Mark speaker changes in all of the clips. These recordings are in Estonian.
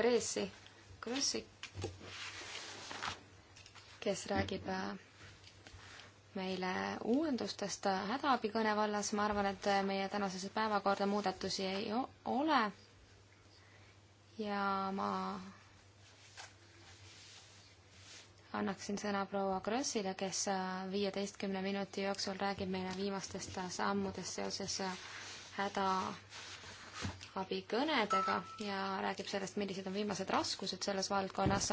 Speaker 1: Kreesi, Krossi, kes räägib äh, meile uuendustest äh, hädaabikõne vallas, ma arvan, et äh, meie tänasesse päevakorda muudatusi ei ole. ja ma annaksin sõna proua Krossile, kes viieteistkümne minuti jooksul räägib meile viimastest sammudest seoses häda abikõnedega ja räägib sellest, millised on viimased raskused selles valdkonnas.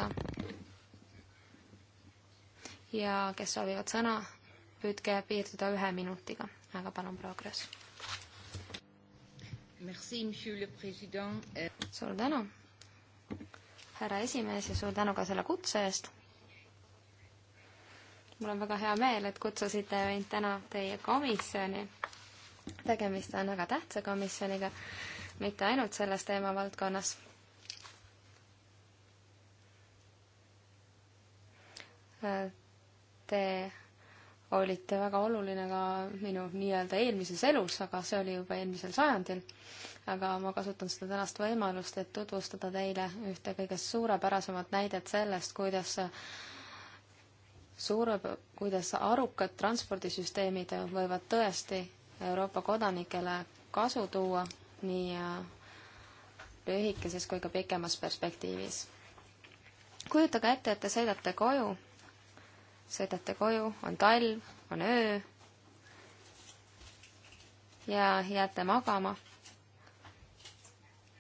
Speaker 1: ja kes soovivad sõna, püüdke piirduda ühe minutiga, aga palun, progress. suur tänu, härra esimees ja suur tänu ka selle kutse eest mul on väga hea meel, et kutsusite mind täna teie komisjoni. tegemist on väga tähtsa komisjoniga mitte ainult selles teemavaldkonnas. Te olite väga oluline ka minu nii-öelda eelmises elus, aga see oli juba eelmisel sajandil. aga ma kasutan seda tänast võimalust, et tutvustada teile ühte kõige suurepärasemat näidet sellest, kuidas suure, kuidas arukad transpordisüsteemid võivad tõesti Euroopa kodanikele kasu tuua nii äh, lühikeses kui ka pikemas perspektiivis. kujutage ette, et te sõidate koju, sõidate koju, on talv, on öö ja jääte magama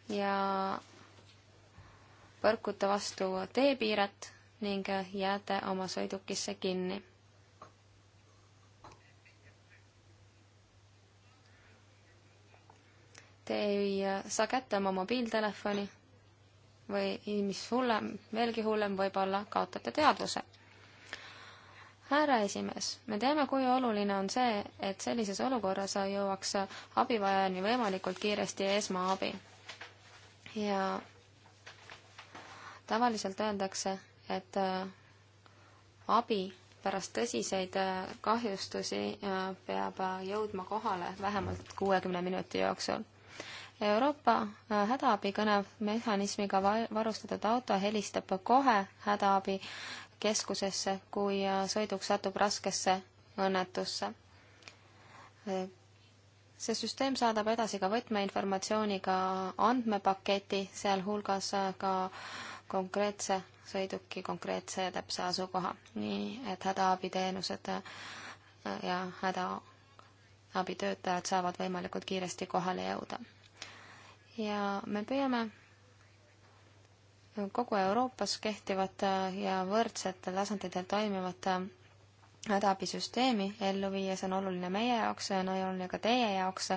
Speaker 1: ja põrkute vastu teepiiret ning jääte oma sõidukisse kinni te ei äh, saa kätte oma mobiiltelefoni või mis hullem, veelgi hullem, võib-olla kaotate teadvuse. härra esimees, me teame, kui oluline on see, et sellises olukorras jõuaks abivajajani võimalikult kiiresti esmaabi. ja tavaliselt öeldakse, et äh, abi pärast tõsiseid äh, kahjustusi peab jõudma kohale vähemalt kuuekümne minuti jooksul Euroopa hädaabikõne mehhanismiga varustatud auto helistab kohe hädaabikeskusesse, kui äh, sõiduk satub raskesse õnnetusse. see süsteem saadab edasi ka võtmeinformatsiooniga andmepaketi, sealhulgas äh, ka konkreetse sõiduki konkreetse täpse asukoha, nii et hädaabiteenused äh, ja häda abitöötajad saavad võimalikult kiiresti kohale jõuda ja me püüame kogu Euroopas kehtivat ja võrdsetel tasanditel toimivat hädaabisüsteemi ellu viia, see on oluline meie jaoks, see on oluline ka teie jaoks.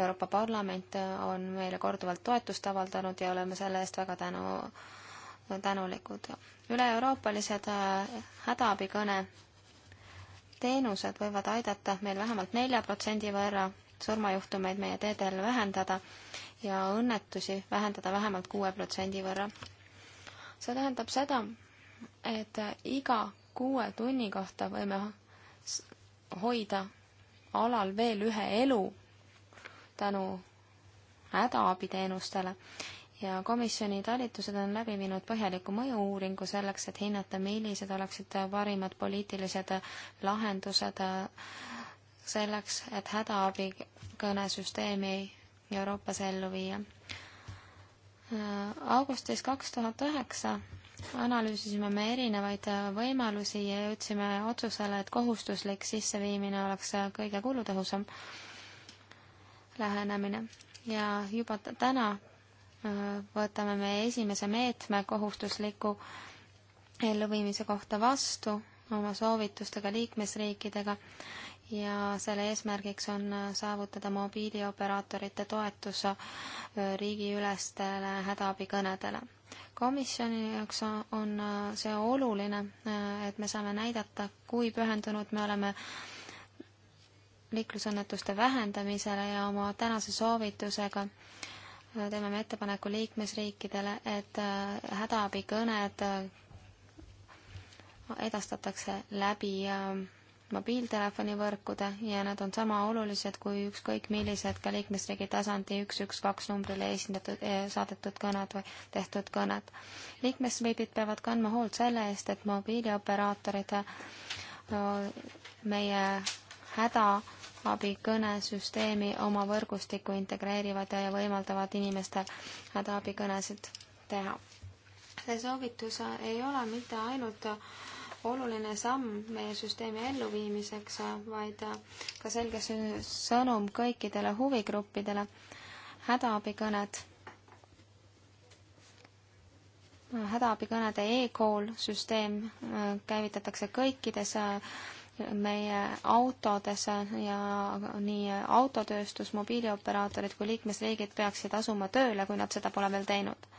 Speaker 1: Euroopa Parlament on meile korduvalt toetust avaldanud ja oleme selle eest väga tänu, tänulikud. üle-euroopalised äh, hädaabikõne teenused võivad aidata meil vähemalt nelja protsendi võrra surmajuhtumeid meie teedel vähendada ja õnnetusi vähendada vähemalt kuue protsendi võrra. see tähendab seda, et iga kuue tunni kohta võime hoida alal veel ühe elu tänu hädaabiteenustele ja komisjoni talitused on läbi viinud põhjaliku mõju-uuringu selleks, et hinnata, millised oleksid parimad poliitilised lahendused selleks, et hädaabikõnesüsteemi Euroopas ellu viia. Äh, augustis kaks tuhat üheksa analüüsisime me erinevaid äh, võimalusi ja jõudsime otsusele, et kohustuslik sisseviimine oleks äh, kõige kulutõhusam lähenemine ja juba täna võtame me esimese meetme kohustusliku elluviimise kohta vastu oma soovitustega liikmesriikidega ja selle eesmärgiks on saavutada mobiilioperaatorite toetus riigiülestele hädaabikõnedele. komisjoni jaoks on see oluline, et me saame näidata, kui pühendunud me oleme liiklusõnnetuste vähendamisele ja oma tänase soovitusega teeme me ettepaneku liikmesriikidele, et hädaabikõned edastatakse läbi äh, mobiiltelefonivõrkude ja nad on sama olulised kui ükskõik millised ka liikmesriigi tasandi üks, üks, kaks numbrile esindatud, eh, saadetud kõned või tehtud kõned. liikmesriigid peavad kandma hoolt selle eest, et mobiilioperaatorid eh, meie hädaabikõnesüsteemi oma võrgustikku integreerivad ja võimaldavad inimestel hädaabikõnesid teha. see soovitus ei ole mitte ainult oluline samm meie süsteemi elluviimiseks, vaid ka selge sõnum kõikidele huvigruppidele. hädaabikõned, hädaabikõnede e-call süsteem äh, käivitatakse kõikides äh, meie autodes äh, ja nii autotööstus, mobiilioperaatorid kui liikmesriigid peaksid asuma tööle, kui nad seda pole veel teinud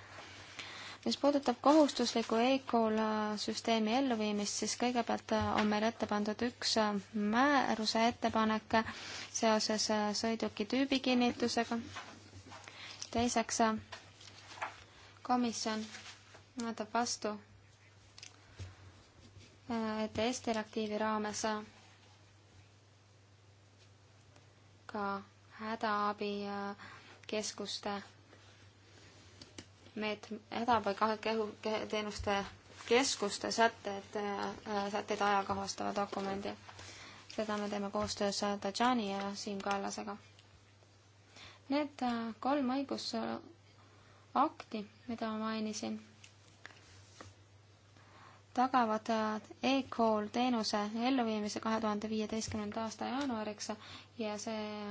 Speaker 1: mis puudutab kohustusliku e-kool süsteemi elluviimist, siis kõigepealt äh, on meil ette pandud üks äh, määruse ettepanek seoses äh, sõiduki tüübikinnitusega. teiseks komisjon võtab vastu ETS direktiivi raames ka hädaabikeskuste meet-, häda- või kahe kehu-, teenuste keskuste sätted, äh, äh, sätteid ajakohastava dokumendi. seda me teeme koostöös äh, Tajani ja Siim Kallasega. Need kolm õigusakti, mida ma mainisin, tagavad e-call teenuse elluviimise kahe tuhande viieteistkümnenda aasta jaanuariks ja see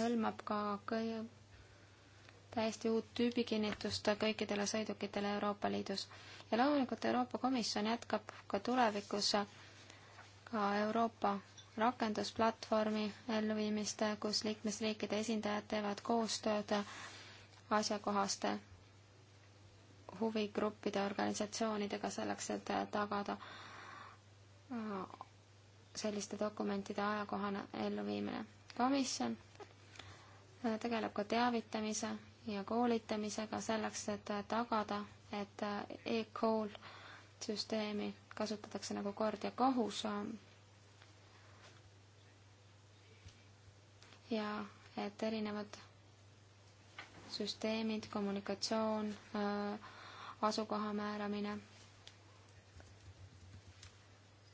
Speaker 1: hõlmab ka kõige täiesti uut tüübikinnitust kõikidele sõidukitele Euroopa Liidus. ja loomulikult Euroopa Komisjon jätkab ka tulevikus ka Euroopa rakendusplatvormi elluviimist, kus liikmesriikide esindajad teevad koostööd asjakohaste huvigruppide organisatsioonidega selleks, et tagada äh, selliste dokumentide ajakohane elluviimine. komisjon äh, tegeleb ka teavitamise ja koolitamisega selleks, et tagada, et e-call süsteemi kasutatakse nagu kord ja kohus. ja et erinevad süsteemid, kommunikatsioon, asukoha määramine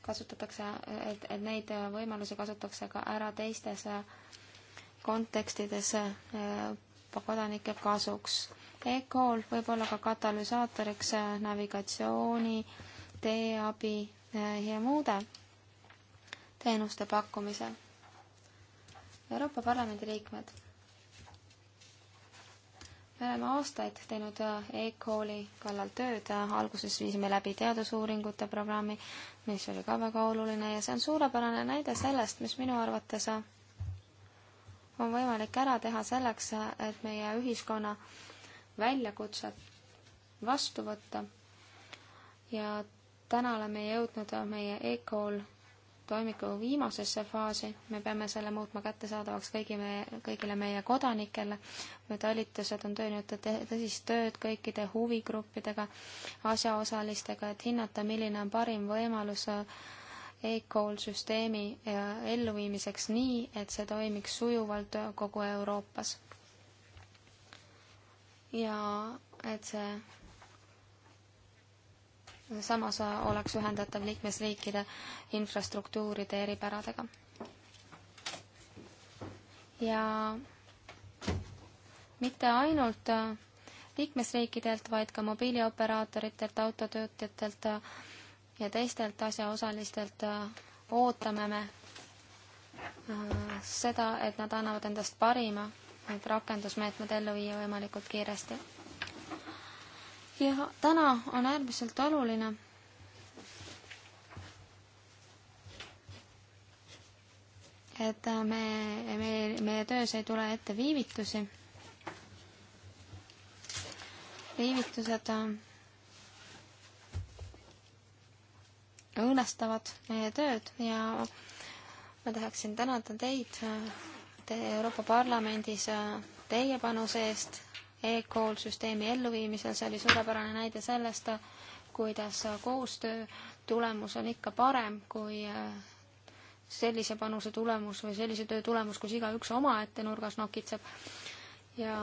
Speaker 1: kasutatakse, et, et neid võimalusi kasutatakse ka ära teistes kontekstides Euroopa kodanike kasuks. ECOL võib olla ka katalüsaatoriks äh, navigatsiooni, teeabi äh, ja muude teenuste pakkumisel. Euroopa Parlamendi liikmed. me oleme aastaid teinud äh, e-kooli kallal tööd, alguses viisime läbi teadusuuringute programmi, mis oli ka väga oluline ja see on suurepärane näide sellest, mis minu arvates on võimalik ära teha selleks, et meie ühiskonna väljakutset vastu võtta. ja täna oleme jõudnud meie e-kool toimiku viimasesse faasi, me peame selle muutma kättesaadavaks kõigi meie, kõigile meie kodanikele. me talitused on teinud tõsist tööd kõikide huvigruppidega, asjaosalistega, et hinnata, milline on parim võimalus äh, e-call süsteemi äh, elluviimiseks nii, et see toimiks sujuvalt kogu Euroopas. ja et see samas oleks ühendatav liikmesriikide infrastruktuuride eripäradega. ja mitte ainult liikmesriikidelt, vaid ka mobiilioperaatoritelt, autotöötajatelt, ja teistelt asjaosalistelt äh, ootame me äh, seda, et nad annavad endast parima, et rakendusmeetmed ellu viia võimalikult kiiresti. ja täna on äärmiselt oluline et äh, me, me, meie töös ei tule ette viivitusi. viivitused õõnestavad meie tööd ja ma tahaksin tänada teid te Euroopa Parlamendis teie panuse eest e-kool süsteemi elluviimisel, see oli suurepärane näide sellest, kuidas koostöö tulemus on ikka parem kui sellise panuse tulemus või sellise töö tulemus, kus igaüks omaette nurgas nokitseb. ja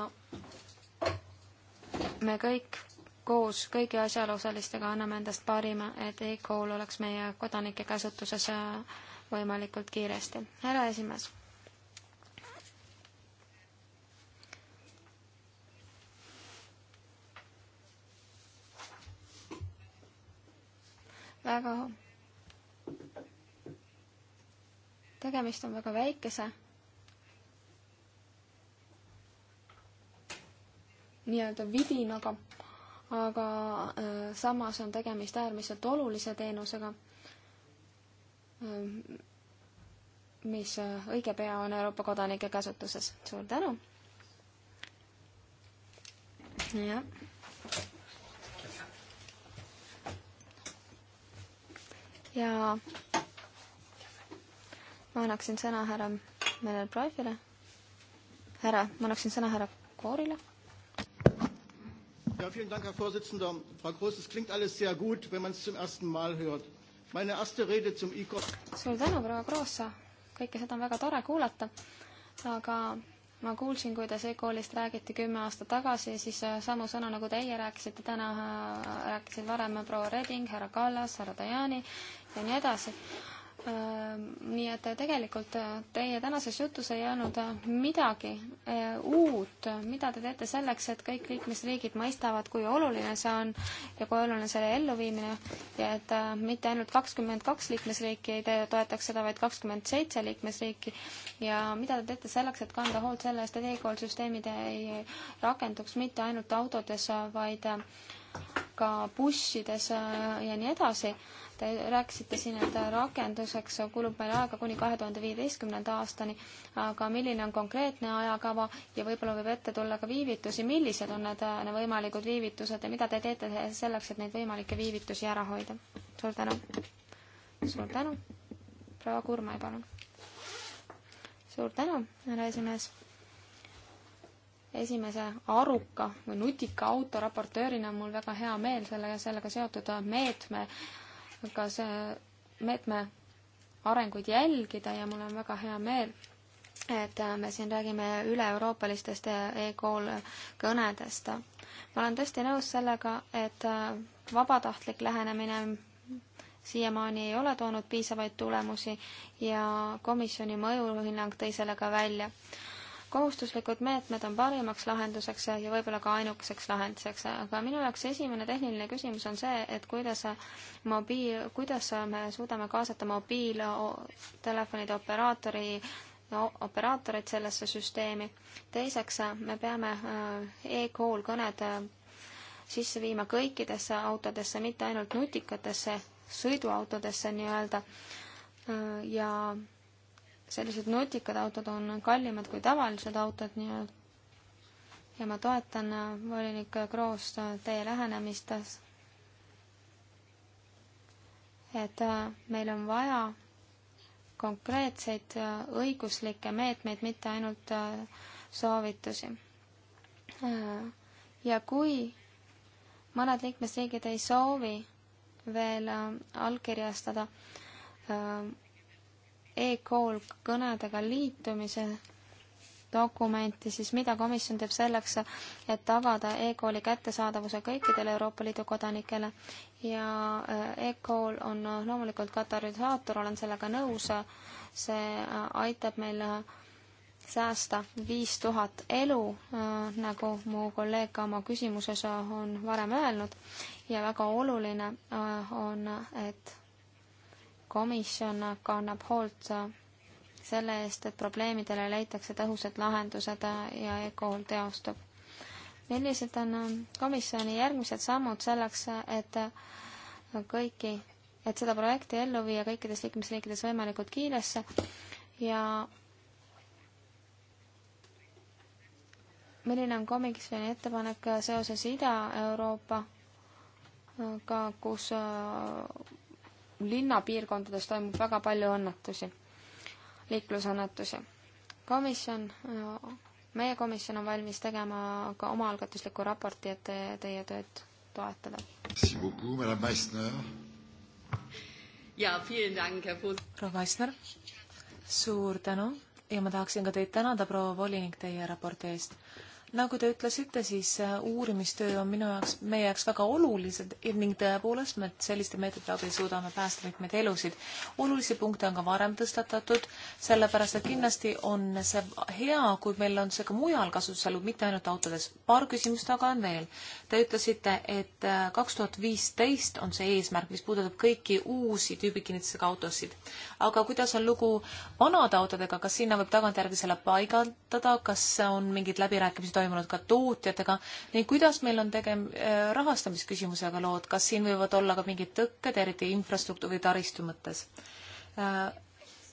Speaker 1: me kõik koos kõigi asjaosalistega anname endast parima, et e-kool oleks meie kodanike käsutuses äh, võimalikult kiiresti. härra esimees. väga tegemist on väga väikese nii-öelda vidinaga aga äh, samas on tegemist äärmiselt olulise teenusega, äh, mis äh, õige pea on Euroopa kodanike käsutuses. suur tänu! jah. ja ma annaksin sõna härra Merel Praivile. härra, ma annaksin sõna härra Koorile
Speaker 2: Ja, vielen Dank, Herr Vorsitzender. Frau Groß, es klingt alles sehr gut, wenn man es zum ersten Mal hört. Meine erste Rede zum ICO.
Speaker 1: Suur tänu, proua Gross. Kõike seda on väga tore kuulata. Aga ma kuulsin, kuidas e-koolist räägiti kümme aastat tagasi, siis äh, samu sõnu, nagu teie rääkisite täna, äh, rääkisid varem proua Reding, härra Kallas, härra Dajani ja nii edasi Äh, nii et äh, tegelikult äh, teie tänases jutus ei olnud midagi uut, mida te teete selleks, et kõik liikmesriigid mõistavad, kui oluline see on ja kui oluline selle elluviimine ja et mitte ainult kakskümmend kaks liikmesriiki ei tee, toetaks seda, vaid kakskümmend seitse liikmesriiki ja mida te teete selleks, et kanda hoolt selle eest, et e-koolsüsteemid ei rakenduks mitte ainult autodes, vaid ka bussides ja nii edasi Te rääkisite siin, et rakenduseks kulub meil aega kuni kahe tuhande viieteistkümnenda aastani, aga milline on konkreetne ajakava ja võib-olla võib ette tulla ka viivitusi, millised on need, äh, need võimalikud viivitused ja mida te teete selleks, et neid võimalikke viivitusi ära hoida? suur tänu! suur tänu! proua Kurmai, palun! suur tänu, härra esimees! esimese aruka või nutika autoraportöörina on mul väga hea meel selle, sellega seotud meetme ka see meetme arenguid jälgida ja mul on väga hea meel, et äh, me siin räägime üle-euroopalistest äh, e-kool kõnedest. ma olen tõesti nõus sellega, et äh, vabatahtlik lähenemine siiamaani ei ole toonud piisavaid tulemusi ja komisjoni mõjuhinnang tõi selle ka välja kohustuslikud meetmed on parimaks lahenduseks ja võib-olla ka ainukeseks lahenduseks, aga minu jaoks esimene tehniline küsimus on see, et kuidas mobiil, kuidas me suudame kaasata mobiiltelefonide operaatori no, operaatorid sellesse süsteemi. teiseks, me peame äh, e-call kõned äh, sisse viima kõikidesse autodesse, mitte ainult nutikatesse sõiduautodesse nii-öelda äh, ja sellised nutikad autod on kallimad kui tavalised autod, nii et ja ma toetan äh, volinik Kroos äh, teie lähenemist, äh, et meil on vaja konkreetseid õiguslikke meetmeid, mitte ainult soovitusi. ja kui mõned liikmesriigid ei soovi veel allkirjastada e-kool kõnedega liitumise dokumenti, siis mida komisjon teeb selleks, et tagada e-kooli kättesaadavuse kõikidele Euroopa Liidu kodanikele ja äh, e-kool on äh, loomulikult katalüsaator, olen sellega nõus, see äh, aitab meil säästa viis tuhat elu, nagu mu kolleeg ka oma küsimuses on varem öelnud ja väga oluline on, et komisjon kannab hoolt selle eest, et probleemidele leitakse tõhusad lahendused ja e-kool teostub. millised on komisjoni järgmised sammud selleks, et kõiki, et seda projekti ellu viia kõikides liikmesriikides võimalikult kiiresse ja milline on komisjoni ettepanek seoses Ida-Euroopaga, kus linnapiirkondades toimub väga palju õnnetusi, liiklusõnnetusi. komisjon, meie komisjon on valmis tegema ka omaalgatusliku raporti, et te, teie tööd toetada.
Speaker 2: proua Meissner, suur tänu ja ma tahaksin ka teid tänada, proua volinik, teie raporti eest nagu te ütlesite, siis äh, uurimistöö on minu jaoks, meie jaoks väga olulised ning tõepoolest me selliste meetodite abil suudame päästa mitmeid elusid. olulisi punkte on ka varem tõstatatud, sellepärast et kindlasti on see hea, kui meil on see ka mujal kasutusel, mitte ainult autodes. paar küsimust aga on veel. Te ütlesite, et äh, kaks tuhat viisteist on see eesmärk, mis puudutab kõiki uusi tüübikinnitusega autosid. aga kuidas on lugu vanade autodega, kas sinna võib tagantjärgi selle paigaldada, kas on mingid läbirääkimised toimunud ka tootjatega ning kuidas meil on tegem-, äh, rahastamisküsimusega lood, kas siin võivad olla ka mingid tõkked, eriti infrastruktuuri taristu mõttes? Äh,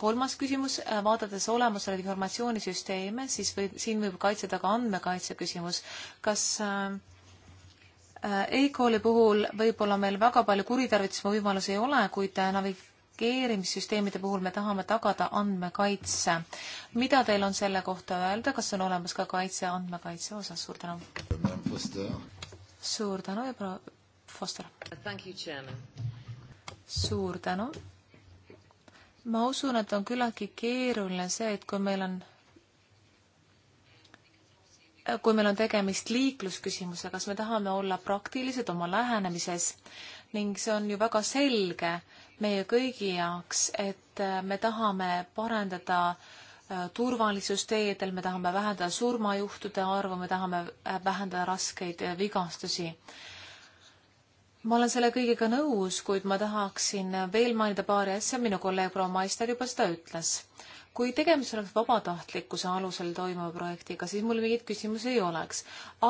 Speaker 2: kolmas küsimus, äh, vaadates olemasolevaid informatsioonisüsteeme, siis või, siin võib kaitseda ka andmekaitse küsimus. kas e-kooli puhul võib-olla meil väga palju kuritarvitusvõimalusi ei ole, kuid navig-, blokeerimissüsteemide puhul me tahame tagada andmekaitse. mida teil on selle kohta öelda, kas on olemas ka kaitse andmekaitse osas? suur tänu. suur tänu ja proua Foster. suur tänu. ma usun, et on küllaltki keeruline see, et kui meil on kui meil on tegemist liiklusküsimusega, kas me tahame olla praktilised oma lähenemises ning see on ju väga selge, meie kõigi jaoks, et äh, me tahame parandada äh, turvalisust teedel, me tahame vähendada surmajuhtude arvu, me tahame äh, vähendada raskeid vigastusi. ma olen selle kõigega nõus, kuid ma tahaksin veel mainida paari asja, minu kolleeg proua Maister juba seda ütles. kui tegemist oleks vabatahtlikkuse alusel toimuva projektiga, siis mul mingeid küsimusi ei oleks,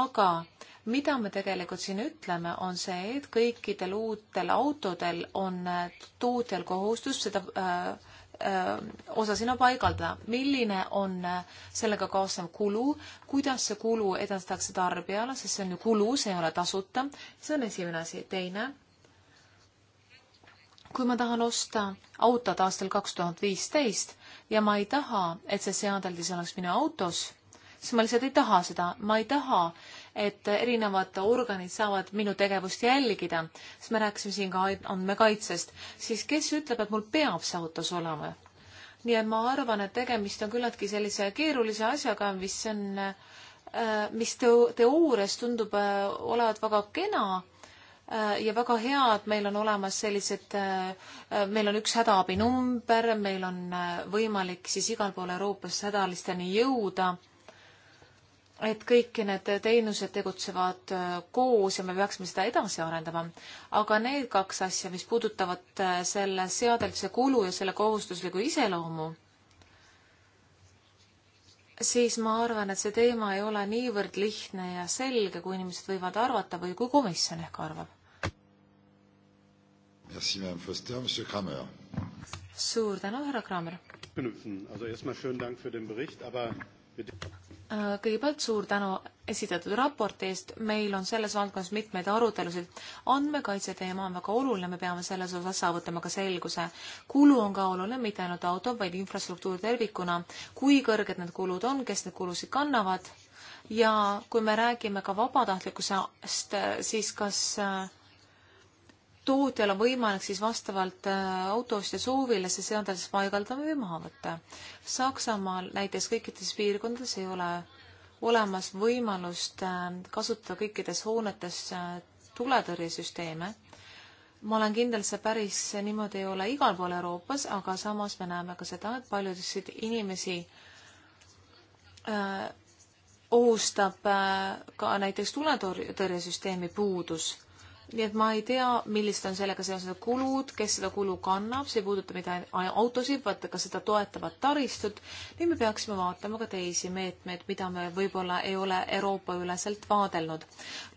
Speaker 2: aga äh, mida me tegelikult siin ütleme, on see, et kõikidel uutel autodel on äh, tuudel kohustus seda äh, äh, osa sinna paigaldada, milline on äh, sellega kaasnev kulu, kuidas see kulu edastatakse tarbijale, sest see on ju kulu, see ei ole tasuta. see on esimene asi. teine, kui ma tahan osta autot aastal kaks tuhat viisteist ja ma ei taha, et see seadeldis oleks minu autos, siis ma lihtsalt ei taha seda, ma ei taha, et erinevad organid saavad minu tegevust jälgida, sest me rääkisime siin ka andmekaitsest, siis kes ütleb, et mul peab see autos olema? nii et ma arvan, et tegemist on küllaltki sellise keerulise asjaga, mis on, äh, mis teo-, teoorias tundub äh, olevat väga kena äh, ja väga hea, et meil on olemas sellised, meil on üks hädaabinumber, meil on võimalik siis igal pool Euroopas hädalisteni jõuda et kõik need teenused tegutsevad äh, koos ja me peaksime seda edasi arendama. aga need kaks asja, mis puudutavad äh, selle seadeldise kulu ja selle kohustuslikku iseloomu, siis ma arvan, et see teema ei ole niivõrd lihtne ja selge, kui inimesed võivad arvata või kui komisjon ehk arvab. Merci, Madame Foster. Monsieur Kramer. Suur tänu, härra Kramer.
Speaker 1: Also erstmal schönen Dank für den Bericht, aber bitte...
Speaker 2: Äh, kõigepealt suur tänu esitatud raporti eest, meil on selles valdkonnas mitmeid arutelusid. andmekaitse teema on väga oluline, me peame selles osas saavutama ka selguse. kulu on ka oluline, mitte ainult auto, vaid infrastruktuur tervikuna. kui kõrged need kulud on, kes neid kulusid kannavad ja kui me räägime ka vabatahtlikkusest, siis kas äh, tootjal on võimalik siis vastavalt äh, autoostja soovile see seadmes paigaldada või maha võtta. Saksamaal näiteks kõikides piirkondades ei ole olemas võimalust äh, kasutada kõikides hoonetes äh, tuletõrjesüsteeme. ma olen kindel, see päris niimoodi ei ole igal pool Euroopas, aga samas me näeme ka seda, et paljusid inimesi äh, ohustab äh, ka näiteks tuletõrjesüsteemi puudus nii et ma ei tea, millised on sellega seoses kulud, kes seda kulu kannab, see ei puuduta mitte ainult autosid, vaid ka seda toetavat taristut. nüüd me peaksime vaatama ka teisi meetmeid, mida me võib-olla ei ole Euroopa-üleselt vaadelnud.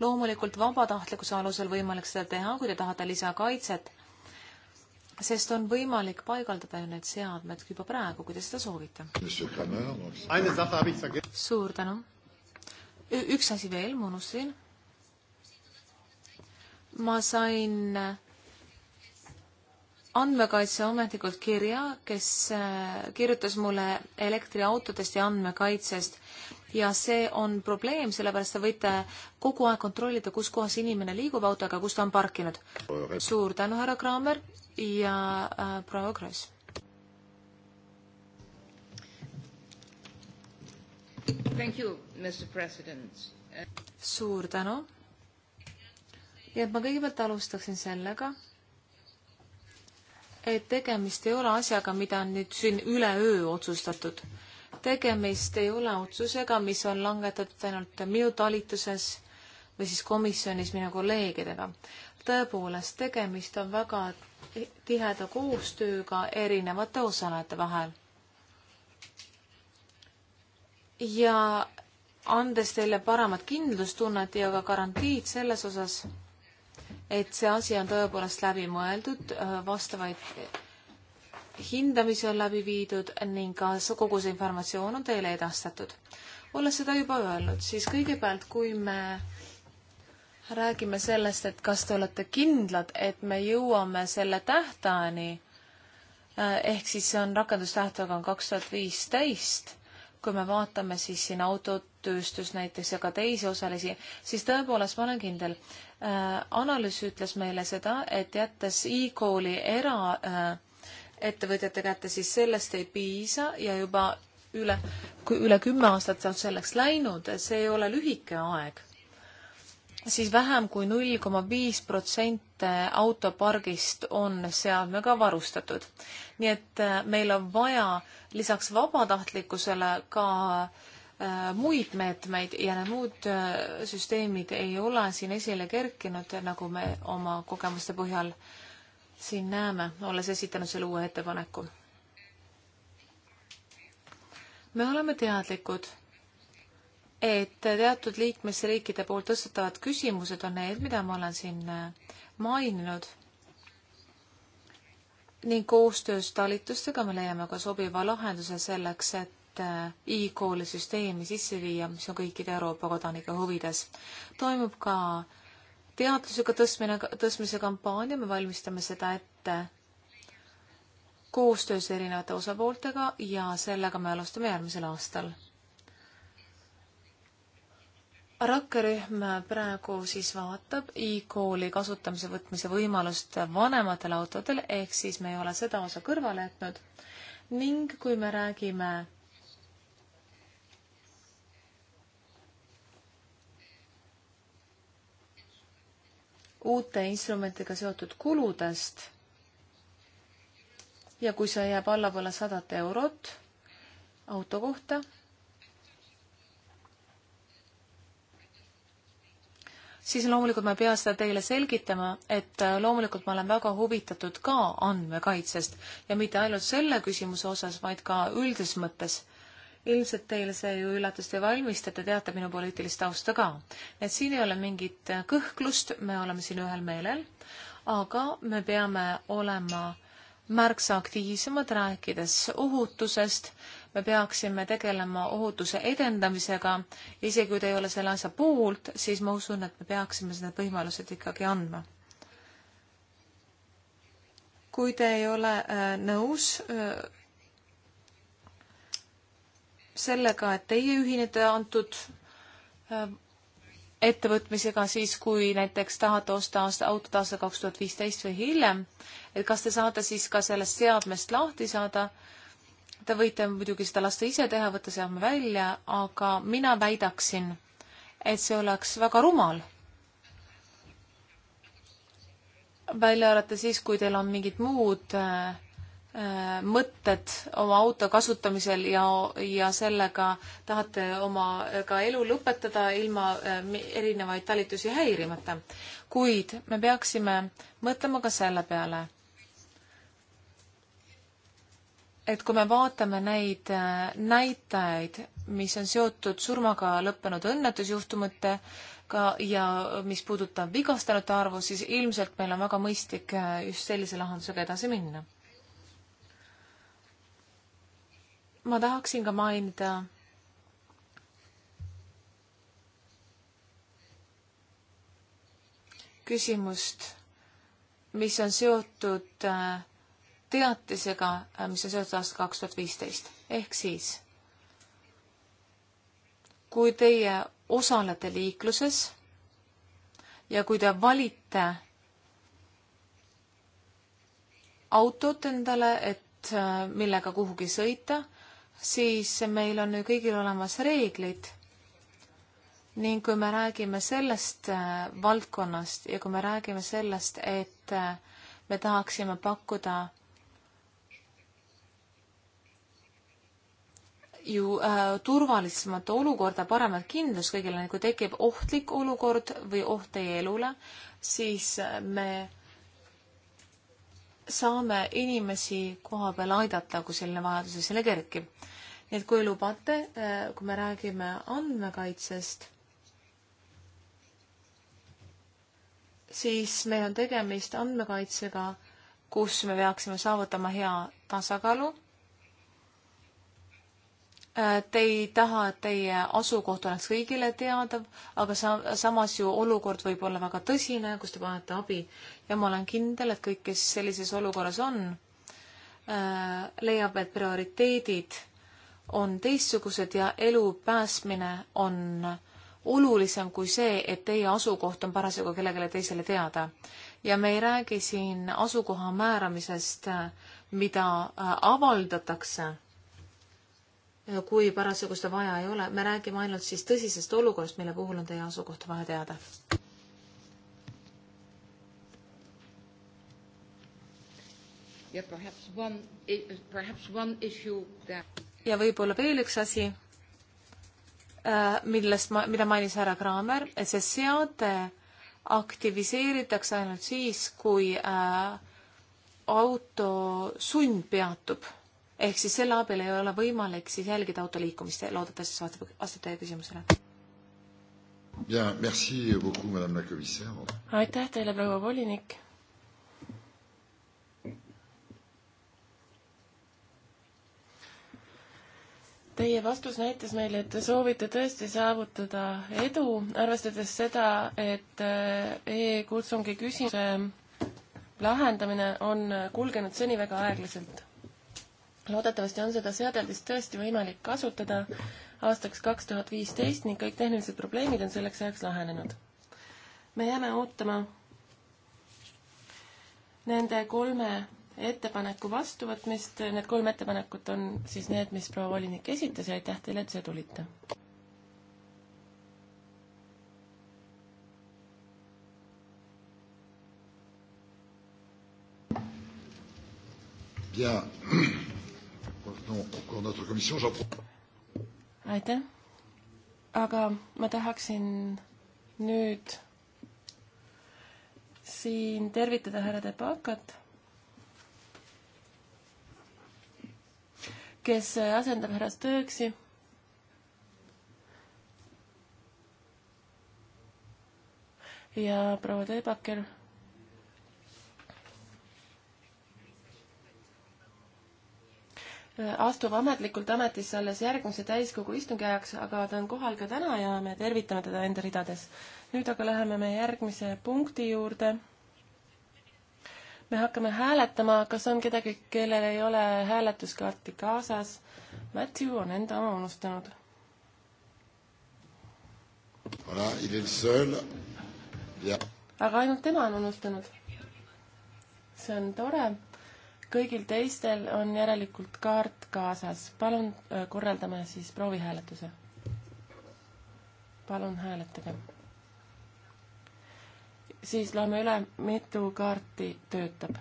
Speaker 2: loomulikult vabatahtlikkuse alusel võimalik seda teha, kui te tahate lisakaitset, sest on võimalik paigaldada ju need seadmed juba praegu, kui te seda soovite. suur tänu. üks asi veel, ma unustasin ma sain andmekaitseametnikult kirja, kes äh, kirjutas mulle elektriautodest ja andmekaitsest ja see on probleem, sellepärast te võite kogu aeg kontrollida, kus kohas inimene liigub autoga, kus ta on parkinud. suur tänu, härra Kraamer ja äh, proua Kross. suur tänu ja et ma kõigepealt alustaksin sellega, et tegemist ei ole asjaga, mida on nüüd siin üleöö otsustatud. tegemist ei ole otsusega, mis on langetatud ainult minu talituses või siis komisjonis minu kolleegidega. tõepoolest, tegemist on väga tiheda koostööga erinevate osalejate vahel. ja andes teile paremat kindlustunnet ja ka garantiid selles osas, et see asi on tõepoolest läbi mõeldud, vastavaid hindamisi on läbi viidud ning ka kogu see informatsioon on teile edastatud. olles seda juba öelnud, siis kõigepealt, kui me räägime sellest, et kas te olete kindlad, et me jõuame selle tähtajani, ehk siis see on rakendustähtaeg on kaks tuhat viisteist kui me vaatame siis siin autotööstus näiteks ja ka teisi osalisi, siis tõepoolest ma olen kindel äh,. analüüs ütles meile seda, et jättes e-kooli eraettevõtjate äh, kätte, siis sellest ei piisa ja juba üle, üle kümme aastat on selleks läinud, see ei ole lühike aeg siis vähem kui null koma viis protsenti autopargist on seadmega varustatud. nii et äh, meil on vaja lisaks vabatahtlikkusele ka äh, muid meetmeid ja need muud äh, süsteemid ei ole siin esile kerkinud, nagu me oma kogemuste põhjal siin näeme, olles esitanud selle uue ettepaneku. me oleme teadlikud et teatud liikmesriikide poolt tõstatavad küsimused on need, mida ma olen siin äh, maininud ning koostöös talitustega me leiame ka sobiva lahenduse selleks, et äh, e-kooli süsteemi sisse viia, mis on kõikide Euroopa kodanike huvides. toimub ka teadlusega tõstmine, tõstmise kampaania, me valmistame seda ette koostöös erinevate osapooltega ja sellega me alustame järgmisel aastal rakkerühm praegu siis vaatab e-kooli kasutamise võtmise võimalust vanematel autodel, ehk siis me ei ole seda osa kõrvale jätnud. ning kui me räägime uute instrumentidega seotud kuludest ja kui see jääb allapoole sadat eurot auto kohta, siis loomulikult ma ei pea seda teile selgitama, et äh, loomulikult ma olen väga huvitatud ka andmekaitsest ja mitte ainult selle küsimuse osas, vaid ka üldises mõttes. ilmselt teile see ju üllatust ei valmista, te teate minu poliitilist tausta ka. et siin ei ole mingit äh, kõhklust, me oleme siin ühel meelel, aga me peame olema märksa aktiivsemad, rääkides ohutusest me peaksime tegelema ohutuse edendamisega, isegi kui te ei ole selle asja poolt, siis ma usun, et me peaksime need võimalused ikkagi andma. kui te ei ole äh, nõus äh, sellega, et teie ühinete antud äh, ettevõtmisega siis, kui näiteks tahate osta aasta, autot aastal kaks tuhat viisteist või hiljem, et kas te saate siis ka sellest seadmest lahti saada Te võite muidugi seda lasta ise teha, võtta seadme välja, aga mina väidaksin, et see oleks väga rumal. välja arvata siis, kui teil on mingid muud äh, äh, mõtted oma auto kasutamisel ja, ja sellega tahate oma äh, ka elu lõpetada ilma äh, erinevaid talitusi häirimata. kuid me peaksime mõtlema ka selle peale, et kui me vaatame neid äh, näitajaid, mis on seotud surmaga lõppenud õnnetusjuhtumitega ja mis puudutab vigastanute arvu, siis ilmselt meil on väga mõistlik äh, just sellise lahendusega edasi minna. ma tahaksin ka mainida küsimust, mis on seotud äh, teatisega, äh, mis on seotud aastast kaks tuhat viisteist. ehk siis, kui teie osalete liikluses ja kui te valite autot endale, et äh, millega kuhugi sõita, siis meil on ju kõigil olemas reeglid. ning kui me räägime sellest äh, valdkonnast ja kui me räägime sellest, et me tahaksime pakkuda ju äh, turvalisemat olukorda, paremat kindlust kõigile, nagu kui tekib ohtlik olukord või oht teie elule, siis äh, me saame inimesi koha peal aidata, kui selline vajadus esile kerkib. nii et kui lubate, äh, kui me räägime andmekaitsest, siis meil on tegemist andmekaitsega, kus me peaksime saavutama hea tasakaalu Äh, te ei taha, et teie asukoht oleks kõigile teadav, aga sa, samas ju olukord võib olla väga tõsine, kus te vajate abi. ja ma olen kindel, et kõik, kes sellises olukorras on, äh, leiab, et prioriteedid on teistsugused ja elu päästmine on olulisem kui see, et teie asukoht on parasjagu kellelegi teisele teada. ja me ei räägi siin asukoha määramisest, äh, mida avaldatakse kui parasjagu seda vaja ei ole. me räägime ainult siis tõsisest olukorrast, mille puhul on teie asukoht vaja teada. ja võib-olla veel üks asi, äh, millest ma, mida mainis härra Kraamer, et see seade aktiviseeritakse ainult siis, kui äh, auto sundpeatub ehk siis selle abil ei ole võimalik siis jälgida auto liikumist, loodetavasti see vastab, vastab teie küsimusele.
Speaker 3: Bien, merci beaucoup, madame la commissaire.
Speaker 2: aitäh teile, proua volinik.
Speaker 3: Teie vastus näitas meile, et te soovite tõesti saavutada edu, arvestades seda, et äh, e-kutsungi küsimuse lahendamine on kulgenud seni väga aeglaselt loodetavasti on seda seadeldist tõesti võimalik kasutada aastaks kaks tuhat viisteist ning kõik tehnilised probleemid on selleks ajaks lahenenud. me jääme ootama nende kolme ettepaneku vastuvõtmist, need kolm ettepanekut on siis need, mis proua volinik esitas ja aitäh teile, et siia tulite.
Speaker 2: Bien
Speaker 3: aitäh, aga ma tahaksin nüüd siin tervitada härra Debakat, kes asendab härra Stööksi. ja proua Debaker astub ametlikult ametisse alles järgmise täiskogu istungi ajaks, aga ta on kohal ka täna ja me tervitame teda enda ridades. nüüd aga läheme me järgmise punkti juurde. me hakkame hääletama, kas on kedagi, kellel ei ole hääletuskaarti kaasas. Matthew on enda oma unustanud
Speaker 2: Voilà, il est le seul. Ja.
Speaker 3: aga ainult tema on unustanud. see on tore kõigil teistel on järelikult kaart kaasas. palun äh, korraldame siis proovihääletuse. palun hääletage. siis loeme üle, mitu kaarti töötab.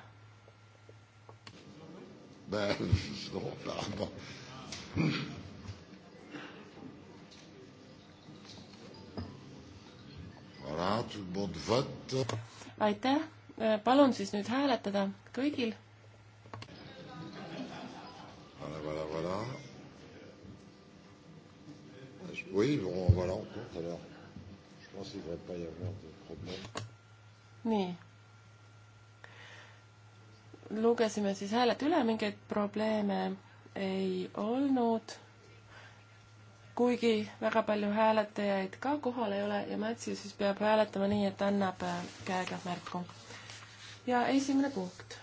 Speaker 3: aitäh, äh, palun siis nüüd hääletada kõigil
Speaker 1: Voilà, voilà, voilà. Oui, bon, voilà, encore
Speaker 3: tout à l'heure. Je pense qu'il ne va pas y avoir de problème. nii. lugesime siis hääled üle, mingeid probleeme ei olnud. kuigi väga palju hääletajaid ka kohal ei ole ja Mätsi siis peab hääletama nii, et annab käega märku. ja esimene punkt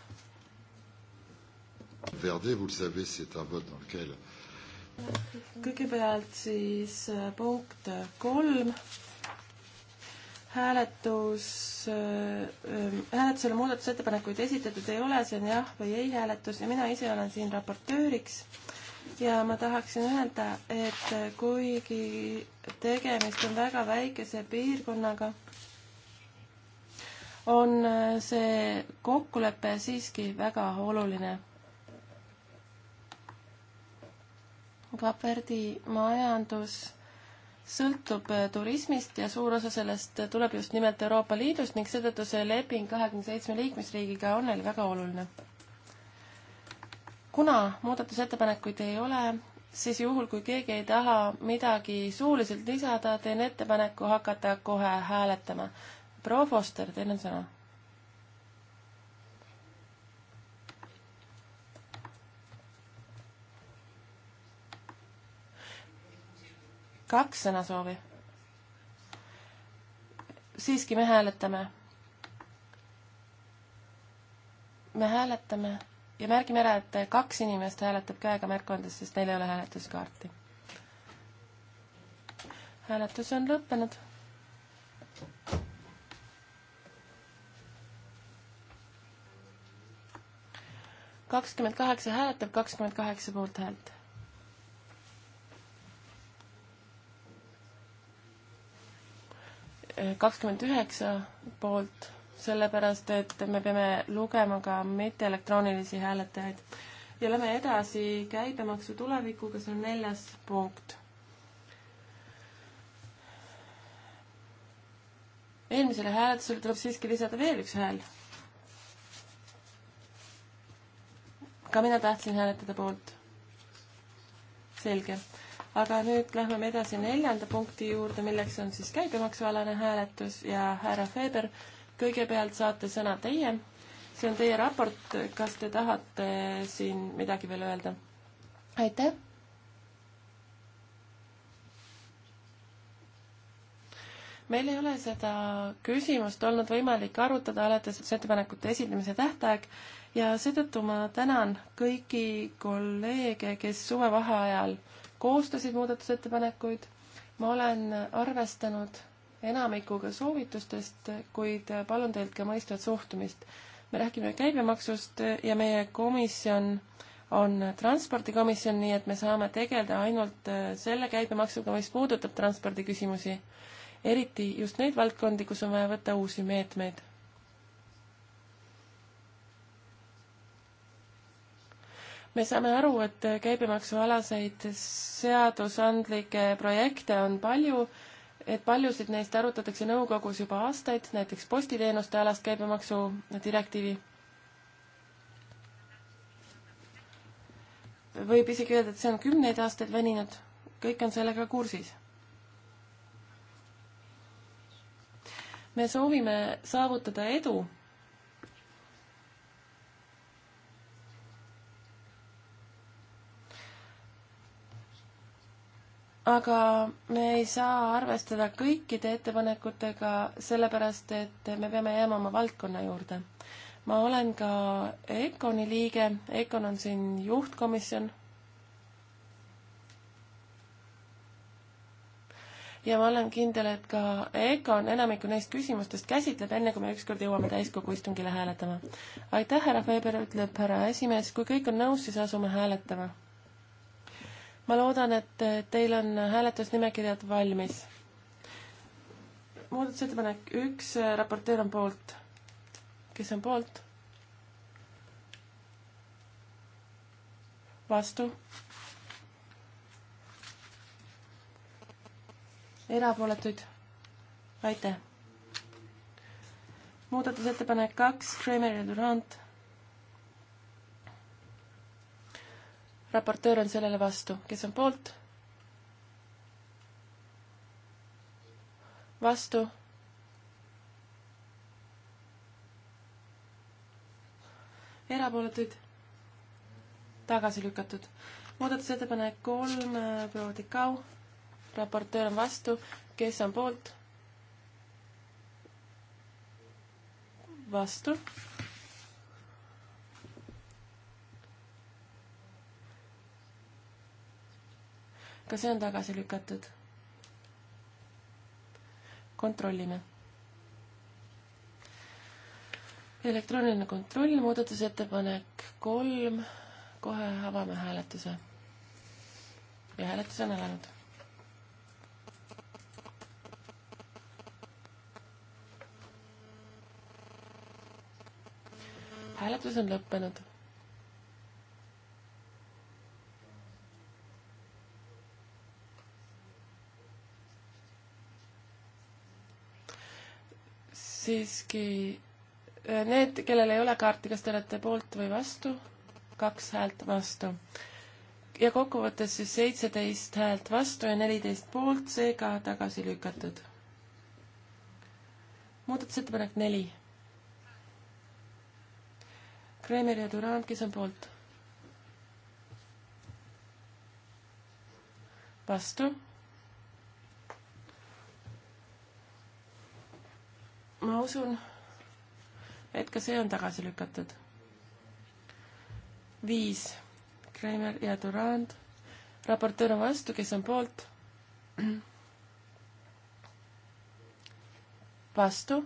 Speaker 3: kõigepealt siis äh, punkt kolm, hääletus, äh, ähm, hääletusele muudatusettepanekuid esitatud ei ole, see on jah või ei hääletus ja mina ise olen siin raportööriks ja ma tahaksin öelda, et äh, kuigi tegemist on väga väikese piirkonnaga, on see kokkulepe siiski väga oluline Kapverdi majandus sõltub äh, turismist ja suur osa sellest äh, tuleb just nimelt Euroopa Liidust ning seetõttu see leping kahekümne seitsme liikmesriigiga on neil väga oluline. kuna muudatusettepanekuid ei ole, siis juhul, kui keegi ei taha midagi suuliselt lisada, teen ettepaneku hakata kohe hääletama. proua Foster, teil on sõna kaks sõnasoovi. siiski me hääletame. me hääletame ja märgime ära, et kaks inimest hääletab käega märku andes, sest neil ei ole hääletuskaarti. hääletus on lõppenud. kakskümmend kaheksa hääletab, kakskümmend kaheksa poolthäält kakskümmend üheksa poolt, sellepärast et me peame lugema ka mitteelektroonilisi hääletajaid. ja lähme edasi käibemaksu tulevikuga, see on neljas punkt. eelmisele hääletusele tuleb siiski lisada veel üks hääl. ka mina tahtsin hääletada poolt. selge aga nüüd lähme me edasi neljanda punkti juurde, milleks on siis käibemaksualane hääletus ja härra Feber, kõigepealt saate sõna teie. see on teie raport, kas te tahate siin midagi veel öelda? aitäh. meil ei ole seda küsimust olnud võimalik arutada alates ettepanekute esitamise tähtaeg ja seetõttu ma tänan kõiki kolleege, kes suvevaheajal äh, koostasid muudatusettepanekuid. ma olen arvestanud enamikuga soovitustest, kuid palun teilt ka mõistvat suhtumist. me räägime käibemaksust ja meie komisjon on transpordikomisjon, nii et me saame tegeleda ainult selle käibemaksuga, mis puudutab transpordiküsimusi. eriti just neid valdkondi, kus on vaja võtta uusi meetmeid me saame aru, et käibemaksualaseid seadusandlikke projekte on palju, et paljusid neist arutatakse nõukogus juba aastaid, näiteks postiteenuste alast käibemaksu direktiivi. võib isegi öelda, et see on kümneid aastaid veninud, kõik on sellega kursis me soovime saavutada edu aga me ei saa arvestada kõikide ettepanekutega, sellepärast et me peame jääma oma valdkonna juurde. ma olen ka EKONi liige, EKON on siin juhtkomisjon. ja ma olen kindel, et ka EKON enamikku neist küsimustest käsitleb, enne kui me ükskord jõuame täiskogu istungile hääletama. aitäh, härra Feber, ütleb härra esimees, kui kõik on nõus, siis asume hääletama ma loodan, et teil on hääletusnimekirjad valmis. muudatusettepanek üks, raporteer on poolt. kes on poolt? vastu? erapooletuid? aitäh. muudatusettepanek kaks, Kreemeri ja Durand raportöör on sellele vastu, kes on poolt? vastu? erapooletuid? tagasi lükatud. muudatusettepanek kolm, proua Tikau, raportöör on vastu, kes on poolt? vastu ka see on tagasi lükatud. kontrollime. elektrooniline kontroll, muudatusettepanek kolm, kohe avame hääletuse. ja hääletus on alanud. hääletus on lõppenud siiski eh, need, kellel ei ole kaarti, kas te olete poolt või vastu? kaks häält vastu. ja kokkuvõttes siis seitseteist häält vastu ja neliteist poolt, seega tagasi lükatud. muudatusettepanek neli. Kreemer ja Durand, kes on poolt? vastu ma usun, et ka see on tagasi lükatud. viis, Kreimer ja Durand, raportöör on vastu, kes on poolt? vastu.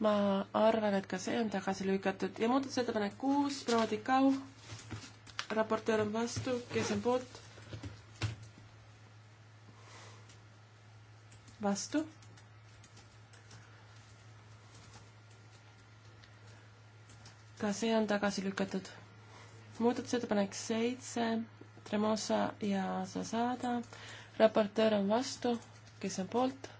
Speaker 3: ma arvan, et ka see on tagasi lükatud ja muudatusettepanek kuus, proua Tikau, raportöör on vastu, kes on poolt? vastu. ka see on tagasi lükatud. muudatusettepanek seitse, Tremosa ja Zasada. raportöör on vastu, kes on poolt?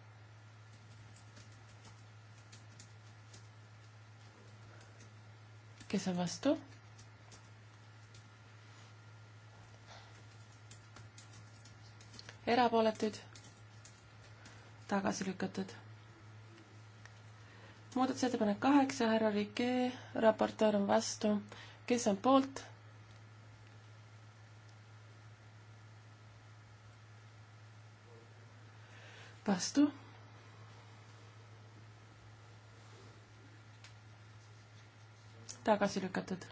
Speaker 3: kes on vastu? erapooletuid tagasi lükatud. muudatusettepanek kaheksa, härra Rike, raportöör on vastu. kes on poolt? vastu tagasi lükatud.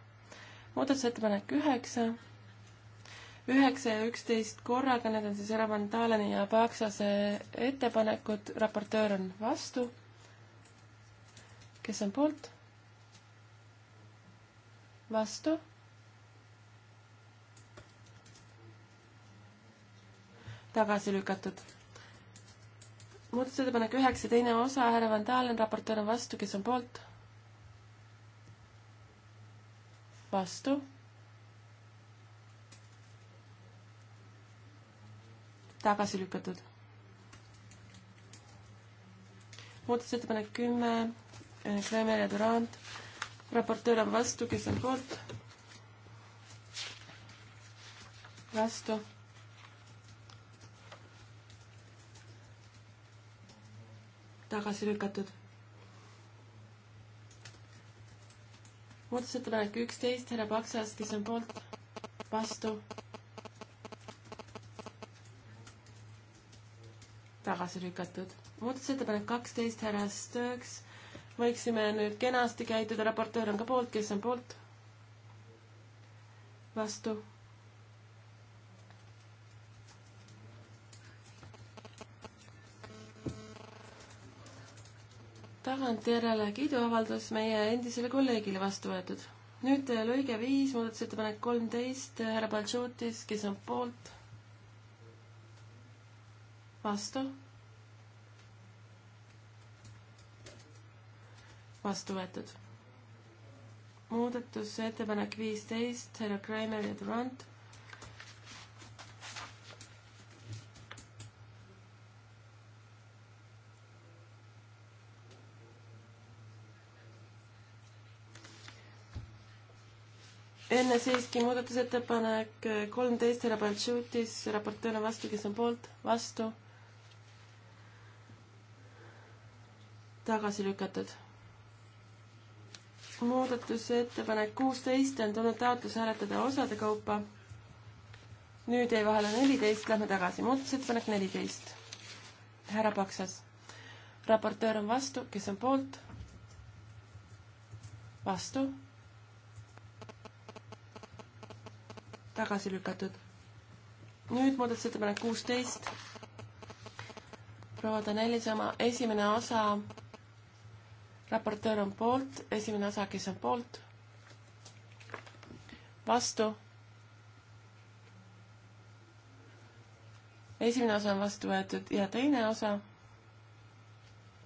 Speaker 3: muudatusettepanek üheksa, üheksa ja üksteist korraga, need on siis härra Van Daleni ja Paksase ettepanekud, raportöör on vastu. kes on poolt? vastu. tagasi lükatud. muudatusettepanek üheksa, teine osa, härra Van Dalen, raportöör on vastu, kes on poolt? vastu tagasi lükatud. muudatusettepanek kümme, äh, Kreemel ja Durand. raportöör on vastu, kes on poolt? vastu. tagasi lükatud. muudatusettepanek üksteist, härra Paksas, kes on poolt? vastu tagasi lükatud. muudatusettepanek kaksteist, härra Stööks. võiksime nüüd kenasti käituda, raportöör on ka poolt, kes on poolt? vastu. tagantjärele kiiduavaldus meie endisele kolleegile vastu võetud. nüüd lõige viis, muudatusettepanek kolmteist, härra Baltšutis, kes on poolt vastu, vastu võetud. muudatusettepanek viisteist, härra Kreimer ja Durand enne siiski muudatusettepanek kolmteist, härra Baltšutis, raportöör on vastu, kes on poolt, vastu tagasi lükatud. muudatusettepanek kuusteist on tulnud taotlus hääletada osade kaupa. nüüd jäi vahele neliteist, lähme tagasi, muudatusettepanek neliteist. härra Paksas, raportöör on vastu, kes on poolt? vastu. tagasi lükatud. nüüd muudatusettepanek kuusteist proua Danelis oma esimene osa raportöör on poolt, esimene osa, kes on poolt, vastu. esimene osa on vastu võetud ja teine osa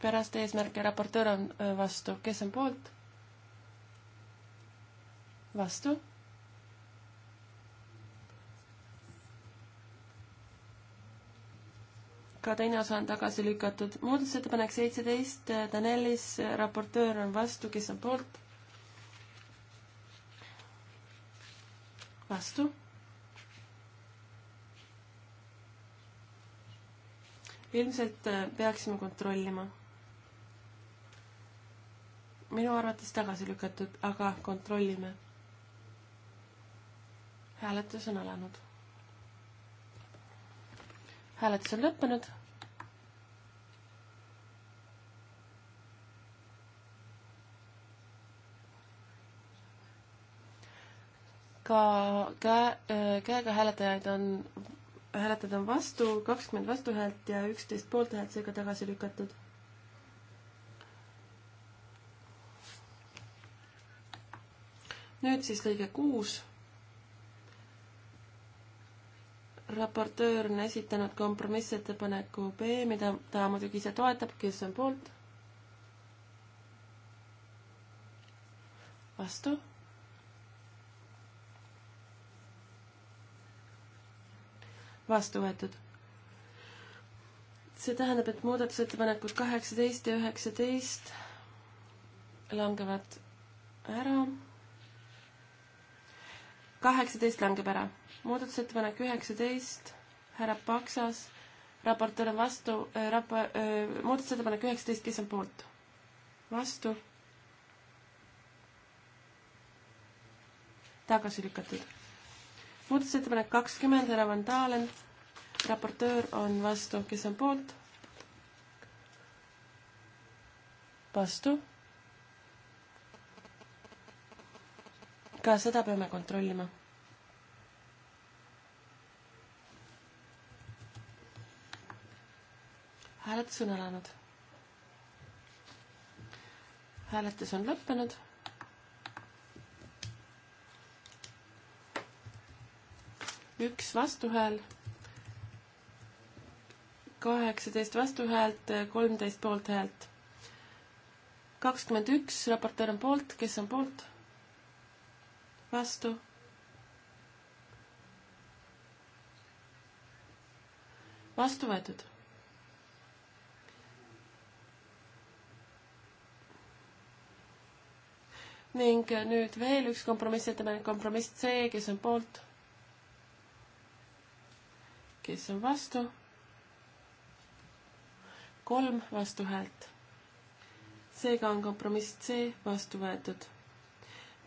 Speaker 3: pärast eesmärke raportöör on äh, vastu, kes on poolt? vastu ka teine osa on tagasi lükatud. muudatusettepanek seitseteist, Danelis, raportöör on vastu, kes on poolt? vastu. ilmselt äh, peaksime kontrollima. minu arvates tagasi lükatud, aga kontrollime. hääletus on alanud hääletus on lõppenud. ka käe, äh, käega hääletajaid on, hääletajad on vastu, kakskümmend vastuhäält ja üksteist poolthäält, seega tagasi lükatud. nüüd siis lõige kuus raportöör on esitanud kompromissettepaneku B, mida ta muidugi ise toetab, kes on poolt? vastu? vastu võetud. see tähendab, et muudatusettepanekud kaheksateist ja üheksateist langevad ära. kaheksateist langeb ära muudatusettepanek üheksateist, härra Paksas, raportöör on vastu äh,, rapa- äh,, muudatusettepanek üheksateist, kes on poolt? vastu. tagasi lükatud. muudatusettepanek kakskümmend, härra Van Dalen, raportöör on vastu, kes on poolt? vastu. ka seda peame kontrollima hääletus on alanud. hääletus on lõppenud. üks vastuhääl, kaheksateist vastuhäält, kolmteist poolthäält. kakskümmend üks, raportöör on poolt, kes on poolt? vastu vastu võetud. ning nüüd veel üks kompromissettepanek, kompromiss C, kes on poolt? kes on vastu? kolm vastuhäält. seega on kompromiss C vastu võetud.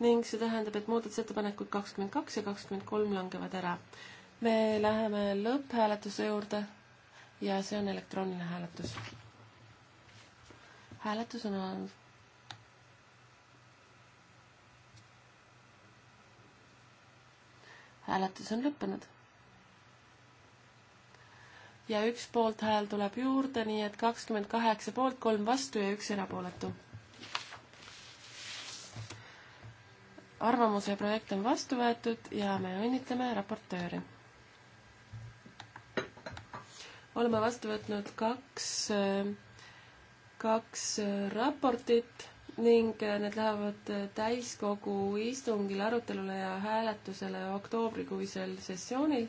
Speaker 3: ning see tähendab, et muudatusettepanekud kakskümmend kaks ja kakskümmend kolm langevad ära. me läheme lõpphääletuse juurde ja see on elektrooniline hääletus. hääletus on alanud hääletus on lõppenud. ja üks poolthääl tuleb juurde, nii et kakskümmend kaheksa poolt, kolm vastu ja üks erapooletu. arvamuse projekt on vastu võetud ja me õnnitleme raportööri oleme vastu võtnud kaks, kaks raportit ning äh, need lähevad äh, täiskogu istungil arutelule ja hääletusele oktoobrikuisel sessioonil.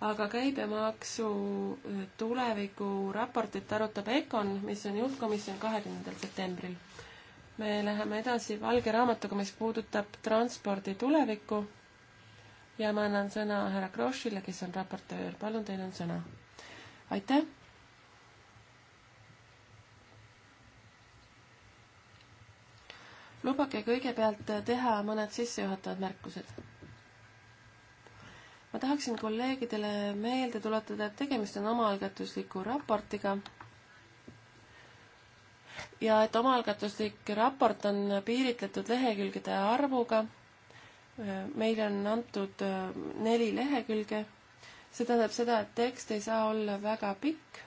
Speaker 3: aga käibemaksu äh, tuleviku raportit arutab EKON, mis on juhtkomisjon kahekümnendal septembril. me läheme edasi valge raamatuga, mis puudutab transpordi tulevikku. ja ma annan sõna härra Krossile, kes on raportöör. palun, teil on sõna. aitäh lubage kõigepealt teha mõned sissejuhatavad märkused. ma tahaksin kolleegidele meelde tuletada, et tegemist on omaalgatusliku raportiga ja et omaalgatuslik raport on piiritletud lehekülgede arvuga. meile on antud neli lehekülge. see tähendab seda, et tekst ei saa olla väga pikk.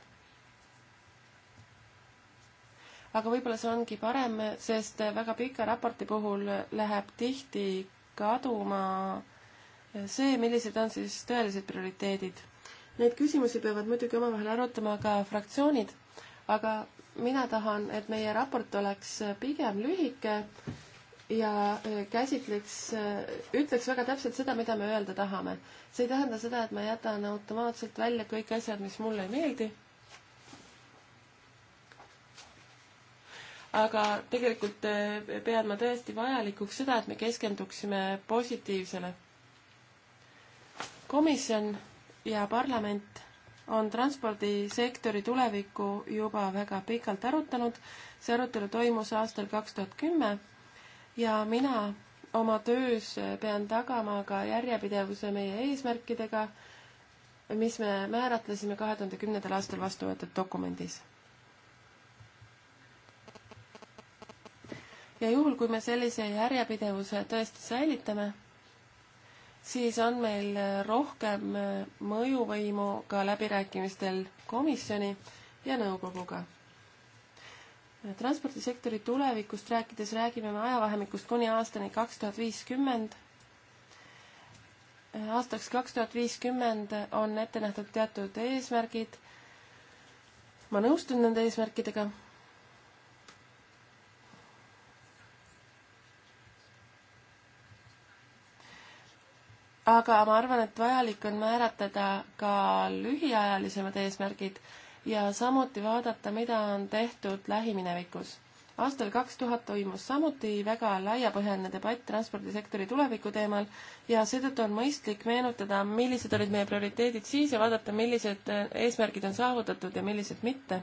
Speaker 3: aga võib-olla see ongi parem, sest väga pika raporti puhul läheb tihti kaduma see, millised on siis tõelised prioriteedid. Neid küsimusi peavad muidugi omavahel arutama ka fraktsioonid, aga mina tahan, et meie raport oleks pigem lühike ja käsitleks, ütleks väga täpselt seda, mida me öelda tahame. see ei tähenda seda, et ma jätan automaatselt välja kõik asjad, mis mulle ei meeldi aga tegelikult eh, pean ma tõesti vajalikuks seda, et me keskenduksime positiivsele. komisjon ja parlament on transpordisektori tulevikku juba väga pikalt arutanud. see arutelu toimus aastal kaks tuhat kümme ja mina oma töös pean tagama ka järjepidevuse meie eesmärkidega, mis me määratlesime kahe tuhande kümnendal aastal vastu võetud dokumendis ja juhul, kui me sellise järjepidevuse tõesti säilitame, siis on meil rohkem mõjuvõimu ka läbirääkimistel komisjoni ja nõukoguga. transpordisektori tulevikust rääkides räägime me ajavahemikust kuni aastani kaks tuhat viiskümmend. aastaks kaks tuhat viiskümmend on ette nähtud teatud eesmärgid. ma nõustun nende eesmärkidega aga ma arvan, et vajalik on määratleda ka lühiajalisemad eesmärgid ja samuti vaadata, mida on tehtud lähiminevikus. aastal kaks tuhat toimus samuti väga laiapõhjaline debatt transpordisektori tuleviku teemal ja seetõttu on mõistlik meenutada, millised olid meie prioriteedid siis ja vaadata, millised eesmärgid on saavutatud ja millised mitte.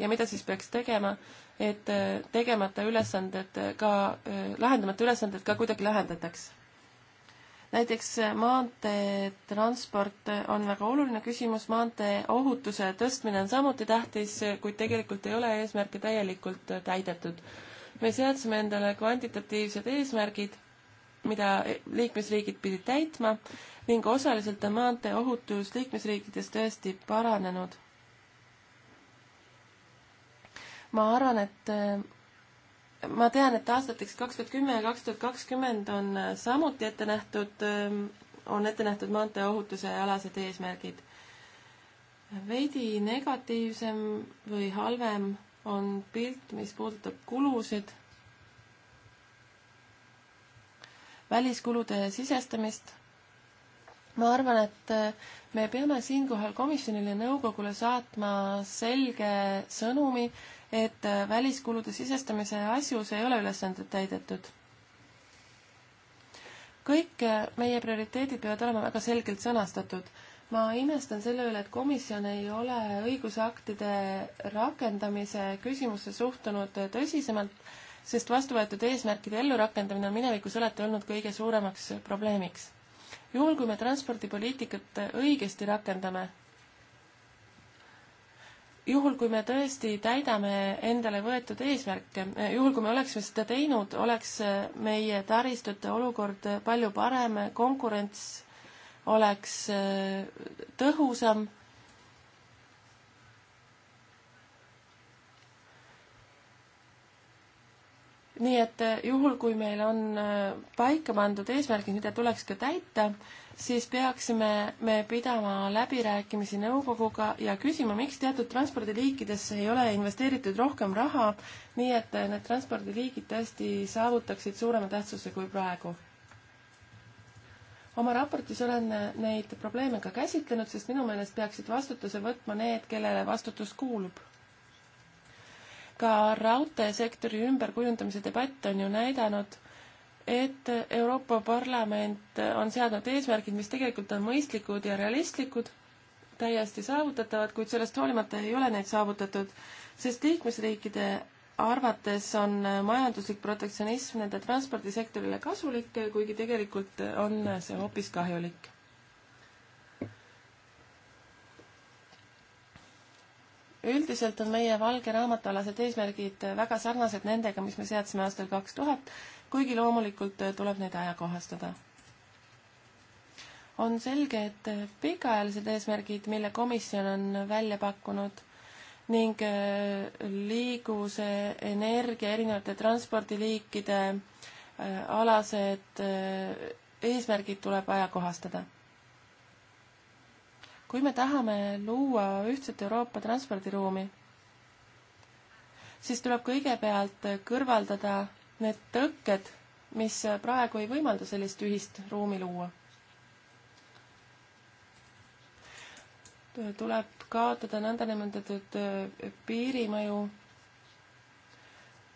Speaker 3: ja mida siis peaks tegema, et tegemata ülesanded ka, lahendamata ülesanded ka kuidagi lahendataks näiteks äh, maanteetransport äh, on väga oluline küsimus, maanteeohutuse tõstmine on samuti tähtis, äh, kuid tegelikult ei ole eesmärke täielikult täidetud. me seadsime endale kvantitatiivsed eesmärgid, mida e, liikmesriigid pidid täitma ning osaliselt on maanteeohutus liikmesriikides tõesti paranenud. ma arvan, et ma tean, et aastateks kaks tuhat kümme ja kaks tuhat kakskümmend on äh, samuti ette nähtud, ähm, on ette nähtud maanteeohutuse alased eesmärgid. veidi negatiivsem või halvem on pilt, mis puudutab kulusid, väliskulude sisestamist. ma arvan, et äh, me peame siinkohal komisjonile ja nõukogule saatma selge sõnumi, et äh, väliskulude sisestamise asjus ei ole ülesanded täidetud. kõik äh, meie prioriteedid peavad olema väga selgelt sõnastatud. ma imestan selle üle, et komisjon ei ole õigusaktide rakendamise küsimusse suhtunud äh, tõsisemalt, sest vastuvõetud eesmärkide ellurakendamine on minevikus alati olnud kõige suuremaks probleemiks. juhul, kui me transpordipoliitikat õigesti rakendame, juhul, kui me tõesti täidame endale võetud eesmärke, juhul kui me oleksime seda teinud, oleks meie taristute olukord palju parem, konkurents oleks äh, tõhusam nii et äh, juhul, kui meil on äh, paika pandud eesmärgid, mida tuleks ka täita, siis peaksime me pidama läbirääkimisi nõukoguga ja küsima, miks teatud transpordiliikidesse ei ole investeeritud rohkem raha, nii et need transpordiliigid tõesti saavutaksid suurema tähtsuse kui praegu. oma raportis olen neid probleeme ka käsitlenud, sest minu meelest peaksid vastutuse võtma need, kellele vastutus kuulub. ka raudteesektori ümberkujundamise debatt on ju näidanud, et Euroopa Parlament on seadnud eesmärgid, mis tegelikult on mõistlikud ja realistlikud, täiesti saavutatavad, kuid sellest hoolimata ei ole neid saavutatud, sest liikmesriikide arvates on majanduslik protektsionism nende transpordisektorile kasulik, kuigi tegelikult on see hoopis kahjulik üldiselt on meie valge raamatualased eesmärgid väga sarnased nendega, mis me seadsime aastal kaks tuhat, kuigi loomulikult tuleb neid ajakohastada. on selge, et pikaajalised eesmärgid, mille komisjon on välja pakkunud ning äh, liiguse, energia, erinevate transpordiliikide äh, alased äh, eesmärgid tuleb ajakohastada kui me tahame luua ühtset Euroopa transpordiruumi, siis tuleb kõigepealt kõrvaldada need tõkked, mis praegu ei võimalda sellist ühist ruumi luua. tuleb kaotada nõndanimetatud piirimaju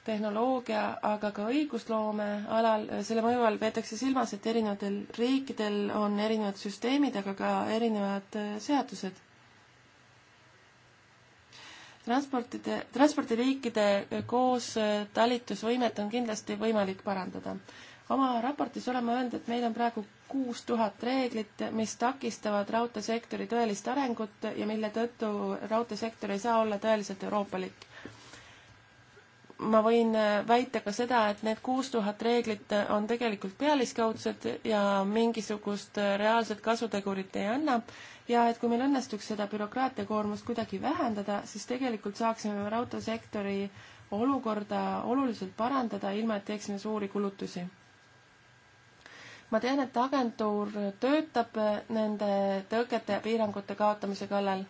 Speaker 3: tehnoloogia, aga ka õigusloome alal, selle mõju all peetakse silmas, et erinevatel riikidel on erinevad süsteemid, aga ka erinevad äh, seadused. transportide, transpordiliikide äh, koos äh, talitusvõimet on kindlasti võimalik parandada. oma raportis olen ma öelnud, et meil on praegu kuus tuhat reeglit, mis takistavad raudteesektori tõelist arengut ja mille tõttu raudteesektor ei saa olla tõeliselt euroopalik ma võin äh, väita ka seda, et need kuus tuhat reeglit äh, on tegelikult pealiskaudsed ja mingisugust äh, reaalset kasutegurit ei anna. ja et kui meil õnnestuks seda bürokraatiakoormust kuidagi vähendada, siis tegelikult saaksime raudteesektori olukorda oluliselt parandada, ilma et teeksime suuri kulutusi. ma tean, et agentuur töötab nende tõkete ja piirangute kaotamise kallal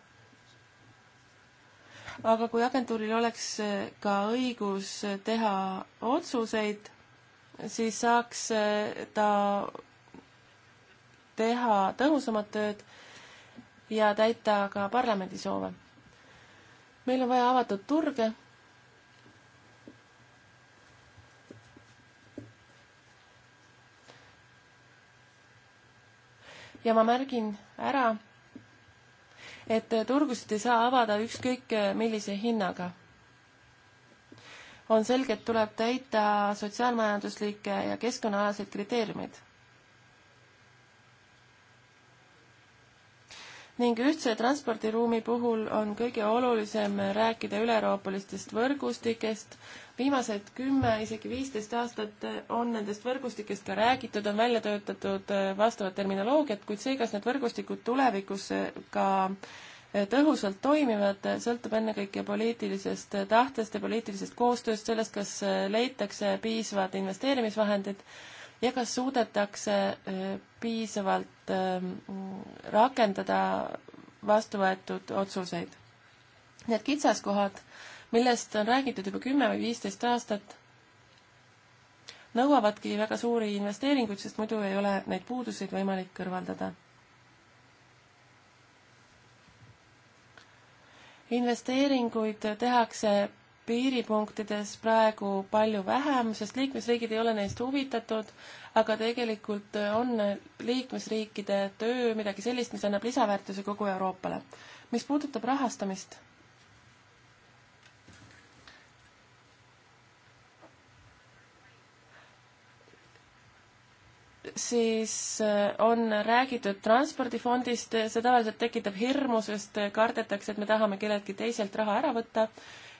Speaker 3: aga kui agentuuril oleks äh, ka õigus äh, teha otsuseid, siis saaks äh, ta teha tõhusamat tööd ja täita ka parlamendi soove. meil on vaja avatud turge. ja ma märgin ära, et äh, turgusid ei saa avada ükskõik äh, millise hinnaga. on selge, et tuleb täita sotsiaalmajanduslikke ja keskkonnaalaseid kriteeriumeid ning ühtse transpordiruumi puhul on kõige olulisem rääkida üleeuroopalistest võrgustikest. viimased kümme, isegi viisteist aastat on nendest võrgustikest ka räägitud, on välja töötatud äh, vastavat terminoloogiat, kuid see, kas need võrgustikud tulevikus äh, ka äh, tõhusalt toimivad, sõltub ennekõike poliitilisest tahtest ja poliitilisest koostööst, sellest, kas leitakse piisavad investeerimisvahendid ja kas suudetakse äh, piisavalt ähm, rakendada vastu võetud otsuseid. Need kitsaskohad, millest on räägitud juba kümme või viisteist aastat, nõuavadki väga suuri investeeringuid, sest muidu ei ole neid puuduseid võimalik kõrvaldada. investeeringuid tehakse piiripunktides praegu palju vähem, sest liikmesriigid ei ole neist huvitatud, aga tegelikult on liikmesriikide töö midagi sellist, mis annab lisaväärtuse kogu Euroopale. mis puudutab rahastamist, siis äh, on räägitud transpordifondist, see tavaliselt tekitab hirmu, sest kardetakse, et me tahame kelleltki teiselt raha ära võtta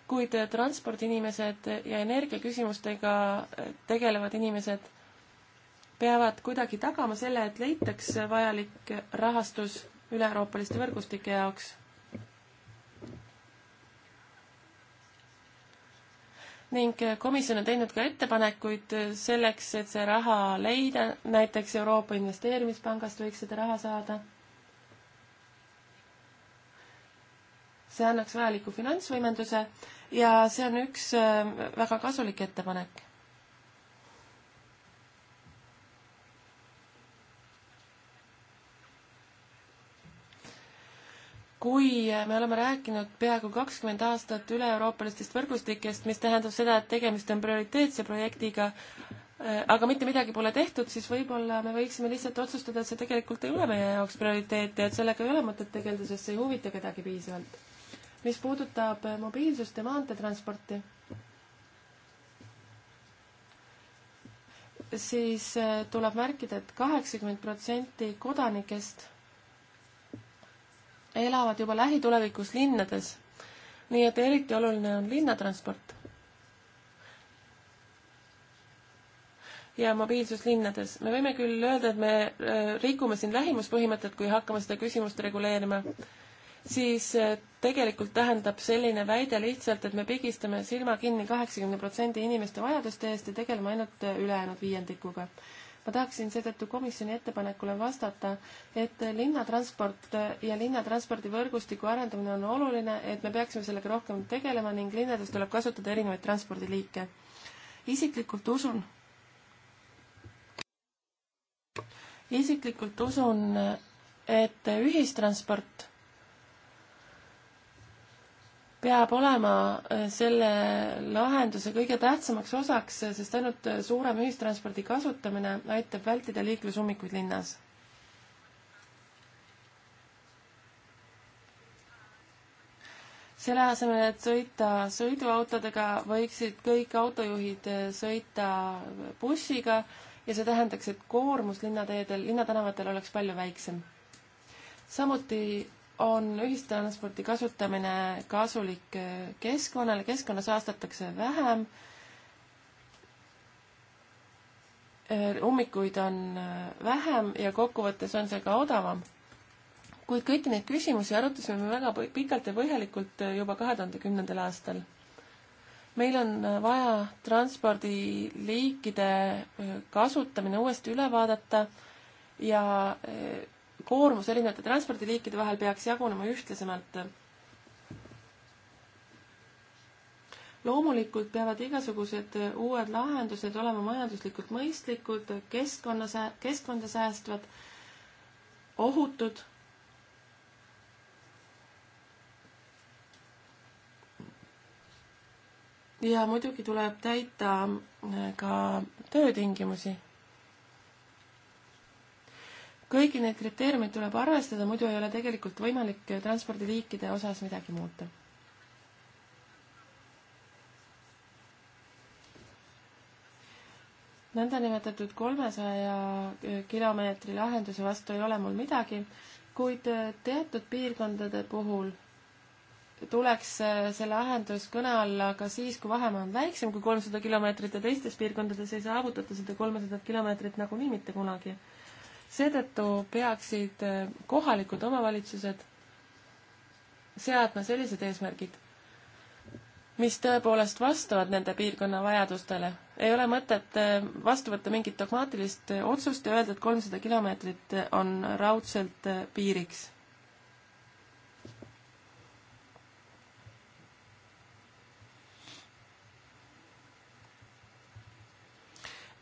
Speaker 3: kuid transpordiinimesed ja energiaküsimustega tegelevad inimesed peavad kuidagi tagama selle, et leitaks vajalik rahastus üle-euroopaliste võrgustike jaoks. ning komisjon on teinud ka ettepanekuid selleks, et see raha leida, näiteks Euroopa Investeerimispangast võiks seda raha saada see annaks vajaliku finantsvõimenduse ja see on üks äh, väga kasulik ettepanek. kui äh, me oleme rääkinud peaaegu kakskümmend aastat üle-euroopalistest võrgustikest, mis tähendab seda, et tegemist on prioriteetse projektiga, äh, aga mitte midagi pole tehtud, siis võib-olla me võiksime lihtsalt otsustada, et see tegelikult ei ole meie jaoks prioriteet ja et sellega ei ole mõtet tegeleda, sest see ei huvita kedagi piisavalt mis puudutab äh, mobiilsust ja maanteetransporti, siis äh, tuleb märkida et, et kaheksakümmend protsenti kodanikest elavad juba lähitulevikus linnades. nii et eriti oluline on linnatransport. ja mobiilsus linnades. me võime küll öelda, et me äh, rikume siin lähimuspõhimõtet, kui hakkame seda küsimust reguleerima siis äh, tegelikult tähendab selline väide lihtsalt, et me pigistame silma kinni kaheksakümne protsendi inimeste vajaduste eest ja tegeleme ainult äh, ülejäänud viiendikuga. ma tahaksin seetõttu komisjoni ettepanekule vastata, et äh, linnatransport ja linnatranspordi võrgustiku arendamine on oluline, et me peaksime sellega rohkem tegelema ning linnades tuleb kasutada erinevaid transpordiliike. isiklikult usun, isiklikult usun, et ühistransport peab olema äh, selle lahenduse kõige tähtsamaks osaks, äh, sest ainult äh, suurem ühistranspordi kasutamine aitab vältida liiklusummikuid linnas. selle asemel, et sõita sõiduautodega, võiksid kõik autojuhid sõita bussiga ja see tähendaks, et koormus linnateedel, linnatänavatel oleks palju väiksem. samuti on ühistranspordi kasutamine kasulik keskkonnale, keskkonna saastatakse vähem, ummikuid on vähem ja kokkuvõttes on see ka odavam. kuid kõiki neid küsimusi arutasime me väga pikalt ja põhjalikult juba kahe tuhande kümnendal aastal. meil on vaja transpordiliikide kasutamine uuesti üle vaadata ja koormus erinevate transpordiliikide vahel peaks jagunema ühtlasemalt. loomulikult peavad igasugused uued lahendused olema majanduslikult mõistlikud, keskkonna, keskkonda säästvad, ohutud ja muidugi tuleb täita ka töötingimusi kõiki neid kriteeriumeid tuleb arvestada, muidu ei ole tegelikult võimalik transpordiliikide osas midagi muuta. nõndanimetatud kolmesaja kilomeetri lahenduse vastu ei ole mul midagi, kuid teatud piirkondade puhul tuleks see lahendus kõne alla ka siis, kui vahemaa on väiksem kui kolmsada kilomeetrit ja teistes piirkondades ei saavutata seda kolmesadat kilomeetrit nagunii mitte kunagi seetõttu peaksid eh, kohalikud omavalitsused seadma sellised eesmärgid, mis tõepoolest vastavad nende piirkonna vajadustele. ei ole mõtet eh, vastu võtta mingit dogmaatilist eh, otsust ja öelda, et kolmsada kilomeetrit on raudselt piiriks.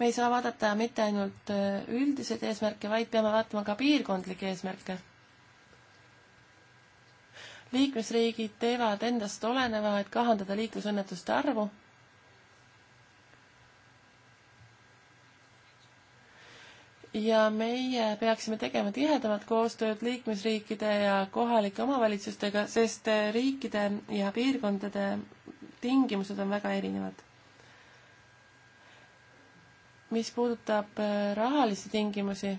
Speaker 3: me ei saa vaadata mitte ainult äh, üldiseid eesmärke, vaid peame vaatama ka piirkondlikke eesmärke. liikmesriigid teevad endast oleneva, et kahandada liiklusõnnetuste arvu ja meie peaksime tegema tihedamat koostööd liikmesriikide ja kohalike omavalitsustega, sest äh, riikide ja piirkondade tingimused on väga erinevad mis puudutab äh, rahalisi tingimusi,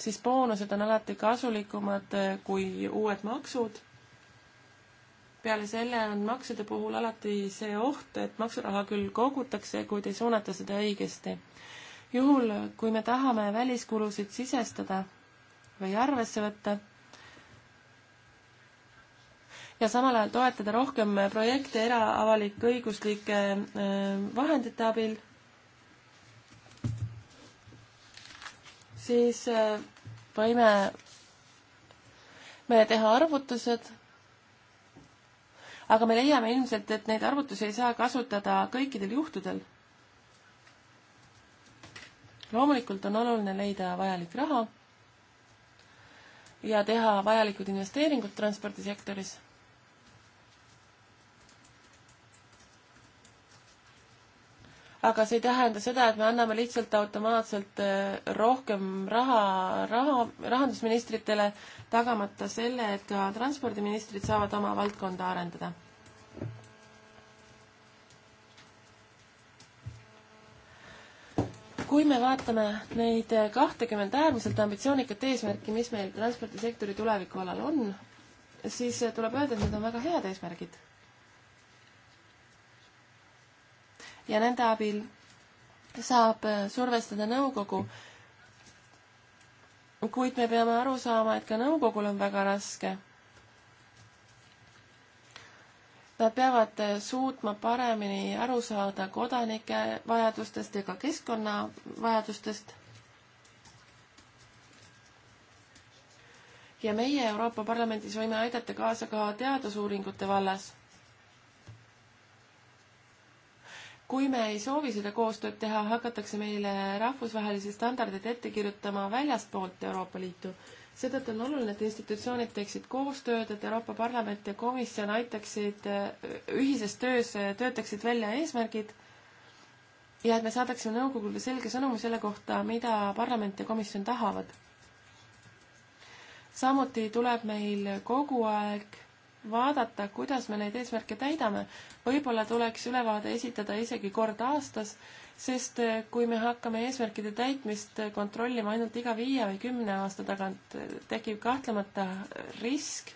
Speaker 3: siis boonused on alati kasulikumad äh, kui uued maksud. peale selle on maksude puhul alati see oht, et maksuraha küll kogutakse, kuid ei suunata seda õigesti. juhul, kui me tahame väliskulusid sisestada või arvesse võtta ja samal ajal toetada rohkem projekte era-avalik-õiguslike äh, vahendite abil siis äh, võime me teha arvutused, aga me leiame ilmselt, et neid arvutusi ei saa kasutada kõikidel juhtudel. loomulikult on oluline leida vajalik raha ja teha vajalikud investeeringud transpordisektoris aga see ei tähenda seda, et me anname lihtsalt automaatselt äh, rohkem raha, raha rahandusministritele, tagamata selle, et ka transpordiministrid saavad oma valdkonda arendada. kui me vaatame neid kahtekümmet äärmiselt ambitsioonikat eesmärki, mis meil transpordisektori tuleviku alal on, siis äh, tuleb öelda, et need on väga head eesmärgid ja nende abil saab äh, survestada nõukogu. kuid me peame aru saama, et ka nõukogul on väga raske. Nad peavad äh, suutma paremini aru saada kodanike vajadustest ja ka keskkonna vajadustest. ja meie Euroopa Parlamendis võime aidata kaasa ka teadusuuringute vallas kui me ei soovi seda koostööd teha, hakatakse meile rahvusvahelisi standardeid ette kirjutama väljastpoolt Euroopa Liitu. seetõttu on oluline, et institutsioonid teeksid koostööd, et Euroopa Parlament ja Komisjon aitaksid äh, ühises töös, äh, töötaksid välja eesmärgid ja et me saadaksime nõukogule selge sõnumi selle kohta, mida parlament ja komisjon tahavad. samuti tuleb meil kogu aeg vaadata, kuidas me neid eesmärke täidame. võib-olla tuleks ülevaade esitada isegi kord aastas, sest eh, kui me hakkame eesmärkide täitmist eh, kontrollima ainult iga viie või kümne aasta tagant, eh, tekib kahtlemata risk,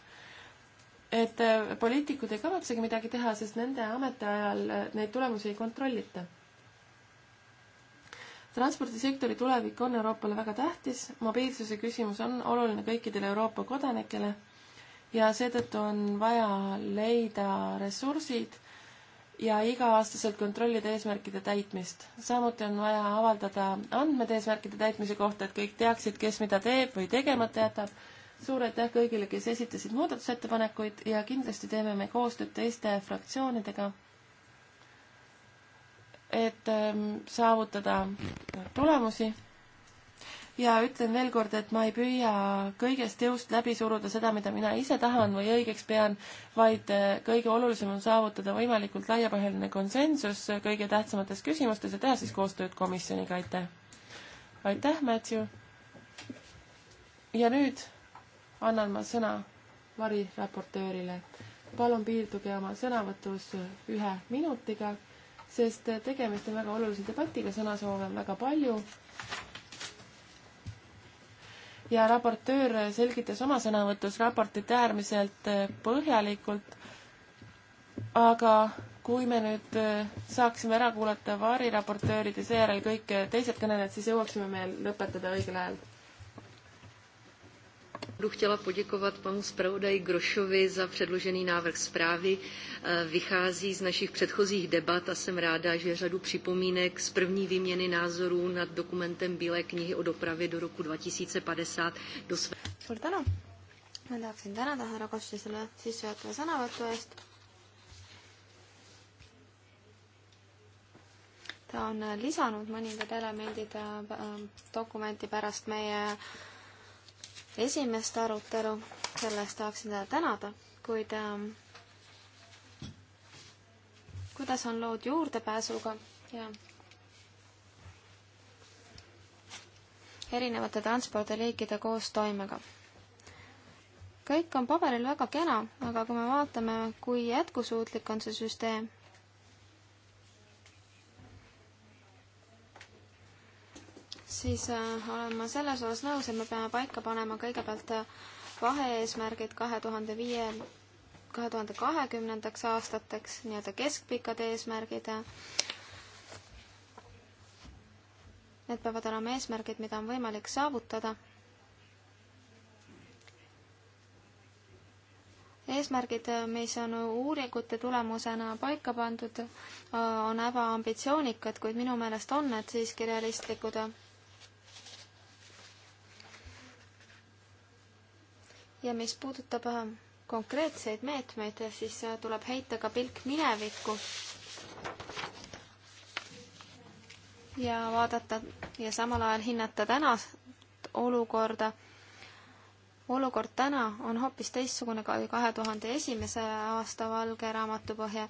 Speaker 3: et poliitikud ei kavatsegi midagi teha, sest nende ametiajal neid tulemusi ei kontrollita transpordisektori tulevik on Euroopale väga tähtis, mobiilsuse küsimus on oluline kõikidele Euroopa kodanikele ja seetõttu on vaja leida ressursid ja iga-aastaselt kontrollida eesmärkide täitmist. samuti on vaja avaldada andmed eesmärkide täitmise kohta, et kõik teaksid, kes mida teeb või tegemata jätab. suur aitäh kõigile, kes esitasid muudatusettepanekuid ja kindlasti teeme me koostööd teiste fraktsioonidega, et ähm, saavutada tulemusi ja ütlen veel kord, et ma ei püüa kõigest jõust läbi suruda seda, mida mina ise tahan või õigeks pean, vaid äh, kõige olulisem on saavutada võimalikult laiapõhjaline konsensus äh, kõige tähtsamates küsimustes ja teha siis koostööd komisjoniga, aitäh! aitäh, Matthew! ja nüüd annan ma sõna variraportöörile. palun piirduge oma sõnavõtus äh, ühe minutiga, sest tegemist on väga olulise debatiga, sõnasoove on väga palju ja raportöör selgitas oma sõnavõtus raportit äärmiselt äh, põhjalikult, aga kui me nüüd äh, saaksime ära kuulata variraportöörid ja seejärel kõik äh, teised kõnelejad, siis jõuaksime me lõpetada õigel ajal
Speaker 2: opravdu chtěla poděkovat panu zpravodaji Grošovi za předložený návrh zprávy. E, vychází z našich předchozích debat a jsem ráda, že řadu připomínek z první výměny názorů nad dokumentem Bílé knihy
Speaker 1: o dopravě do roku 2050 do své... Suur tänu! ma tahaksin tänada härra Kosti selle sissejuhatava sõnavõtu eest. ta on lisanud mõningad elemendid äh, dokumenti pärast meie esimest arutelu, selle eest tahaksin teda tänada, kuid äh, kuidas on lood juurdepääsuga ja erinevate transpordiliikide koostoimega. kõik on paberil väga kena, aga kui me vaatame, kui jätkusuutlik on see süsteem siis äh, olen ma selles osas nõus, et me peame paika panema kõigepealt äh, vahe-eesmärgid kahe tuhande viie, kahe tuhande kahekümnendaks aastateks, nii-öelda keskpikad eesmärgid. Need peavad olema eesmärgid, mida on võimalik saavutada. eesmärgid, mis on uuringute tulemusena paika pandud, äh, on ebaambitsioonikad, kuid minu meelest on need siiski realistlikud ja mis puudutab äh, konkreetseid meetmeid, siis äh, tuleb heita ka pilk minevikku ja vaadata ja samal ajal hinnata tänast olukorda. olukord täna on hoopis teistsugune kui kahe tuhande esimese aasta valge raamatu põhjal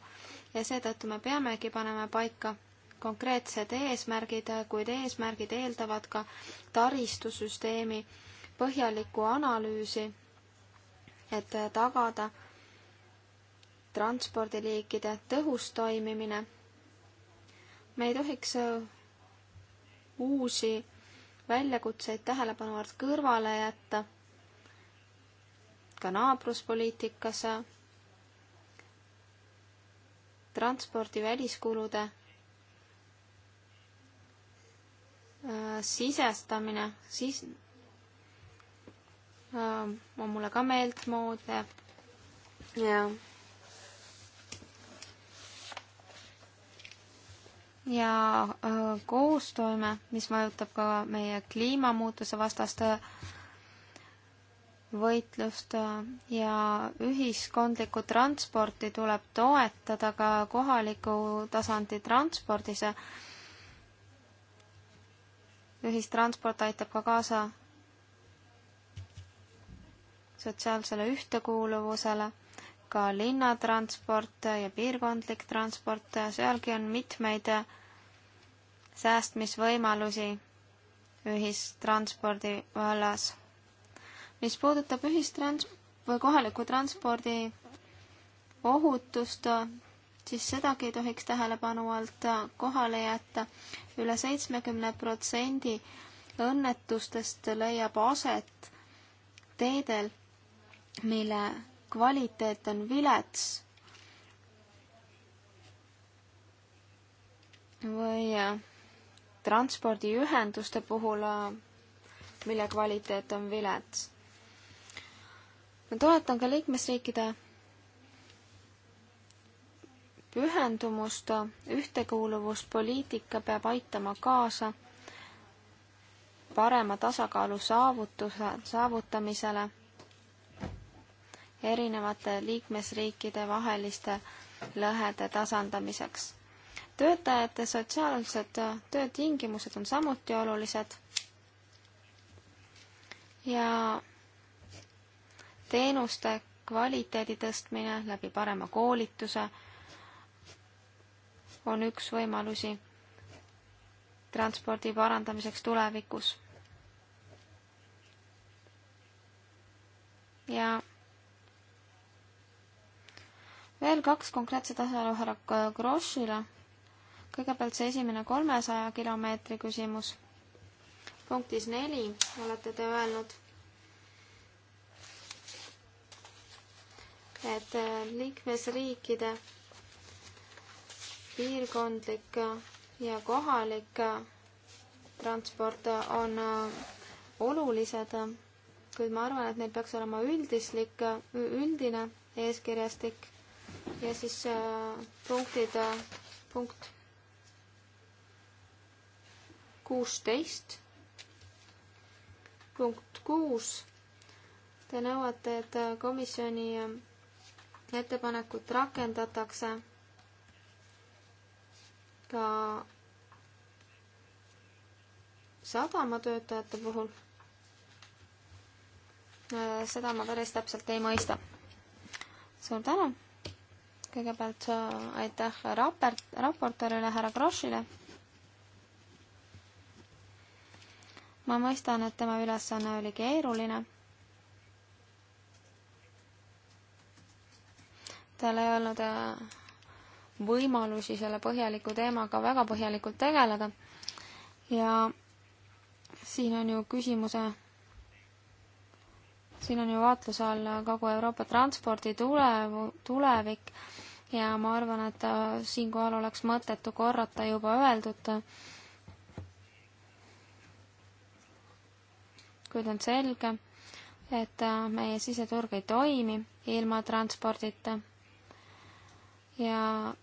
Speaker 1: ja seetõttu me peamegi panema paika konkreetsed eesmärgid, kuid eesmärgid eeldavad ka taristusüsteemi põhjalikku analüüsi et tagada transpordiliikide tõhus toimimine. me ei tohiks uusi väljakutseid tähelepanu alt kõrvale jätta, ka naabruspoliitikas, transpordi väliskulude äh, sisestamine, siis Äh, on mulle ka meeltmoodne ja ja äh, koostoime, mis mõjutab ka meie kliimamuutuse vastast võitlust äh, ja ühiskondlikku transporti tuleb toetada ka kohaliku tasandi transpordis. ühistransport aitab ka kaasa sotsiaalsele ühtekuuluvusele, ka linnatransport ja piirkondlik transport, sealgi on mitmeid säästmisvõimalusi ühistranspordi vallas. mis puudutab ühistrans- või kohaliku transpordi ohutust, siis sedagi ei tohiks tähelepanu alt kohale jätta üle. üle seitsmekümne protsendi õnnetustest leiab aset teedel mille kvaliteet on vilets või äh, transpordiühenduste puhul, äh, mille kvaliteet on vilets. ma toetan ka liikmesriikide pühendumust, äh, ühtekuuluvuspoliitika peab aitama kaasa parema tasakaalu saavutuse, saavutamisele erinevate liikmesriikide vaheliste lõhede tasandamiseks. töötajate sotsiaalsed töötingimused on samuti olulised ja teenuste kvaliteedi tõstmine läbi parema koolituse on üks võimalusi transpordi parandamiseks tulevikus. ja veel kaks konkreetset asjaolu härra Grossile. kõigepealt see esimene kolmesaja kilomeetri küsimus. punktis neli olete te öelnud, et äh, liikmesriikide piirkondlik ja kohalik transport on äh, olulised, kuid ma arvan, et neil peaks olema üldislik, üldine eeskirjastik ja siis äh, punktid, äh, punkt kuusteist, punkt kuus. Te nõuate, et äh, komisjoni ettepanekut rakendatakse ka sadamatöötajate puhul. seda ma päris täpselt ei mõista. suur tänu! kõigepealt äh, aitäh raport, raportöörile härra Grossile. ma mõistan, et tema ülesanne oli keeruline. tal ei olnud äh, võimalusi selle põhjaliku teemaga väga põhjalikult tegeleda ja siin on ju küsimuse siin on ju vaatluse all kogu Euroopa transpordi tulev, tulevik ja ma arvan, et äh, siinkohal oleks mõttetu korrata juba öeldut. kuid on selge, et äh, meie siseturg ei toimi ilma transpordita ja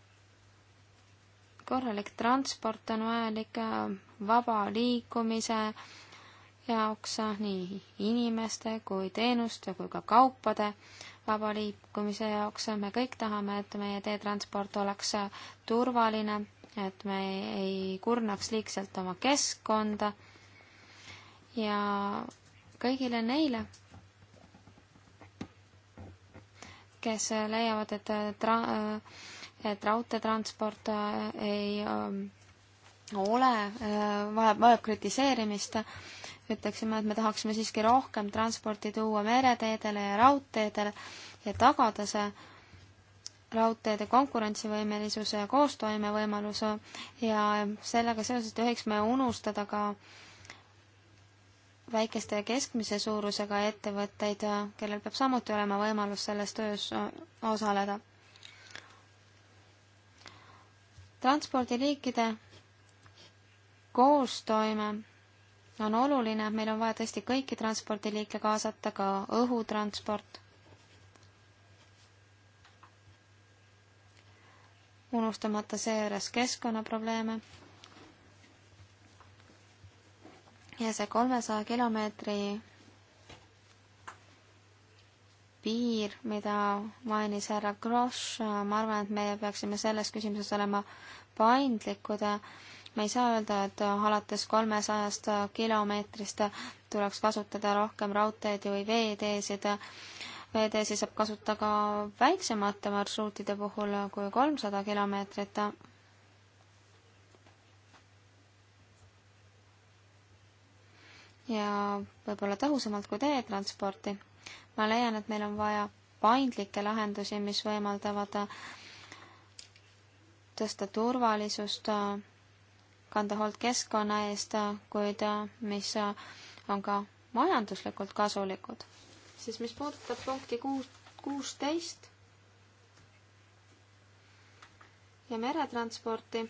Speaker 1: korralik transport on vajalik äh, vaba liikumise jaoks ah, nii inimeste kui teenuste kui ka kaupade vaba liikumise jaoks. me kõik tahame, et meie teetransport oleks turvaline, et me ei kurnaks liigselt oma keskkonda ja kõigile neile, kes leiavad, et tra-, et raudteetransport äh, ei ähm, ole, äh, vajab, vajab kritiseerimist, ütleksime, et me tahaksime siiski rohkem transporti tuua mereteedele ja raudteedele ja tagada see raudteede konkurentsivõimelisuse ja koostoimevõimaluse ja sellega seoses tohiks me unustada ka väikeste ja keskmise suurusega ettevõtteid, kellel peab samuti olema võimalus selles töös osaleda. transpordiliikide koostoime on oluline, meil on vaja tõesti kõiki transpordiliike kaasata, ka õhutransport. unustamata seejuures keskkonnaprobleeme. ja see kolmesaja kilomeetri piir, mida mainis härra Grosch, ma arvan, et meie peaksime selles küsimuses olema paindlikud me ei saa öelda, et alates kolmesajast kilomeetrist tuleks kasutada rohkem raudteed või veeteesid. veeteesi saab kasutada ka väiksemate marsruutide puhul kui kolmsada kilomeetrit. ja võib-olla tõhusamalt kui teetransporti. ma leian, et meil on vaja paindlikke lahendusi, mis võimaldavad tõsta turvalisust kanda hoolt keskkonna eest, kuid mis on ka majanduslikult kasulikud. siis mis puudutab punkti kuus, kuusteist ja meretransporti,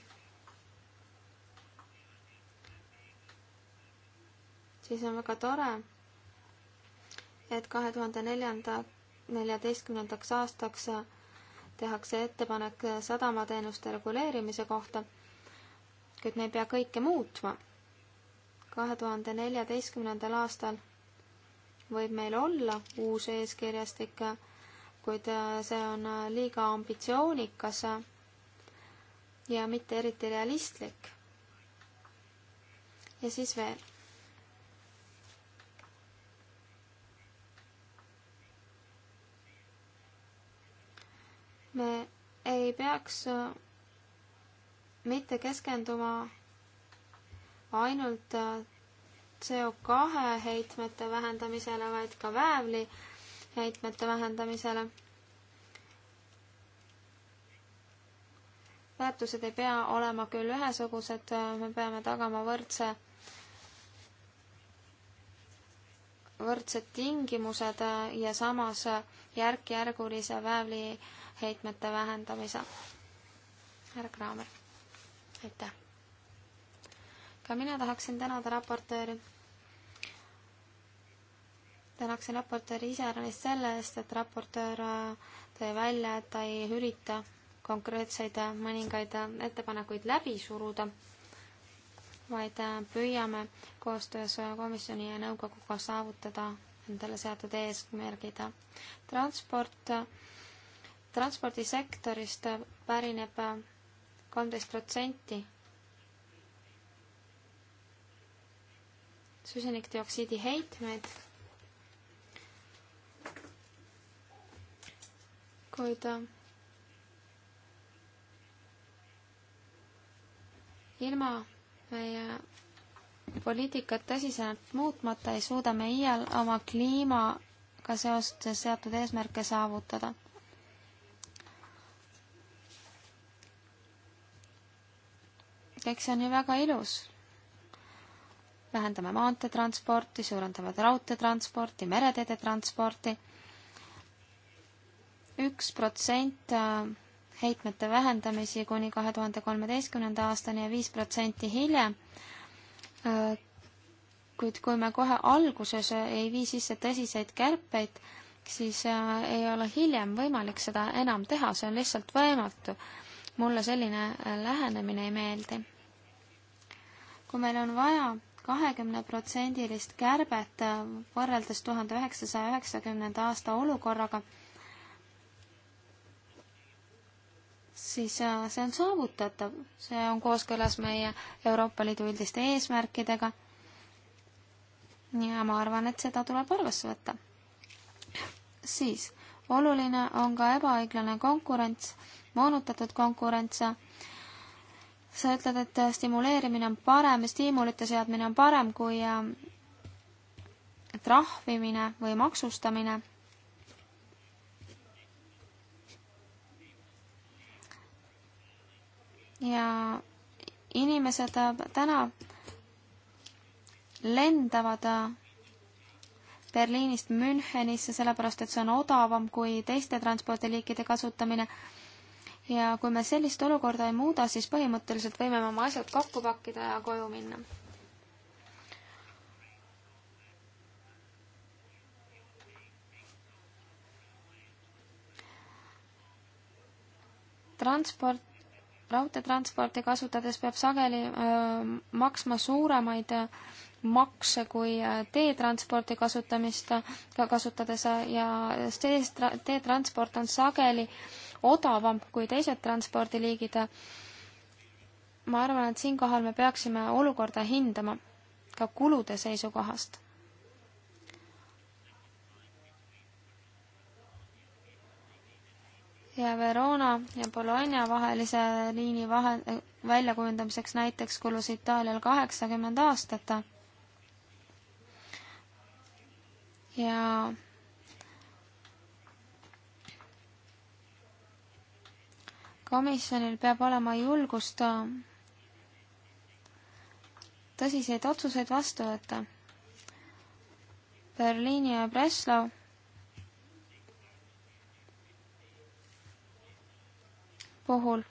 Speaker 1: siis on väga tore, et kahe tuhande neljanda, neljateistkümnendaks aastaks tehakse ettepanek sadamateenuste reguleerimise kohta kuid me ei pea kõike muutma. kahe tuhande neljateistkümnendal aastal võib meil olla uus eeskirjastik, kuid äh, see on äh, liiga ambitsioonikas äh, ja mitte eriti realistlik. ja siis veel. me ei peaks mitte keskenduma ainult äh, CO2 heitmete vähendamisele, vaid ka väävli heitmete vähendamisele. väärtused ei pea olema küll ühesugused, äh, me peame tagama võrdse, võrdsed tingimused äh, ja samas järk-järgulise väävli heitmete vähendamise. härra Kraamer aitäh! ka mina tahaksin tänada raportööri. tänaksin raportööri iseäranis selle eest, et raportöör tõi välja, et ta ei ürita konkreetseid mõningaid ettepanekuid läbi suruda, vaid püüame koostöös komisjoni ja nõukoguga saavutada endale seatud eesmärgid. transport, transpordisektorist pärineb kolmteist protsenti süsinikdioksiidi heitmeid, kuid äh, ilma meie poliitikat tõsiselt muutmata ei suuda me iial oma kliimaga seoses seatud eesmärke saavutada kõik see on ju väga ilus. vähendame maanteetransporti, suurendame raudteetransporti, mereteede transporti. üks protsent äh, heitmete vähendamisi kuni kahe tuhande kolmeteistkümnenda aastani ja viis protsenti hiljem. Äh, kuid kui me kohe alguses ei vii sisse tõsiseid kärpeid, siis äh, ei ole hiljem võimalik seda enam teha, see on lihtsalt võimatu. mulle selline lähenemine ei meeldi kui meil on vaja kahekümneprotsendilist kärbet äh, võrreldes tuhande üheksasaja üheksakümnenda aasta olukorraga, siis äh, see on saavutatav, see on kooskõlas meie Euroopa Liidu üldiste eesmärkidega. ja ma arvan, et seda tuleb arvesse võtta. siis, oluline on ka ebaõiglane konkurents, moonutatud konkurents sa ütled, et äh, stimuleerimine on parem, stiimulite seadmine on parem kui äh, trahvimine või maksustamine. ja inimesed äh, täna lendavad Berliinist Münchenisse, sellepärast et see on odavam kui teiste transpordiliikide kasutamine ja kui me sellist olukorda ei muuda, siis põhimõtteliselt võime oma asjad kokku pakkida ja koju minna. transport, raudteetransporti kasutades peab sageli öö, maksma suuremaid öö, äh, makse kui äh, teetransporti kasutamist ka kasutades ja see teetransport on sageli öö, odavam kui teised transpordiliigid. ma arvan, et siinkohal me peaksime olukorda hindama ka kulude seisukohast. ja Verona ja Bologna vahelise liini vahe, väljakujundamiseks näiteks kulus Itaalial kaheksakümmend aastat. ja komisjonil peab olema julgust äh, tõsiseid otsuseid vastu võtta. Berliini ja Breslau puhul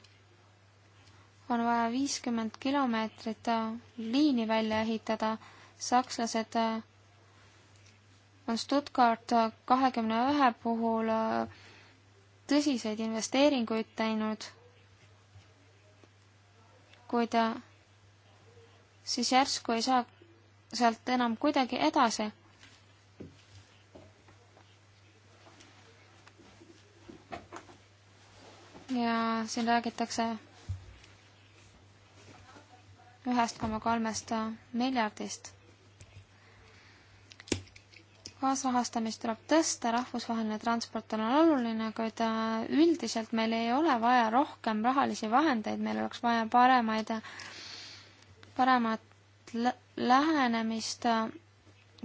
Speaker 1: on vaja viiskümmend kilomeetrit äh, liini välja ehitada, sakslased äh, on Stuttgart kahekümne ühe puhul tõsiseid investeeringuid teinud, kuid äh, siis järsku ei saa sealt enam kuidagi edasi. ja siin räägitakse ühest koma kolmest miljardist kaasrahastamist tuleb tõsta, rahvusvaheline transport on oluline, kuid äh, üldiselt meil ei ole vaja rohkem rahalisi vahendeid, meil oleks vaja paremaid, paremat lähenemist äh,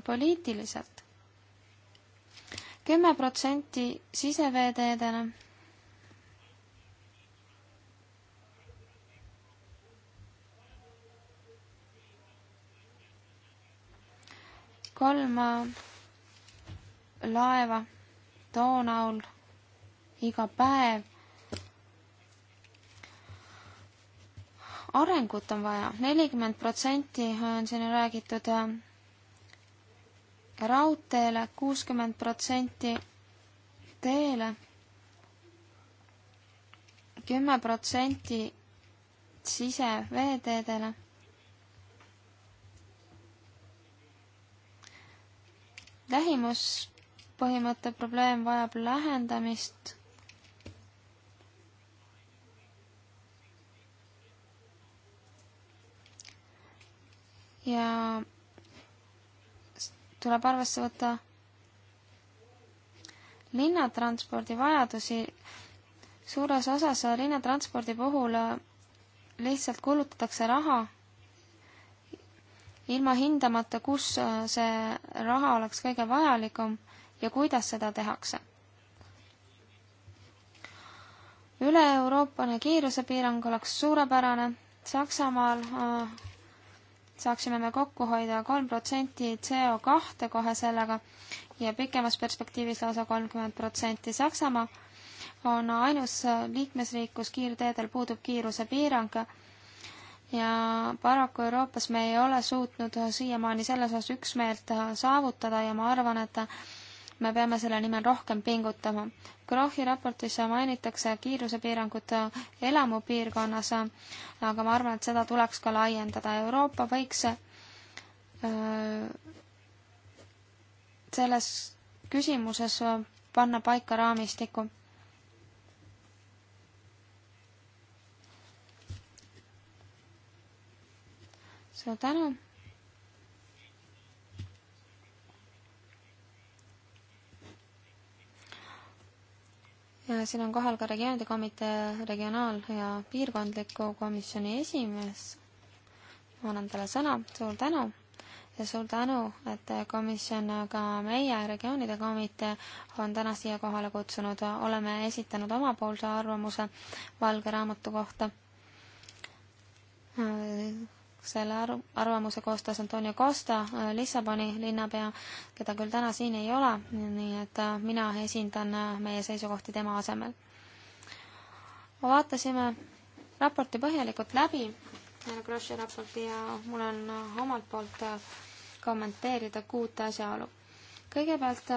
Speaker 1: poliitiliselt. kümme protsenti siseveeteedele kolm äh, laeva Toonaul iga päev. arengut on vaja, nelikümmend protsenti on siin räägitud äh, raudteele, kuuskümmend protsenti teele, kümme protsenti siseveeteedele lähimus põhimõtte probleem vajab lähendamist. ja tuleb arvesse võtta linnatranspordi vajadusi. suures osas linnatranspordi puhul lihtsalt kulutatakse raha ilma hindamata, kus see raha oleks kõige vajalikum ja kuidas seda tehakse. üle-Euroopane kiirusepiirang oleks suurepärane, Saksamaal äh, saaksime me kokku hoida kolm protsenti CO kahte kohe sellega ja pikemas perspektiivis lausa kolmkümmend protsenti. Saksamaa on ainus liikmesriik, kus kiirteedel puudub kiirusepiirang ja paraku Euroopas me ei ole suutnud siiamaani selles osas üksmeelt saavutada ja ma arvan, et me peame selle nimel rohkem pingutama. Krohhi raportis mainitakse kiirusepiirangut elamupiirkonnas, aga ma arvan, et seda tuleks ka laiendada. Euroopa võiks selles küsimuses panna paika raamistiku. suur tänu! siin on kohal ka regioonide komitee regionaal- ja piirkondliku komisjoni esimees. ma annan talle sõna, suur tänu ja suur tänu, et komisjon ka meie regioonide komitee on täna siia kohale kutsunud. oleme esitanud omapoolse arvamuse valge raamatu kohta selle arv, arvamuse koostas Antonio Costa, äh, Lissaboni linnapea, keda küll täna siin ei ole, nii et äh, mina esindan äh, meie seisukohti tema asemel. vaatasime raporti põhjalikult läbi, härra Grossi raporti, ja mul on omalt poolt kommenteerida kuut asjaolu. kõigepealt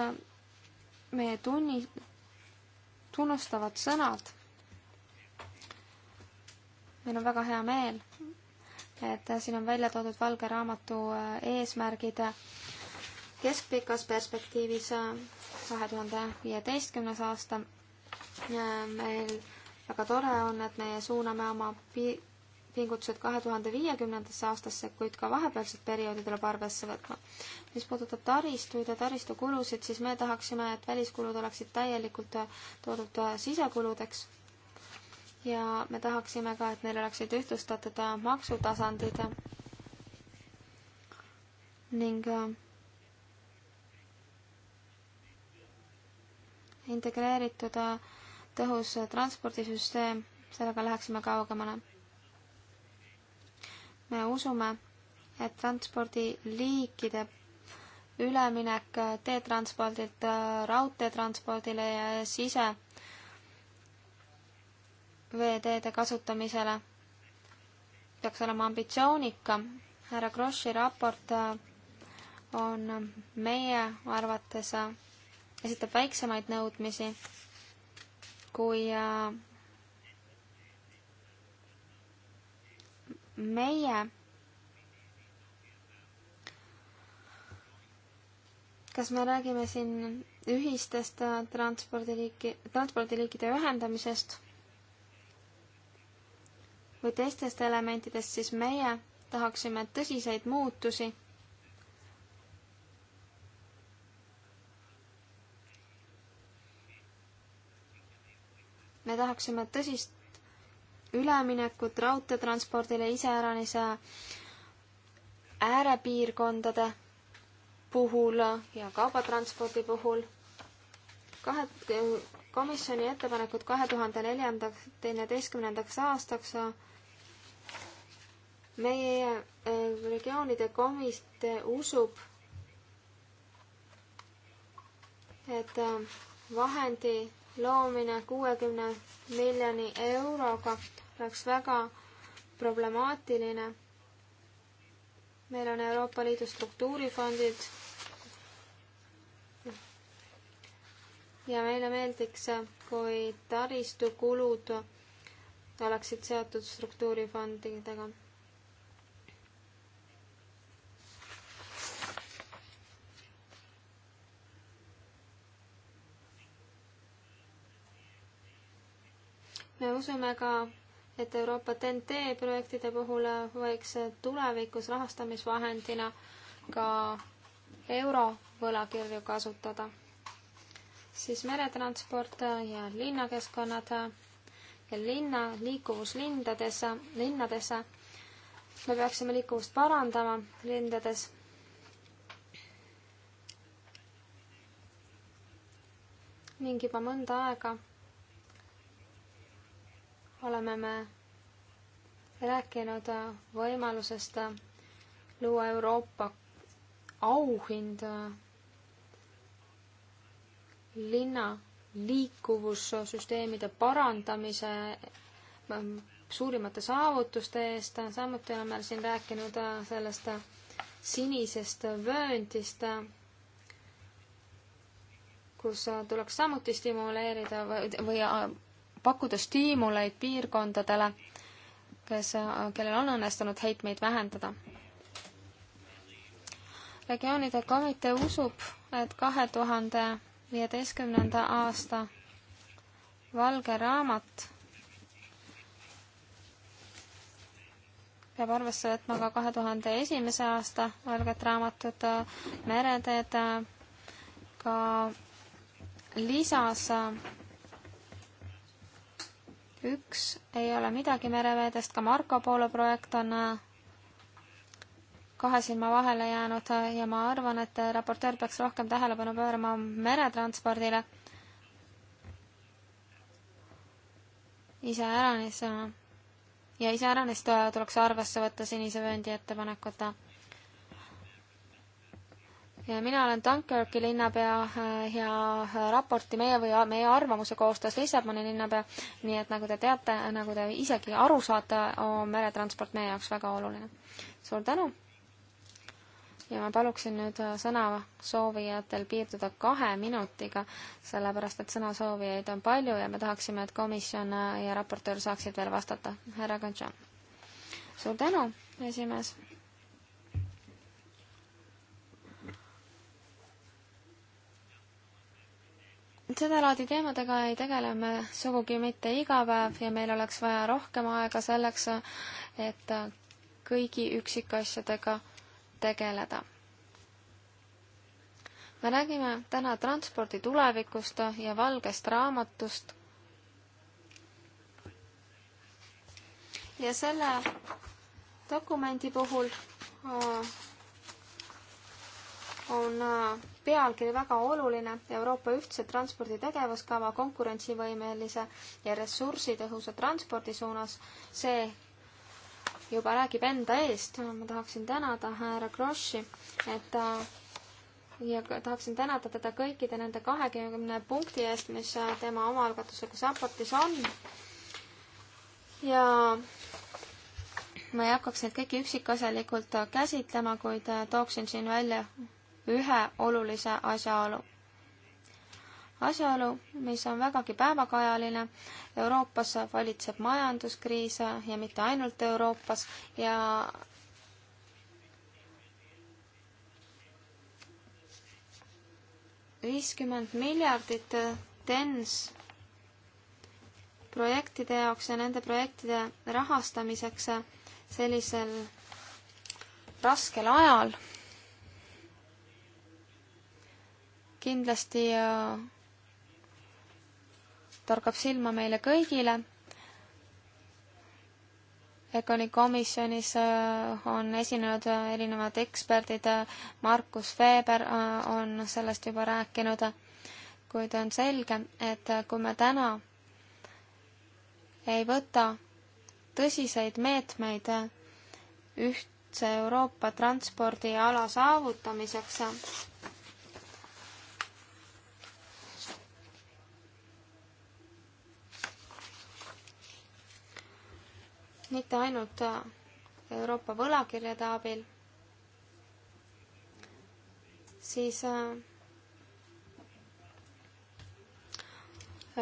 Speaker 1: meie tunni, tunnustavad sõnad. meil on väga hea meel et siin on välja toodud valge raamatu äh, eesmärgid keskpikas perspektiivis äh, kahe tuhande viieteistkümnes aasta. meil väga tore on, et meie suuname oma pi-, pingutused kahe tuhande viiekümnendasse aastasse, kuid ka vahepealset perioodi tuleb arvesse võtma. mis puudutab taristuid ja taristukulusid, siis me tahaksime, et väliskulud oleksid täielikult äh, toodud sisekuludeks ja me tahaksime ka, et neil oleksid ühtlustatud äh, maksutasandid ning äh, integreeritud äh, tõhus transpordisüsteem, sellega läheksime kaugemale. me usume, et transpordiliikide üleminek teetranspordilt raudteetranspordile ja sise veeteede kasutamisele peaks olema ambitsioonikam. härra Grossi raport äh, on meie arvates, äh, esitab väiksemaid nõudmisi kui äh, meie kas me räägime siin ühistest transpordiliiki, transpordiliikide ühendamisest või teistest elementidest, siis meie tahaksime tõsiseid muutusi. me tahaksime tõsist üleminekut raudteetranspordile iseäranis äärepiirkondade puhul ja kaubatranspordi puhul. kahe, komisjoni ettepanekud kahe tuhande neljandaks, teineteistkümnendaks aastaks meie eh, regioonide komitee usub, et eh, vahendi loomine kuuekümne miljoni euroga oleks väga problemaatiline. meil on Euroopa Liidu struktuurifondid ja meile meeldiks, kui taristukulud oleksid seotud struktuurifondidega. me usume ka, et Euroopa TNT projektide puhul võiks tulevikus rahastamisvahendina ka eurovõlakirju kasutada siis meretransport ja linnakeskkonnad ja linna, liikuvus lindadesse, linnadesse. me peaksime liikuvust parandama lindades. ning juba mõnda aega oleme me rääkinud võimalusest luua Euroopa auhind linna liikuvussüsteemide parandamise ähm, suurimate saavutuste eest, samuti oleme siin rääkinud äh, sellest äh, sinisest vööndist, äh, kus tuleks samuti stimuleerida või, või pakkuda stiimuleid piirkondadele, kes, kellel on õnnestunud heitmeid vähendada. regioonide komitee usub, et kahe tuhande viieteistkümnenda aasta valge raamat peab arvesse võtma ka kahe tuhande esimese aasta valget raamatut Mereteed ka lisas üks ei ole midagi mereveedest, ka Marco Polo projekt on kahe silma vahele jäänud ja ma arvan, et raportöör peaks rohkem tähelepanu pöörama meretranspordile. iseäranis ja iseäranis tuleks arvesse võtta sinise vööndi ettepanekut. ja mina olen Dunkirki linnapea äh, ja äh, raporti meie või meie arvamuse koostas Lissaboni linnapea, nii et nagu te teate, nagu te isegi aru saate, on meretransport meie jaoks väga oluline. suur tänu! ja ma paluksin nüüd äh, sõnasoovijatel piirduda kahe minutiga, sellepärast et sõnasoovijaid on palju ja me tahaksime, et komisjon äh, ja raportöör saaksid veel vastata. härra Kantšan. suur tänu, esimees. sedalaadi teemadega ei tegele me sugugi mitte iga päev ja meil oleks vaja rohkem aega selleks, et äh, kõigi üksikasjadega tegeleda. me räägime täna transpordi tulevikust ja valgest raamatust. ja selle dokumendi puhul äh, on äh, pealkiri väga oluline, Euroopa ühtse transpordi tegevuskava konkurentsivõimelise ja ressursitõhusa transpordi suunas. see juba räägib enda eest. ma tahaksin tänada härra Grossi, et ta ja tahaksin tänada teda kõikide nende kahekümne punkti eest, mis tema omaalgatuslikus raportis on. ja ma ei hakkaks neid kõiki üksikasjalikult käsitlema, kuid tooksin siin välja ühe olulise asjaolu asjaolu, mis on vägagi päevakajaline. Euroopas valitseb majanduskriis ja mitte ainult Euroopas ja viiskümmend miljardit TENS projektide jaoks ja nende projektide rahastamiseks sellisel raskel ajal kindlasti äh, torkab silma meile kõigile. Econi komisjonis äh, on esinenud äh, erinevad eksperdid, äh, Markus Veber on sellest juba rääkinud, kuid on selge, et kui me täna ei võta tõsiseid meetmeid ühtse Euroopa transpordiala saavutamiseks, mitte ainult äh, Euroopa võlakirjade abil, siis äh,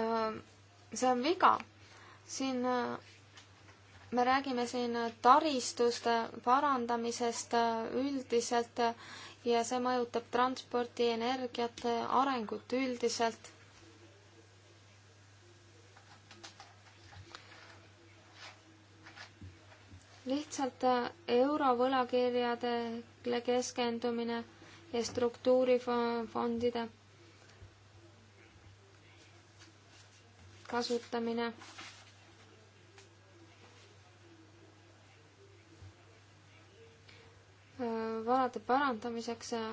Speaker 1: äh, see on viga. siin me räägime siin taristust, parandamisest üldiselt ja see mõjutab transporti, energiat, arengut üldiselt. lihtsalt äh, eurovõlakirjadele keskendumine ja struktuurifondide kasutamine. Äh, varade parandamiseks äh,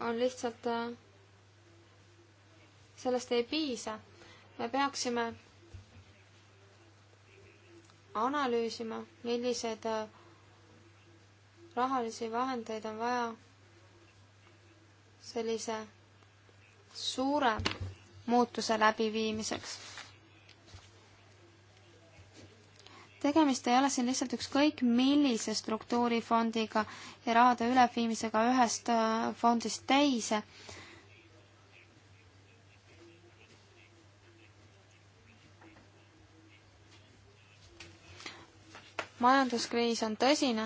Speaker 1: on lihtsalt, sellest ei piisa. me peaksime analüüsima, millised äh, rahalisi vahendeid on vaja sellise suure muutuse läbiviimiseks. tegemist ei ole siin lihtsalt ükskõik millise struktuurifondiga ja rahade üleviimisega ühest äh, fondist teise majanduskriis on tõsine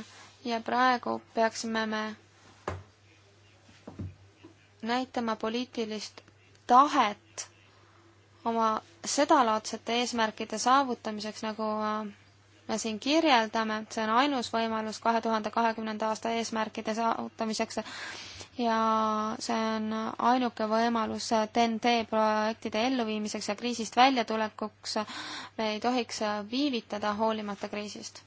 Speaker 1: ja praegu peaksime me näitama poliitilist tahet oma sedalaadsete eesmärkide saavutamiseks, nagu äh, me siin kirjeldame, see on ainus võimalus kahe tuhande kahekümnenda aasta eesmärkide saavutamiseks ja see on ainuke võimalus TNT projektide elluviimiseks ja kriisist väljatulekuks. me ei tohiks viivitada hoolimata kriisist.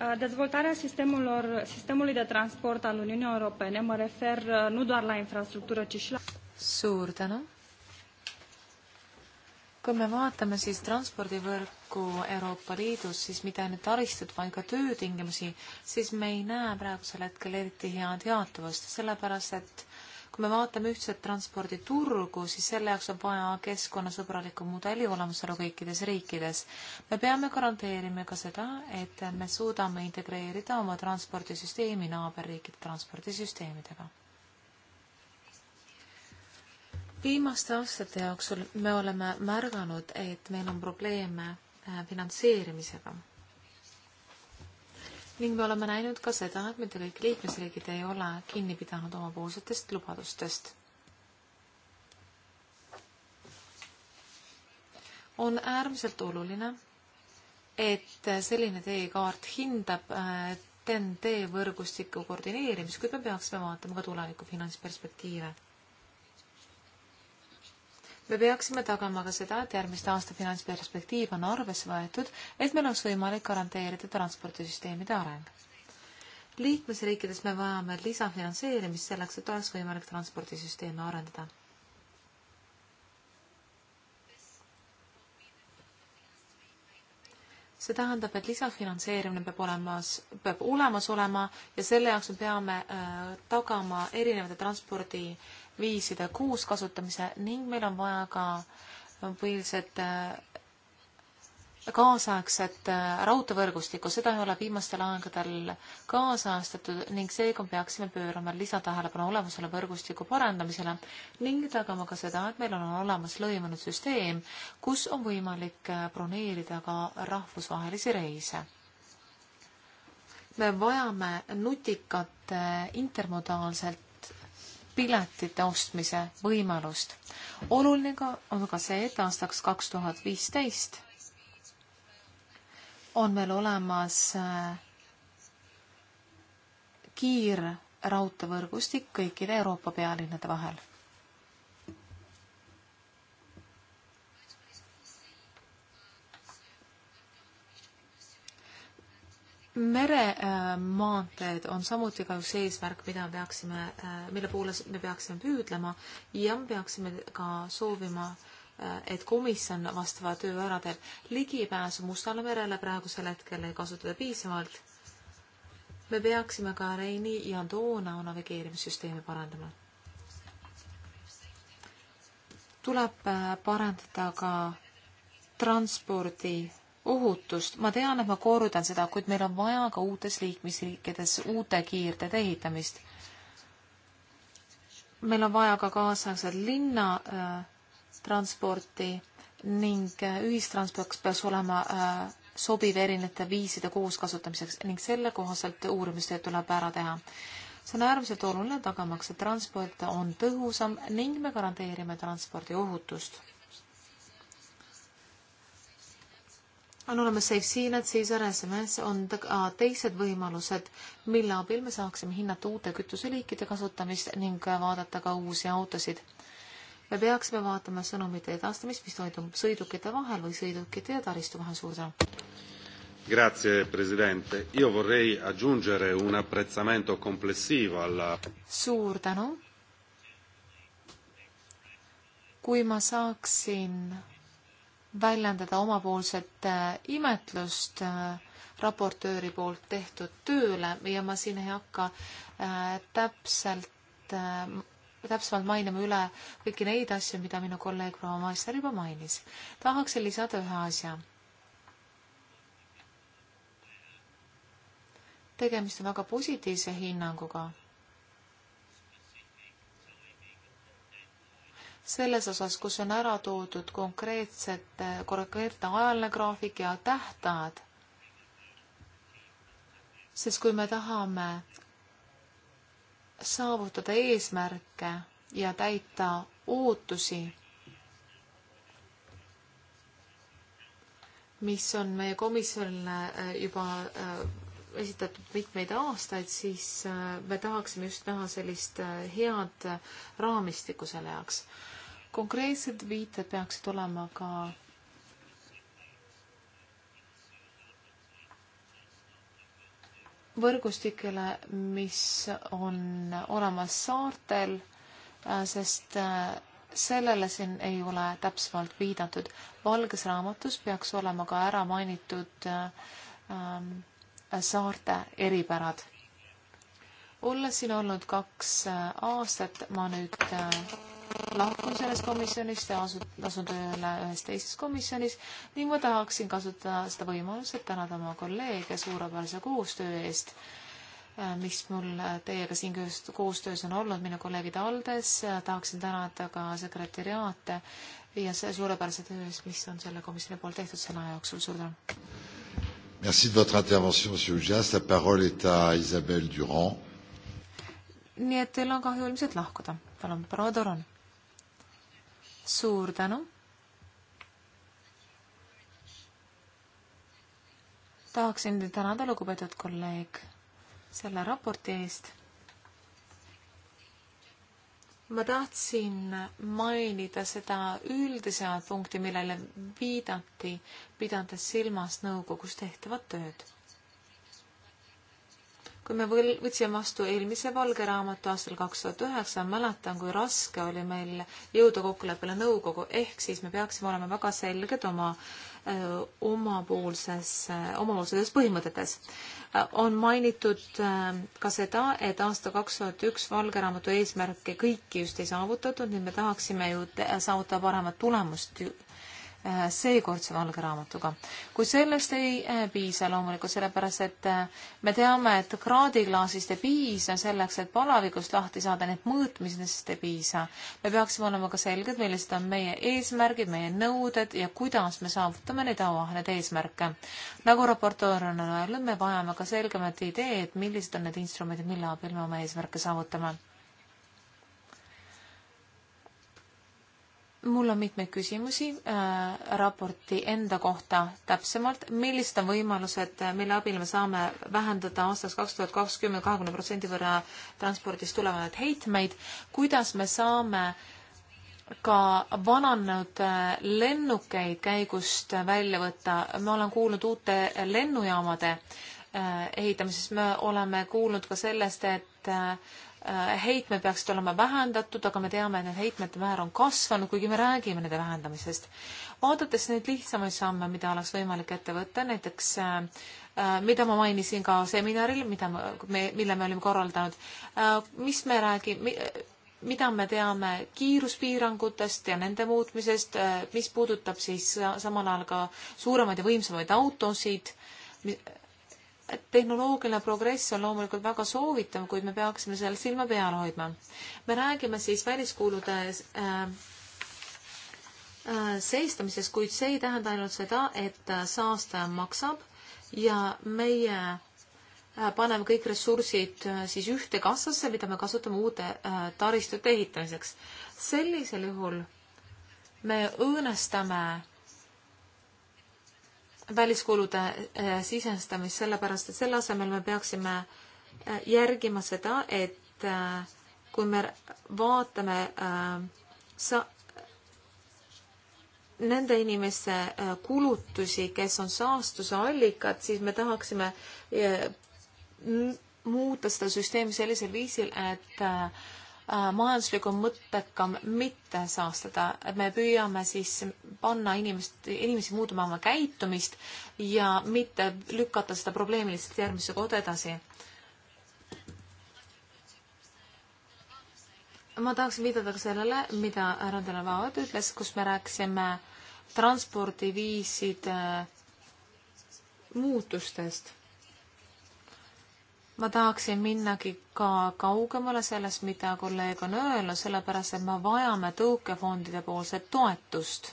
Speaker 1: Uh, dezvoltarea sistemelor, sistemului de transport al Uniunii Europene, mă refer uh, nu doar la infrastructură, ci și la...
Speaker 2: Suur tänu! kui me vaatame siis transpordivõrku Euroopa Liidus, siis mitte ainult taristut, vaid ka töötingimusi, siis me ei näe praegusel hetkel eriti head jaotuvust, sellepärast et kui me vaatame ühtset transporditurgu, siis selle jaoks on vaja keskkonnasõbraliku mudeli olemasolu kõikides riikides. me peame garanteerima ka seda, et me suudame integreerida oma transpordisüsteemi naaberriikide transpordisüsteemidega. viimaste aastate jooksul me oleme märganud, et meil on probleeme äh, finantseerimisega ning me oleme näinud ka seda, et mitte kõik liikmesriigid ei ole kinni pidanud omapoolsetest lubadustest. on äärmiselt oluline, et selline teekaart hindab TEN-T äh, võrgustiku koordineerimist, kuid me peaksime vaatama ka tuleviku finantsperspektiive me peaksime tagama ka seda, et järgmiste aasta finantsperspektiiv on arvesse võetud, et meil oleks võimalik garanteerida transpordisüsteemide areng. liikmesriikides me vajame lisafinantseerimist selleks, et oleks võimalik transpordisüsteeme arendada. see tähendab, et lisafinantseerimine peab olemas, peab olemas olema ja selle jaoks me peame äh, tagama erinevate transpordi äh, viiside kuus kasutamise ning meil on vaja ka mobiilset äh, kaasaegset äh, raudteevõrgustikku, seda ei ole viimastel aegadel kaasajastatud ning seega peaksime pöörama lisatähelepanu olemasole võrgustiku parandamisele ning tagama ka seda, et meil on olemas lõimunud süsteem, kus on võimalik äh, broneerida ka rahvusvahelisi reise. me vajame nutikat intermodaalselt piletite ostmise võimalust. oluline ka on ka see, et aastaks kaks tuhat viisteist on meil olemas äh, kiirraudteevõrgustik kõikide Euroopa pealinnade vahel meremaanteed on samuti ka üks eesmärk, mida peaksime, mille poole me peaksime püüdlema ja me peaksime ka soovima, et komisjon vastava töö ära teeb. ligipääsu Mustale merele praegusel hetkel ei kasutata piisavalt. me peaksime ka Reini ja Doona navigeerimissüsteemi parandama. tuleb parandada ka transpordi ohutust. ma tean, et ma kordan seda, kuid meil on vaja ka uutes liikmesriikides uute kiirteede ehitamist. meil on vaja ka kaasaegset linnatransporti äh, ning äh, ühistransport peaks olema äh, sobiv erinevate viiside kooskasutamiseks ning selle kohaselt uurimistööd tuleb ära teha. see on äärmiselt oluline, tagamaks, et transport on tõhusam ning me garanteerime transpordi ohutust on olemas SafeCNet, siis RSMS on ka teised võimalused, mille abil me saaksime hinnata uute kütuseliikide kasutamist ning äh, vaadata ka uusi autosid. me peaksime vaatama sõnumite edastamist, mis toimub sõidukite vahel või sõidukite ja taristu vahel. suur tänu!
Speaker 3: Grazie Presidente. Io vorrei aggiungere un apprezzamento complessivo alla...
Speaker 2: Suur tänu! Kui ma saaksin väljendada omapoolset äh, imetlust äh, raportööri poolt tehtud tööle ja ma siin ei hakka äh, täpselt, täpsemalt mainima üle kõiki neid asju, mida minu kolleeg proua Maister juba mainis. tahaksin lisada ühe asja. tegemist on väga positiivse hinnanguga selles osas, kus on ära toodud konkreetsed, korrektne ajaline graafik ja tähtajad. sest kui me tahame saavutada eesmärke ja täita ootusi, mis on meie komisjonile äh, juba äh, esitatud mitmeid aastaid, siis äh, me tahaksime just näha sellist head raamistikku selle jaoks konkreetsed viited peaksid olema ka võrgustikele, mis on olemas saartel, äh, sest äh, sellele siin ei ole täpsemalt viidatud. valges raamatus peaks olema ka ära mainitud äh, ähm, saarte eripärad. olles siin olnud kaks aastat, ma nüüd lahkun sellest komisjonist ja asun, asun tööle ühes teises komisjonis ning ma tahaksin kasutada seda võimalust, et tänada oma kolleege suurepärase koostöö eest, äh, mis mul äh, teiega siin koostöös on olnud, minu kolleegid Aldes, äh, tahaksin tänada ka sekretäriaate ja see suurepärase töö eest, mis on selle komisjoni poolt tehtud selle aja jooksul, suur tänu. Merci de votre intervention, monsieur Ugias, la parole est à Isabelle Durand. nii et teil on kahju ilmselt lahkuda, palun, proua Durand suur tänu. tahaksin teid tänada, lugupeetud kolleeg, selle raporti eest. ma tahtsin mainida seda üldisemat punkti, millele viidati, pidades silmas nõukogus tehtavat tööd kui me võtsime vastu eelmise valge raamatu aastal kaks tuhat üheksa, mäletan, kui raske oli meil jõuda kokkuleppele nõukogu, ehk siis me peaksime olema väga selged oma omapoolses, omapoolsetes põhimõtetes. on mainitud ka seda, et aasta kaks tuhat üks valge raamatu eesmärke kõiki just ei saavutatud, nüüd me tahaksime ju saavutada paremat tulemust Äh, seekordse valge raamatuga. kui sellest ei äh, piisa loomulikult, sellepärast et äh, me teame, et kraadiklaasist ei piisa selleks, et palavikust lahti saada, nii et mõõtmisest ei piisa. me peaksime olema ka selged, millised on meie eesmärgid, meie nõuded ja kuidas me saavutame neid avaneid eesmärke. nagu raportöör on öelnud, me vajame ka selgemat ideed, millised on need instrumendid, mille abil me oma eesmärke saavutame mul on mitmeid küsimusi äh, raporti enda kohta täpsemalt. millised on võimalused, äh, mille abil me saame vähendada aastaks kaks tuhat kakskümmend kahekümne protsendi võrra transpordist tulevaid heitmeid? kuidas me saame ka vananenud äh, lennukeid käigust äh, välja võtta, ma olen kuulnud uute lennujaamade ehitamisest, me oleme kuulnud ka sellest, et äh, Äh, heitmed peaksid olema vähendatud, aga me teame, et need heitmete määr on kasvanud, kuigi me räägime nende vähendamisest. vaadates neid lihtsamaid samme, mida oleks võimalik ette võtta, näiteks äh, äh, mida ma mainisin ka seminaril, mida me, mille me olime korraldanud, mis me räägime, mida me teame kiiruspiirangutest ja nende muutmisest, mis puudutab siis samal ajal ka suuremaid ja võimsamaid autosid, tehnoloogiline progress on loomulikult väga soovitav, kuid me peaksime seal silma peal hoidma. me räägime siis väliskuulude äh, äh, seistamisest, kuid see ei tähenda ainult seda, et äh, saastaja maksab ja meie äh, paneme kõik ressursid äh, siis ühte kassasse, mida me kasutame uute taristute ehitamiseks. sellisel juhul me õõnestame väliskulude eh, sisestamist, sellepärast et selle asemel me peaksime eh, järgima seda, et eh, kui me vaatame sa-, nende inimeste kulutusi, kes on saastuse allikad, siis me tahaksime muuta seda süsteemi sellisel viisil, et Äh, majanduslikum mõttekam mitte saastada, et me püüame siis panna inimest, inimesi muutuma oma käitumist ja mitte lükata seda probleemi lihtsalt järgmisse kohta edasi. ma tahaksin viidata ka sellele, mida härra Delavaad ütles, kus me rääkisime transpordiviiside muutustest ma tahaksin minnagi ka kaugemale sellest, mida kolleeg on öelnud, sellepärast et me vajame tõukefondide poolset toetust.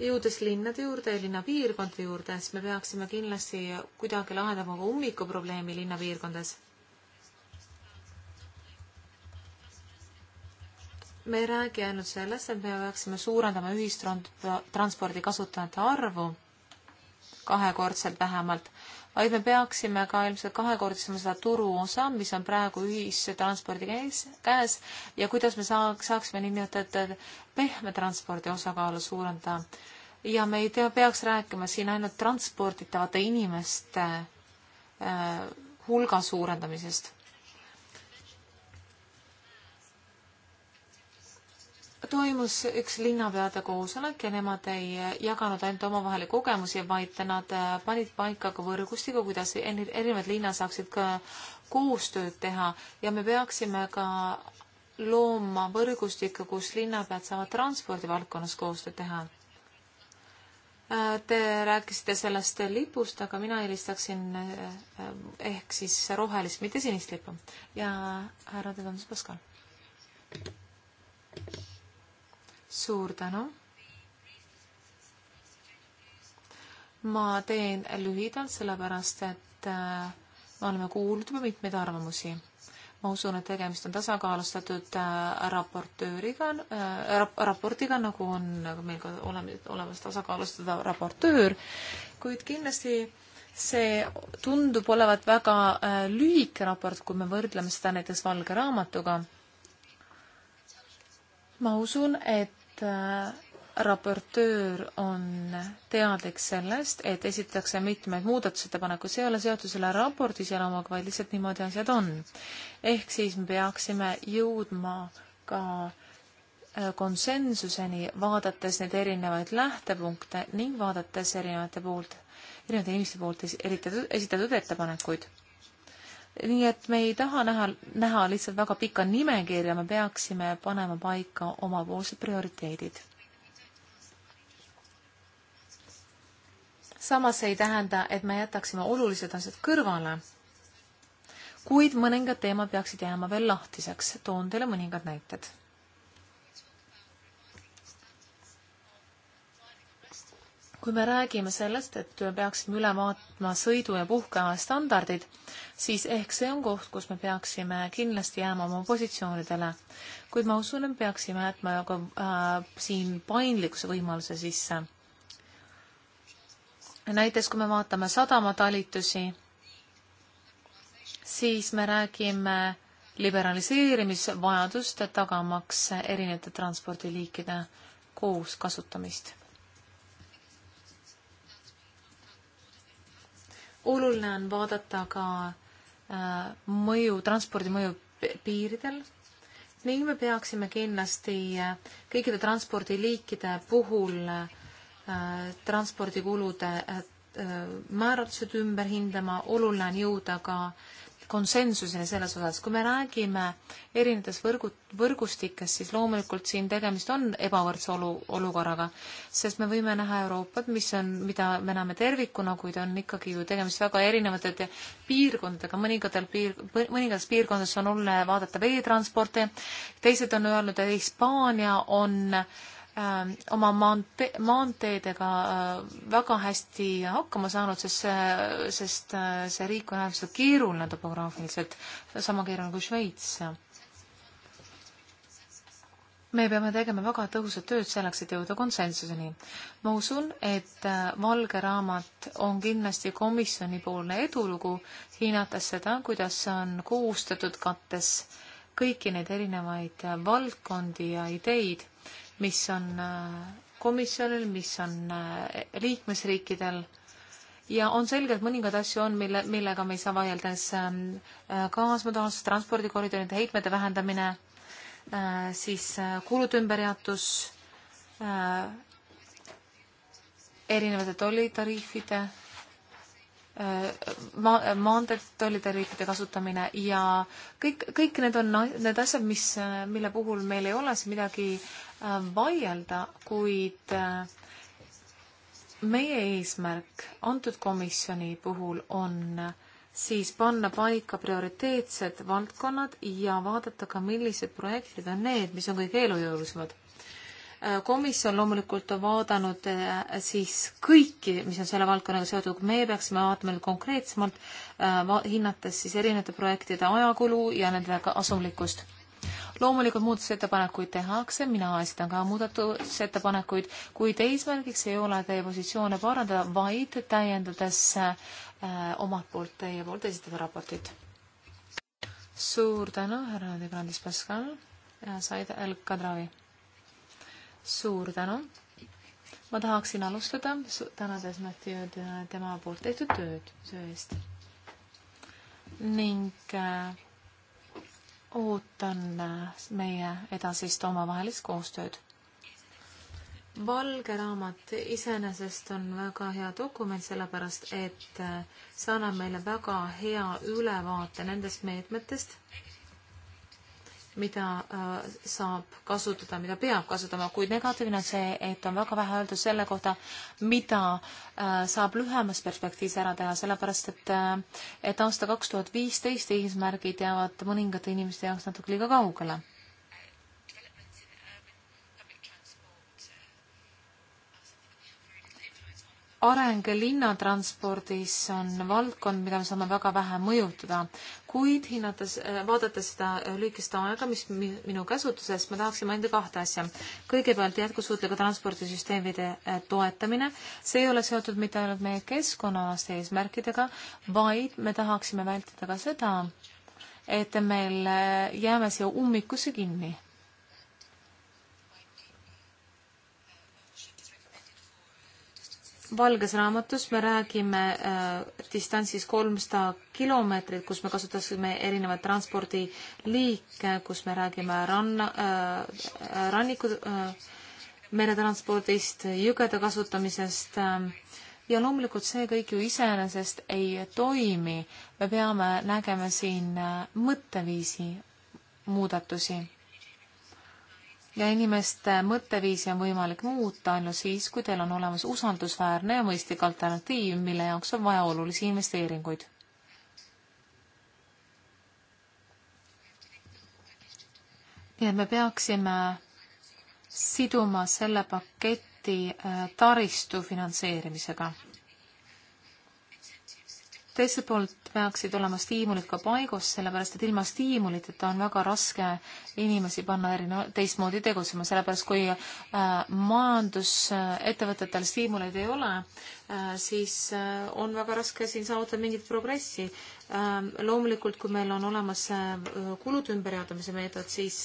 Speaker 2: jõudes linnade juurde ja linnapiirkondade juurde, siis me peaksime kindlasti kuidagi lahendama ka ummikuprobleemi linnapiirkondades. me ei räägi ainult sellest, et me peaksime suurendama ühistranspordi kasutajate arvu kahekordselt vähemalt, vaid me peaksime ka ilmselt kahekordistama seda turuosa, mis on praegu ühistranspordi käes, käes ja kuidas me saaks, saaksime niinimetatud pehme transpordi osakaalu suurendada. ja me ei tea, peaks rääkima siin ainult transporditavate inimeste äh, hulga suurendamisest toimus üks linnapeade koosolek ja nemad ei jaganud ainult omavahel kogemusi, vaid nad äh, panid paika ka võrgustiku, kuidas erinevad linnad saaksid ka koostööd teha ja me peaksime ka looma võrgustiku, kus linnapead saavad transpordivaldkonnas koostööd teha. Äh, te rääkisite sellest lipust, aga mina eelistaksin äh, ehk siis rohelist, mitte sinist lippu ja härra Devans Pascal. Thank you suur tänu. ma teen lühidalt, sellepärast et äh, me oleme kuulnud juba mitmeid arvamusi. ma usun, et tegemist on tasakaalustatud äh, raportööriga äh,, rap-, raportiga, nagu on nagu meil ka oleme, olemas tasakaalustatud raportöör, kuid kindlasti see tundub olevat väga äh, lühike raport, kui me võrdleme seda näiteks valge raamatuga. ma usun, et Äh, raportöör on teadlik sellest, et esitatakse mitmeid muudatusettepanekuid, see ei ole seotud selle raporti iseloomuga, vaid lihtsalt niimoodi asjad on. ehk siis me peaksime jõudma ka äh, konsensuseni, vaadates neid erinevaid lähtepunkte ning vaadates erinevate poolt, erinevate inimeste poolt esitatud, esitatud ettepanekuid nii et me ei taha näha, näha lihtsalt väga pika nimekirja, me peaksime panema paika omapoolsed prioriteedid. samas ei tähenda, et me jätaksime olulised asjad kõrvale, kuid mõningad teemad peaksid jääma veel lahtiseks, toon teile mõningad näited kui me räägime sellest, et peaksime üle vaatama sõidu- ja puhkeaja standardid, siis ehk see on koht, kus me peaksime kindlasti jääma oma positsioonidele. kuid ma usun, et peaksime jätma ka äh, siin paindlikkuse võimaluse sisse. näiteks kui me vaatame sadamatalitusi, siis me räägime liberaliseerimisvajadust, tagamaks erinevate transpordiliikide koos kasutamist oluline on vaadata ka äh, mõju, transpordi mõju piiridel ning me peaksime kindlasti äh, kõikide transpordiliikide puhul äh, transpordikulude määratlused ümber hindama, oluline on jõuda ka konsensuseni selles osas. kui me räägime erinevates võrgu, võrgustikes, siis loomulikult siin tegemist on ebavõrdse olu, olukorraga, sest me võime näha Euroopat, mis on, mida me näeme tervikuna, kuid on ikkagi ju tegemist väga erinevate piirkondadega, mõningatel piir, mõningates piirkondades on oluline vaadata veetransporti, teised on öelnud, et Hispaania on äh, Ähm, oma maante-, maanteedega äh, väga hästi hakkama saanud, sest see, sest äh, see riik on äärmiselt keeruline topograafiliselt, sama keeruline kui Šveits. me peame tegema väga tõhusat tööd selleks, et jõuda konsensuseni. ma usun, et äh, valge raamat on kindlasti komisjonipoolne edulugu, hinnates seda, kuidas see on koostatud, kattes kõiki neid erinevaid valdkondi ja ideid mis on äh, komisjonil, mis on äh, liikmesriikidel ja on selge, et mõningaid asju on, mille, millega me ei saa vaielda, siis ähm, äh, kaasmodaalsus, transpordikoridoride heitmete vähendamine, siis kulude ümberjaotus, erinevate tollitariifide ma-, maanteede tollitariifide kasutamine ja kõik, kõik need on need asjad, mis, mille puhul meil ei ole siin midagi Äh, vaielda, kuid äh, meie eesmärk antud komisjoni puhul on äh, siis panna paika prioriteetsed valdkonnad ja vaadata ka, millised projektid on need, mis on kõige elujõulisemad. komisjon loomulikult on vaadanud siis kõiki, mis on selle valdkonnaga seotud, meie peaksime vaatama konkreetsemalt, hinnates siis erinevate projektide ajakulu ja nende asumlikkust loomulikult muudatusettepanekuid tehakse, mina esitan ka muudatusettepanekuid, kuid eesmärgiks ei ole teie positsioone parandada, vaid täiendades äh, omalt poolt teie poolt esitatud raportit. suur tänu, härra De Grandis Pascal ja Said El Kadravi. suur tänu. ma tahaksin alustada tänades Mattiööd ja tema poolt tehtud tööd, töö eest ning äh, ootan äh, meie edasist omavahelist koostööd. valge raamat iseenesest on väga hea dokument, sellepärast et äh, see annab meile väga hea ülevaate nendest meetmetest, mida äh, saab kasutada, mida peab kasutama, kuid negatiivne on see, et on väga vähe öeldud selle kohta, mida äh, saab lühemas perspektiivis ära teha, sellepärast et, äh, et aasta kaks tuhat viisteist eesmärgid jäävad mõningate inimeste jaoks natuke liiga kaugele areng linnatranspordis on valdkond, mida me saame väga vähe mõjutada, kuid hinnates, äh, vaadates seda äh, lühikest aega, mis minu käsutuses, me tahaksime enda kahte asja. kõigepealt jätkusuutliku transpordisüsteemide äh, toetamine, see ei ole seotud mitte ainult meie keskkonnaalaste eesmärkidega, vaid me tahaksime vältida ka seda, et meil jääme siia ummikusse kinni valges raamatus me räägime äh, distantsis kolmsada kilomeetrit, kus me kasutasime erinevaid transpordiliike, kus me räägime ranna äh,, ranniku äh, meretranspordist, jõgede kasutamisest äh, ja loomulikult see kõik ju iseenesest ei toimi. me peame nägema siin äh, mõtteviisi muudatusi ja inimeste mõtteviisi on võimalik muuta ainult siis, kui teil on olemas usaldusväärne ja mõistlik alternatiiv, mille jaoks on vaja olulisi investeeringuid. nii et me peaksime siduma selle paketi äh, taristu finantseerimisega teiselt poolt peaksid olema stiimulid ka paigas, sellepärast et ilma stiimuliteta on väga raske inimesi panna erineva, teistmoodi tegutsema, sellepärast kui äh, majandusettevõtetel stiimuleid ei ole, Äh, siis äh, on väga raske siin saavutada mingit progressi. Ähm, loomulikult, kui meil on olemas äh, kulude ümberjaotamise meetod, siis,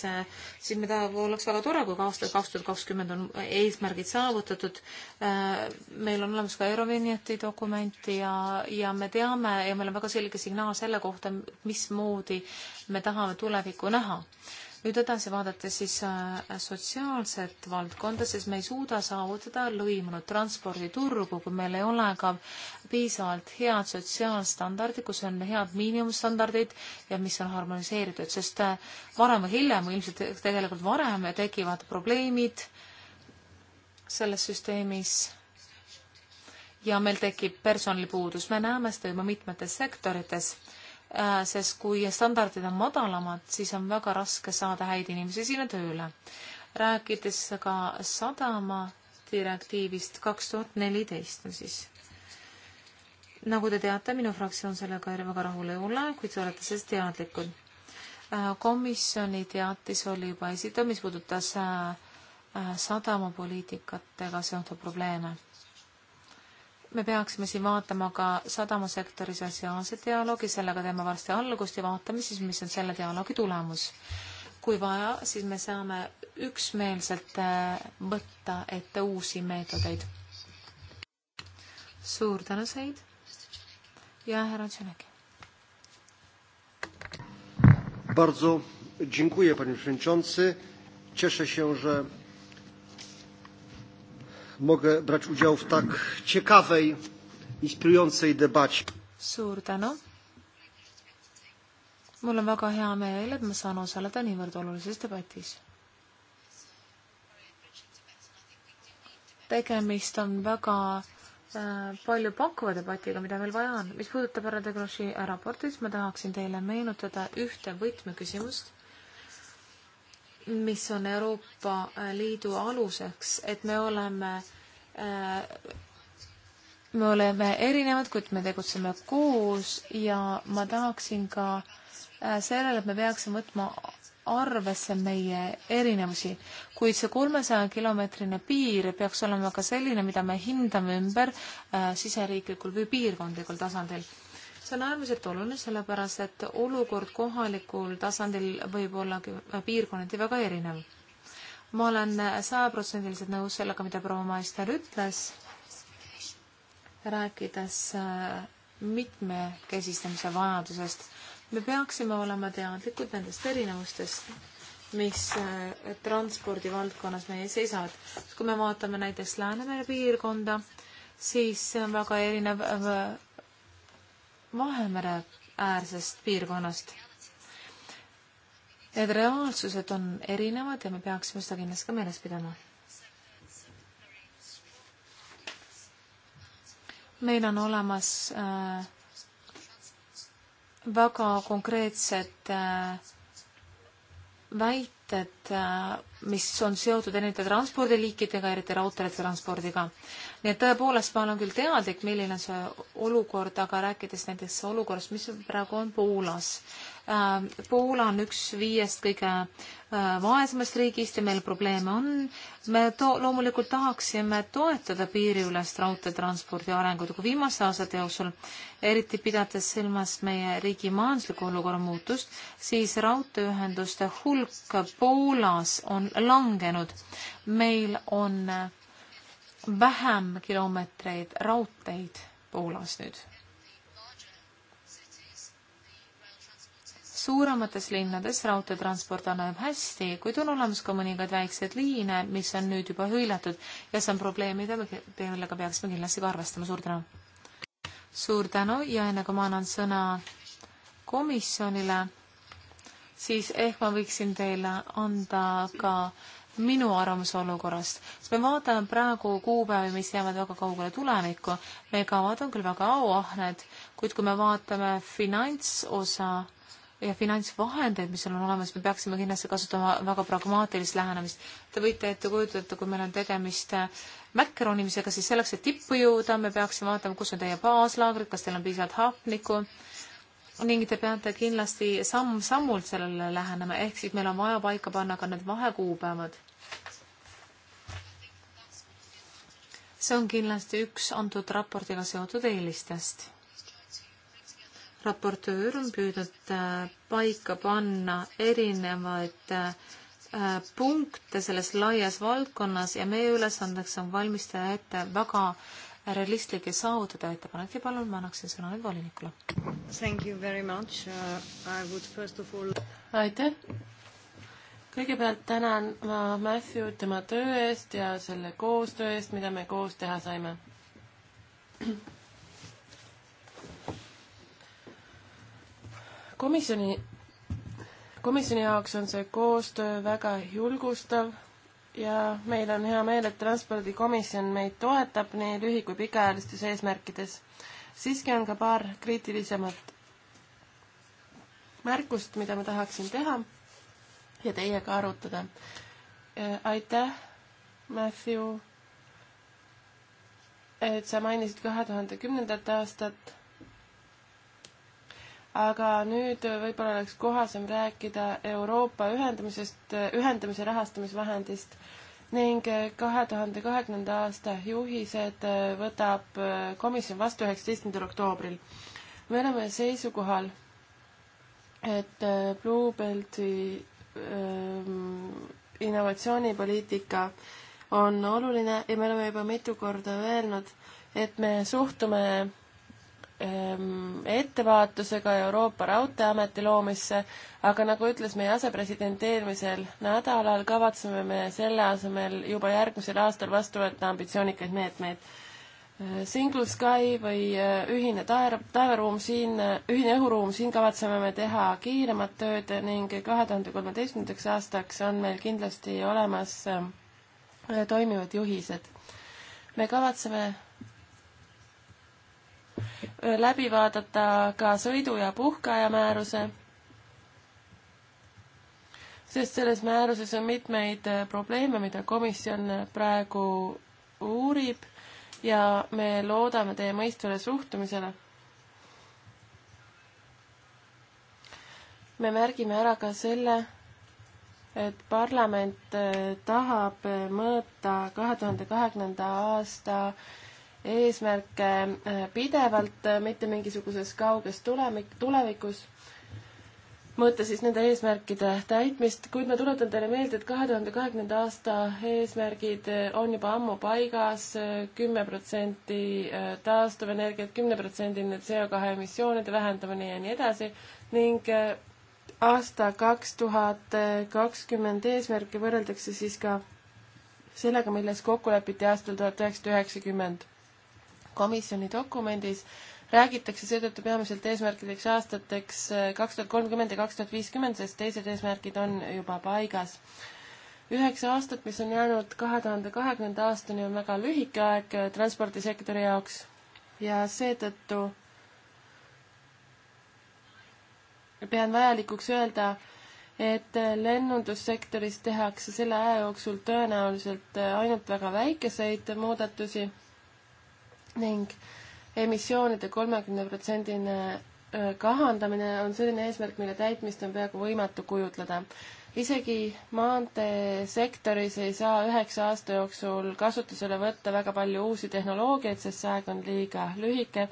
Speaker 2: siis me tahame, oleks väga tore, kui ka aastal kaks tuhat kakskümmend on eesmärgid saavutatud. meil on olemas ka Eurovinjeti dokument ja, ja me teame ja meil on väga selge signaal selle kohta, mismoodi me tahame tulevikku näha nüüd edasi vaadates siis äh, sotsiaalset valdkonda, siis me ei suuda saavutada lõimunud transporditurgu, kui meil ei ole ka piisavalt head sotsiaalstandardid, kus on head miinimumstandardid ja mis on harmoniseeritud, sest äh, varem või hiljem, ilmselt tegelikult varem tekivad probleemid selles süsteemis ja meil tekib personalipuudus, me näeme seda juba mitmetes sektorites Äh, sest kui standardid on madalamad, siis on väga raske saada häid inimesi sinna tööle. rääkides ka sadama direktiivist kaks tuhat neliteist on siis. nagu te teate, minu fraktsioon sellega väga rahul ei ole, kuid te olete sellest teadlikud. Äh, komisjoni teatis oli juba esitav, mis puudutas äh, sadamapoliitikatega seonduv probleeme me peaksime siin vaatama ka sadamasektori sotsiaalset dialoogi, sellega teeme varsti algust ja vaatame siis, mis on selle dialoogi tulemus. kui vaja, siis me saame üksmeelselt äh, võtta ette uusi meetodeid. suur tänu, Said ja härra Tšenegi. Bardzo dziękuję, panie przewodniczący. Cieszę się, że mogę brać udział w tak ciekawej, inspirującej debacie. suur tänu. mul on väga hea meel, et ma saan osaleda niivõrd olulises debatis. tegemist on väga äh, palju pakkuva debatiga, mida meil vaja on. mis puudutab härra De Grossi raportit, siis ma tahaksin teile meenutada ühte võtmeküsimust, mis on Euroopa äh, Liidu aluseks, et me oleme, äh, me oleme erinevad, kuid me tegutseme koos ja ma tahaksin ka äh, sellele, et me peaksime võtma arvesse meie erinevusi, kuid see kolmesaja kilomeetrine piir peaks olema ka selline, mida me hindame ümber äh, siseriiklikul või piirkondlikul tasandil see on äärmiselt oluline, sellepärast et olukord kohalikul tasandil võib olla äh, piirkonniti väga erinev. ma olen sajaprotsendiliselt nõus sellega, mida proua Maister ütles, rääkides äh, mitmekesistamise vajadusest. me peaksime olema teadlikud nendest erinevustest, mis äh, transpordivaldkonnas meie seisavad. kui me vaatame näiteks Läänemere piirkonda, siis see on väga erinev Vahemere äärsest piirkonnast. Need reaalsused on erinevad ja me peaksime seda kindlasti ka meeles pidama. meil on olemas äh, väga konkreetsed äh, väited äh, mis on seotud erinevate transpordiliikidega, eriti raudteetranspordiga. nii et tõepoolest, ma olen küll teadlik, milline on see olukord, aga rääkides näiteks olukorrast, mis praegu on Poolas. Ähm, Poola on üks viiest kõige äh, vaesemast riigist ja meil probleeme on. me to-, loomulikult tahaksime toetada piiriülest raudteetranspordi arengut, kui viimaste aastate jooksul, eriti pidades silmas meie riigi majandusliku olukorra muutust, siis raudteeühenduste hulk Poolas on on langenud. meil on vähem kilomeetreid raudteid Poolas nüüd. suuremates linnades raudteetransport annab hästi, kuid on olemas ka mõningaid väikseid liine, mis on nüüd juba hõljatud ja see on probleem, mida me, millega peaksime kindlasti ka arvestama. suur tänu! suur tänu ja enne kui ma annan sõna komisjonile siis ehk ma võiksin teile anda ka minu arvamuse olukorrast, sest me vaatame praegu kuupäevi, mis jäävad väga kaugele tulevikku. meie kavad on küll väga auahned, kuid kui me vaatame finantsosa ja finantsvahendeid, mis on olemas, me peaksime kindlasti kasutama väga pragmaatilist lähenemist. Te võite ette kujutada, kui meil on tegemist äh, mäkkironimisega, siis selleks, et tippu jõuda, me peaksime vaatama, kus on teie baaslaagrid, kas teil on piisavalt hapnikku ning te peate kindlasti samm-sammult sellele lähenema, ehk siis meil on vaja paika panna ka need vahekuupäevad. see on kindlasti üks antud raportiga seotud eelistest. raportöör on püüdnud äh, paika panna erinevaid äh, punkte selles laias valdkonnas ja meie ülesandeks on valmistada ette väga äh, realistlik ja saavutada ettepanek ja palun, ma annaksin sõna nüüd volinikule.
Speaker 1: Uh, all...
Speaker 2: aitäh.
Speaker 3: kõigepealt tänan ma Matthew tema töö eest ja selle koostöö eest, mida me koos teha saime komisjoni, komisjoni jaoks on see koostöö väga julgustav ja meil on hea meel, et Transpordikomisjon meid toetab nii lühi- kui pikaajalistes eesmärkides. siiski on ka paar kriitilisemat märkust, mida ma tahaksin teha ja teiega arutada. aitäh, Matthew, et sa mainisid kahe tuhande kümnendat aastat aga nüüd võib-olla oleks kohasem rääkida Euroopa ühendamisest, ühendamise rahastamisvahendist ning kahe tuhande kahekümnenda aasta juhised võtab komisjon vastu üheksateistkümnendal oktoobril. me oleme seisukohal, et Blue Belti ähm, innovatsioonipoliitika on oluline ja me oleme juba mitu korda öelnud, et me suhtume Ehm, ettevaatusega Euroopa Raudteeameti loomisse, aga nagu ütles meie asepresident eelmisel nädalal, kavatseme me selle asemel juba järgmisel aastal vastu võtta ambitsioonikaid meetmeid. Äh, Single Sky või äh, ühine taev, taevaruum siin, äh, ühine õhuruum, siin kavatseme me teha kiiremat tööd ning kahe tuhande kolmeteistkümnendaks aastaks on meil kindlasti olemas toimivad juhised. me kavatseme läbi vaadata ka sõidu- ja puhkeaja määruse, sest selles määruses on mitmeid äh, probleeme, mida komisjon äh, praegu uurib ja me loodame teie mõistvale suhtumisele. me märgime ära ka selle, et parlament äh, tahab mõõta kahe tuhande kahekümnenda aasta eesmärke äh, pidevalt, äh, mitte mingisuguses kauges tulemik, tulevikus, mõõta siis nende eesmärkide täitmist, kuid ma tuletan teile meelde, et kahe tuhande kahekümnenda aasta eesmärgid äh, on juba ammu paigas, kümme protsenti taastuvenergiat, kümneprotsendiline CO2 emissioonide vähendamine ja nii edasi ning aasta kaks tuhat kakskümmend eesmärke võrreldakse siis ka sellega, milles kokku lepiti aastal tuhat üheksasada üheksakümmend komisjoni dokumendis räägitakse seetõttu peamiselt eesmärkideks aastateks äh, kaks tuhat kolmkümmend ja kaks tuhat viiskümmend, sest teised eesmärgid on juba paigas. üheksa aastat, mis on jäänud kahe tuhande kahekümnenda aastani, on väga lühike aeg äh, transpordisektori jaoks ja seetõttu pean vajalikuks öelda, et äh, lennundussektoris tehakse selle aja jooksul tõenäoliselt ainult väga väikeseid muudatusi ning emissioonide kolmekümne protsendine äh, kahandamine on selline eesmärk, mille täitmist on peaaegu võimatu kujutleda. isegi maanteesektoris ei saa üheksa aasta jooksul kasutusele võtta väga palju uusi tehnoloogiaid, sest see aeg on liiga lühike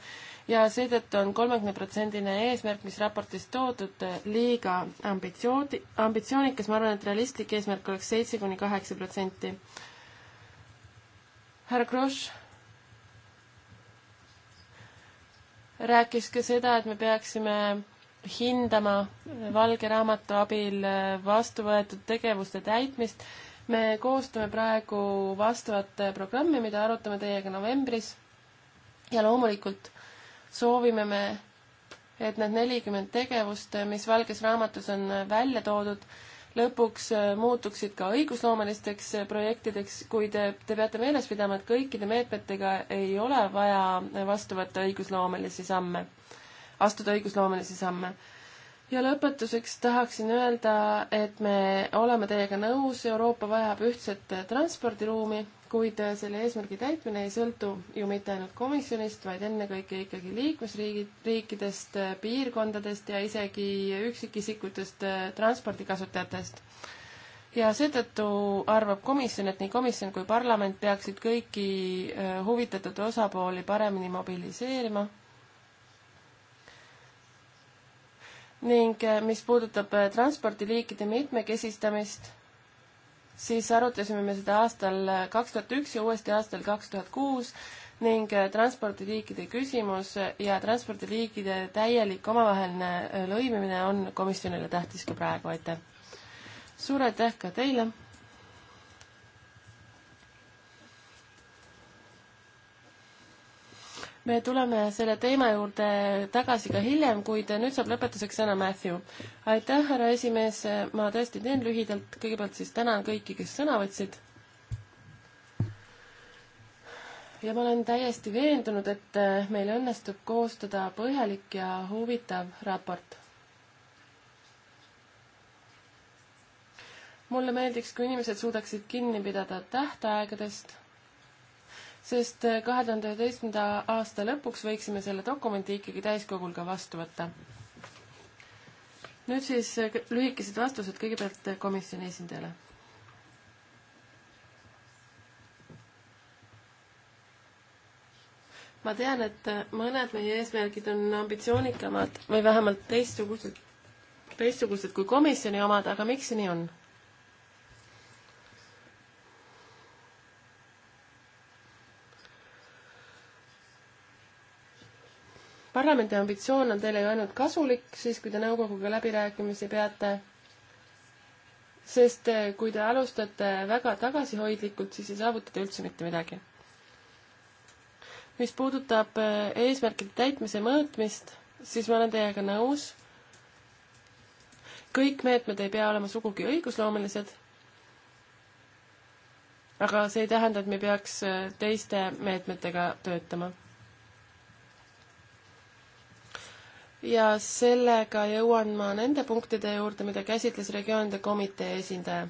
Speaker 3: ja seetõttu on kolmekümneprotsendine eesmärk, mis raportis toodud, liiga ambitsiooni, ambitsioonikas, ma arvan, et realistlik eesmärk oleks seitse kuni kaheksa protsenti. härra Kross rääkis ka seda, et me peaksime hindama Valge Raamatu abil vastu võetud tegevuste täitmist. me koostame praegu vastavat programmi, mida arutame teiega novembris. ja loomulikult soovime me, et need nelikümmend tegevust, mis Valges Raamatus on välja toodud, lõpuks äh, muutuksid ka õigusloomelisteks äh, projektideks, kuid te, te peate meeles pidama, et kõikide meetmetega ei ole vaja vastu võtta õigusloomelisi samme, astuda õigusloomelisi samme. ja lõpetuseks tahaksin öelda, et me oleme teiega nõus, Euroopa vajab ühtset äh, transpordiruumi kuid äh, selle eesmärgi täitmine ei sõltu ju mitte ainult komisjonist, vaid ennekõike ikkagi liikmesriigid, riikidest, äh, piirkondadest ja isegi üksikisikutest äh, transpordikasutajatest. ja seetõttu arvab komisjon, et nii komisjon kui parlament peaksid kõiki huvitatud osapooli paremini mobiliseerima. ning mis puudutab transpordiliikide mitmekesistamist siis arutasime me seda aastal kaks tuhat üks ja uuesti aastal kaks tuhat kuus ning äh, transpordiliikide küsimus ja transpordiliikide täielik omavaheline äh, lõimimine on komisjonile tähtis ka praegu, aitäh! suur aitäh ka teile! me tuleme selle teema juurde tagasi ka hiljem, kuid nüüd saab lõpetuseks sõna Matthew. aitäh, härra esimees, ma tõesti teen lühidalt, kõigepealt siis tänan kõiki, kes sõna võtsid. ja ma olen täiesti veendunud, et meil õnnestub koostada põhjalik ja huvitav raport mulle meeldiks, kui inimesed suudaksid kinni pidada tähtaegadest sest äh, kahe tuhande üheteistkümnenda aasta lõpuks võiksime selle dokumendi ikkagi täiskogul ka vastu võtta. nüüd siis äh, lühikesed vastused kõigepealt äh, komisjoni esindajale. ma tean, et mõned meie eesmärgid on ambitsioonikamad või vähemalt teistsugused, teistsugused kui komisjoni omad, aga miks see nii on? parlamendi ambitsioon on teile ju ainult kasulik siis, kui te nõukoguga läbirääkimisi peate. sest eh, kui te alustate väga tagasihoidlikult, siis ei saavuta te üldse mitte midagi. mis puudutab eh, eesmärkide täitmise mõõtmist, siis ma olen teiega nõus. kõik meetmed ei pea olema sugugi õigusloomelised. aga see ei tähenda, et me peaks eh, teiste meetmetega töötama ja sellega jõuan ma nende punktide juurde, mida käsitles regioonide komitee esindaja.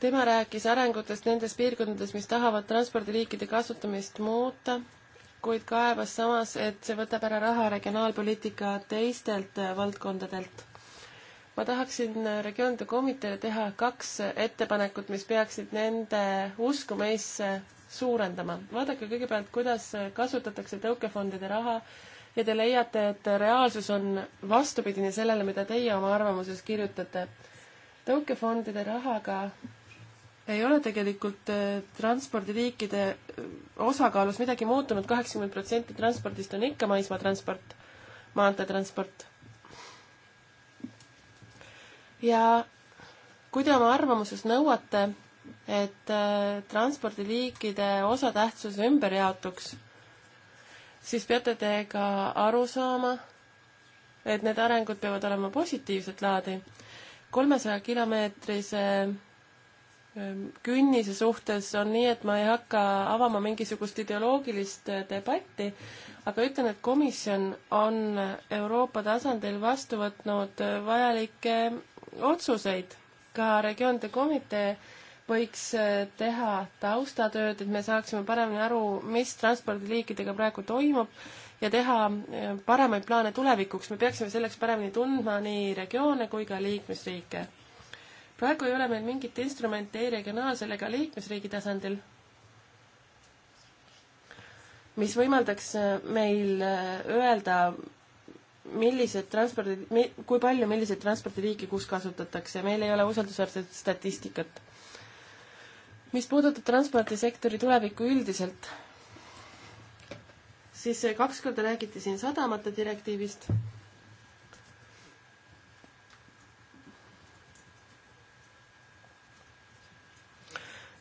Speaker 3: tema rääkis arengutest nendes piirkondades, mis tahavad transpordiliikide kasutamist muuta, kuid kaebas samas, et see võtab ära raha regionaalpoliitika teistelt valdkondadelt. ma tahaksin regioonide komiteele teha kaks ettepanekut, mis peaksid nende usku meisse suurendama. vaadake kõigepealt, kuidas kasutatakse tõukefondide raha ja te leiate, et reaalsus on vastupidine sellele, mida teie oma arvamuses kirjutate. tõukefondide rahaga ei ole tegelikult äh, transpordiliikide äh, osakaalus midagi muutunud, kaheksakümmend protsenti transpordist on ikka maismaatransport, maanteetransport. ja kui te oma arvamuses nõuate et äh, transpordiliikide osatähtsus ümber jaotuks, siis peate te ka aru saama, et need arengud peavad olema positiivset laadi. kolmesaja kilomeetrise ähm, künnise suhtes on nii, et ma ei hakka avama mingisugust ideoloogilist äh, debatti, aga ütlen, et komisjon on Euroopa tasandil vastu võtnud äh, vajalikke otsuseid. ka regioonide komitee võiks äh, teha taustatööd, et me saaksime paremini aru, mis transpordiliikidega praegu toimub ja teha äh, paremaid plaane tulevikuks. me peaksime selleks paremini tundma nii regioone kui ka liikmesriike. praegu ei ole meil mingit instrumenti ei regionaalsel ega liikmesriigi tasandil, mis võimaldaks äh, meil öelda, millised transpordi, kui palju milliseid transpordiliike kus kasutatakse, meil ei ole usaldusväärset statistikat mis puudutab transpordisektori tulevikku üldiselt, siis kaks korda räägiti siin sadamate direktiivist.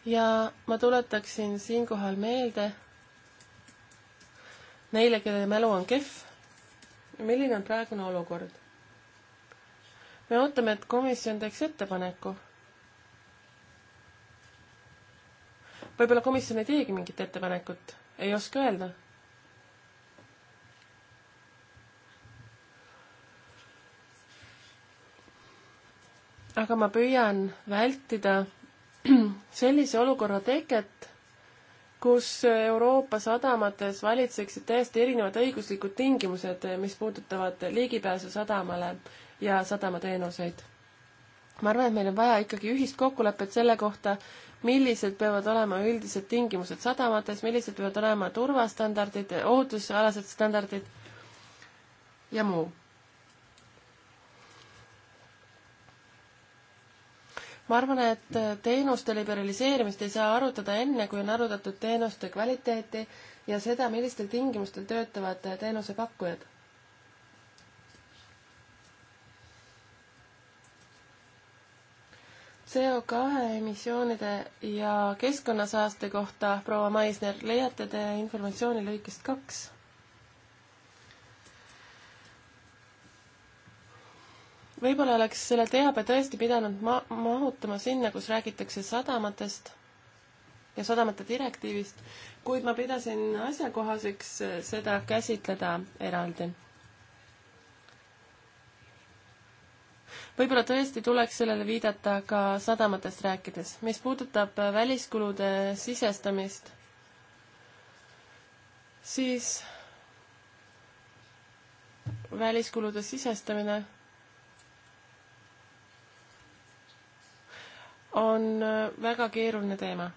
Speaker 3: ja ma tuletaksin siinkohal meelde neile, kelle mälu on kehv, milline on praegune olukord. me ootame, et komisjon teeks ettepaneku võib-olla komisjon ei teegi mingit ettepanekut, ei oska öelda. aga ma püüan vältida sellise olukorra teket, kus Euroopa sadamates valitseksid täiesti erinevad õiguslikud tingimused, mis puudutavad ligipääsu sadamale ja sadamateenuseid. ma arvan, et meil on vaja ikkagi ühist kokkulepet selle kohta, millised peavad olema üldised tingimused sadamates, millised peavad olema turvastandardid, ohutusalased standardid ja muu. ma arvan, et teenuste liberaliseerimist ei saa arutada enne, kui on arutatud teenuste kvaliteeti ja seda, millistel tingimustel töötavad teenusepakkujad CO2 emissioonide ja keskkonnasaaste kohta, proua Maisner, leiate te informatsiooni lõikest kaks? võib-olla oleks selle teabe tõesti pidanud ma-, mahutama sinna, kus räägitakse sadamatest ja sadamate direktiivist, kuid ma pidasin asjakohaseks seda käsitleda eraldi võib-olla tõesti tuleks sellele viidata ka sadamatest rääkides. mis puudutab äh, väliskulude sisestamist, siis väliskulude sisestamine on äh, väga keeruline teema.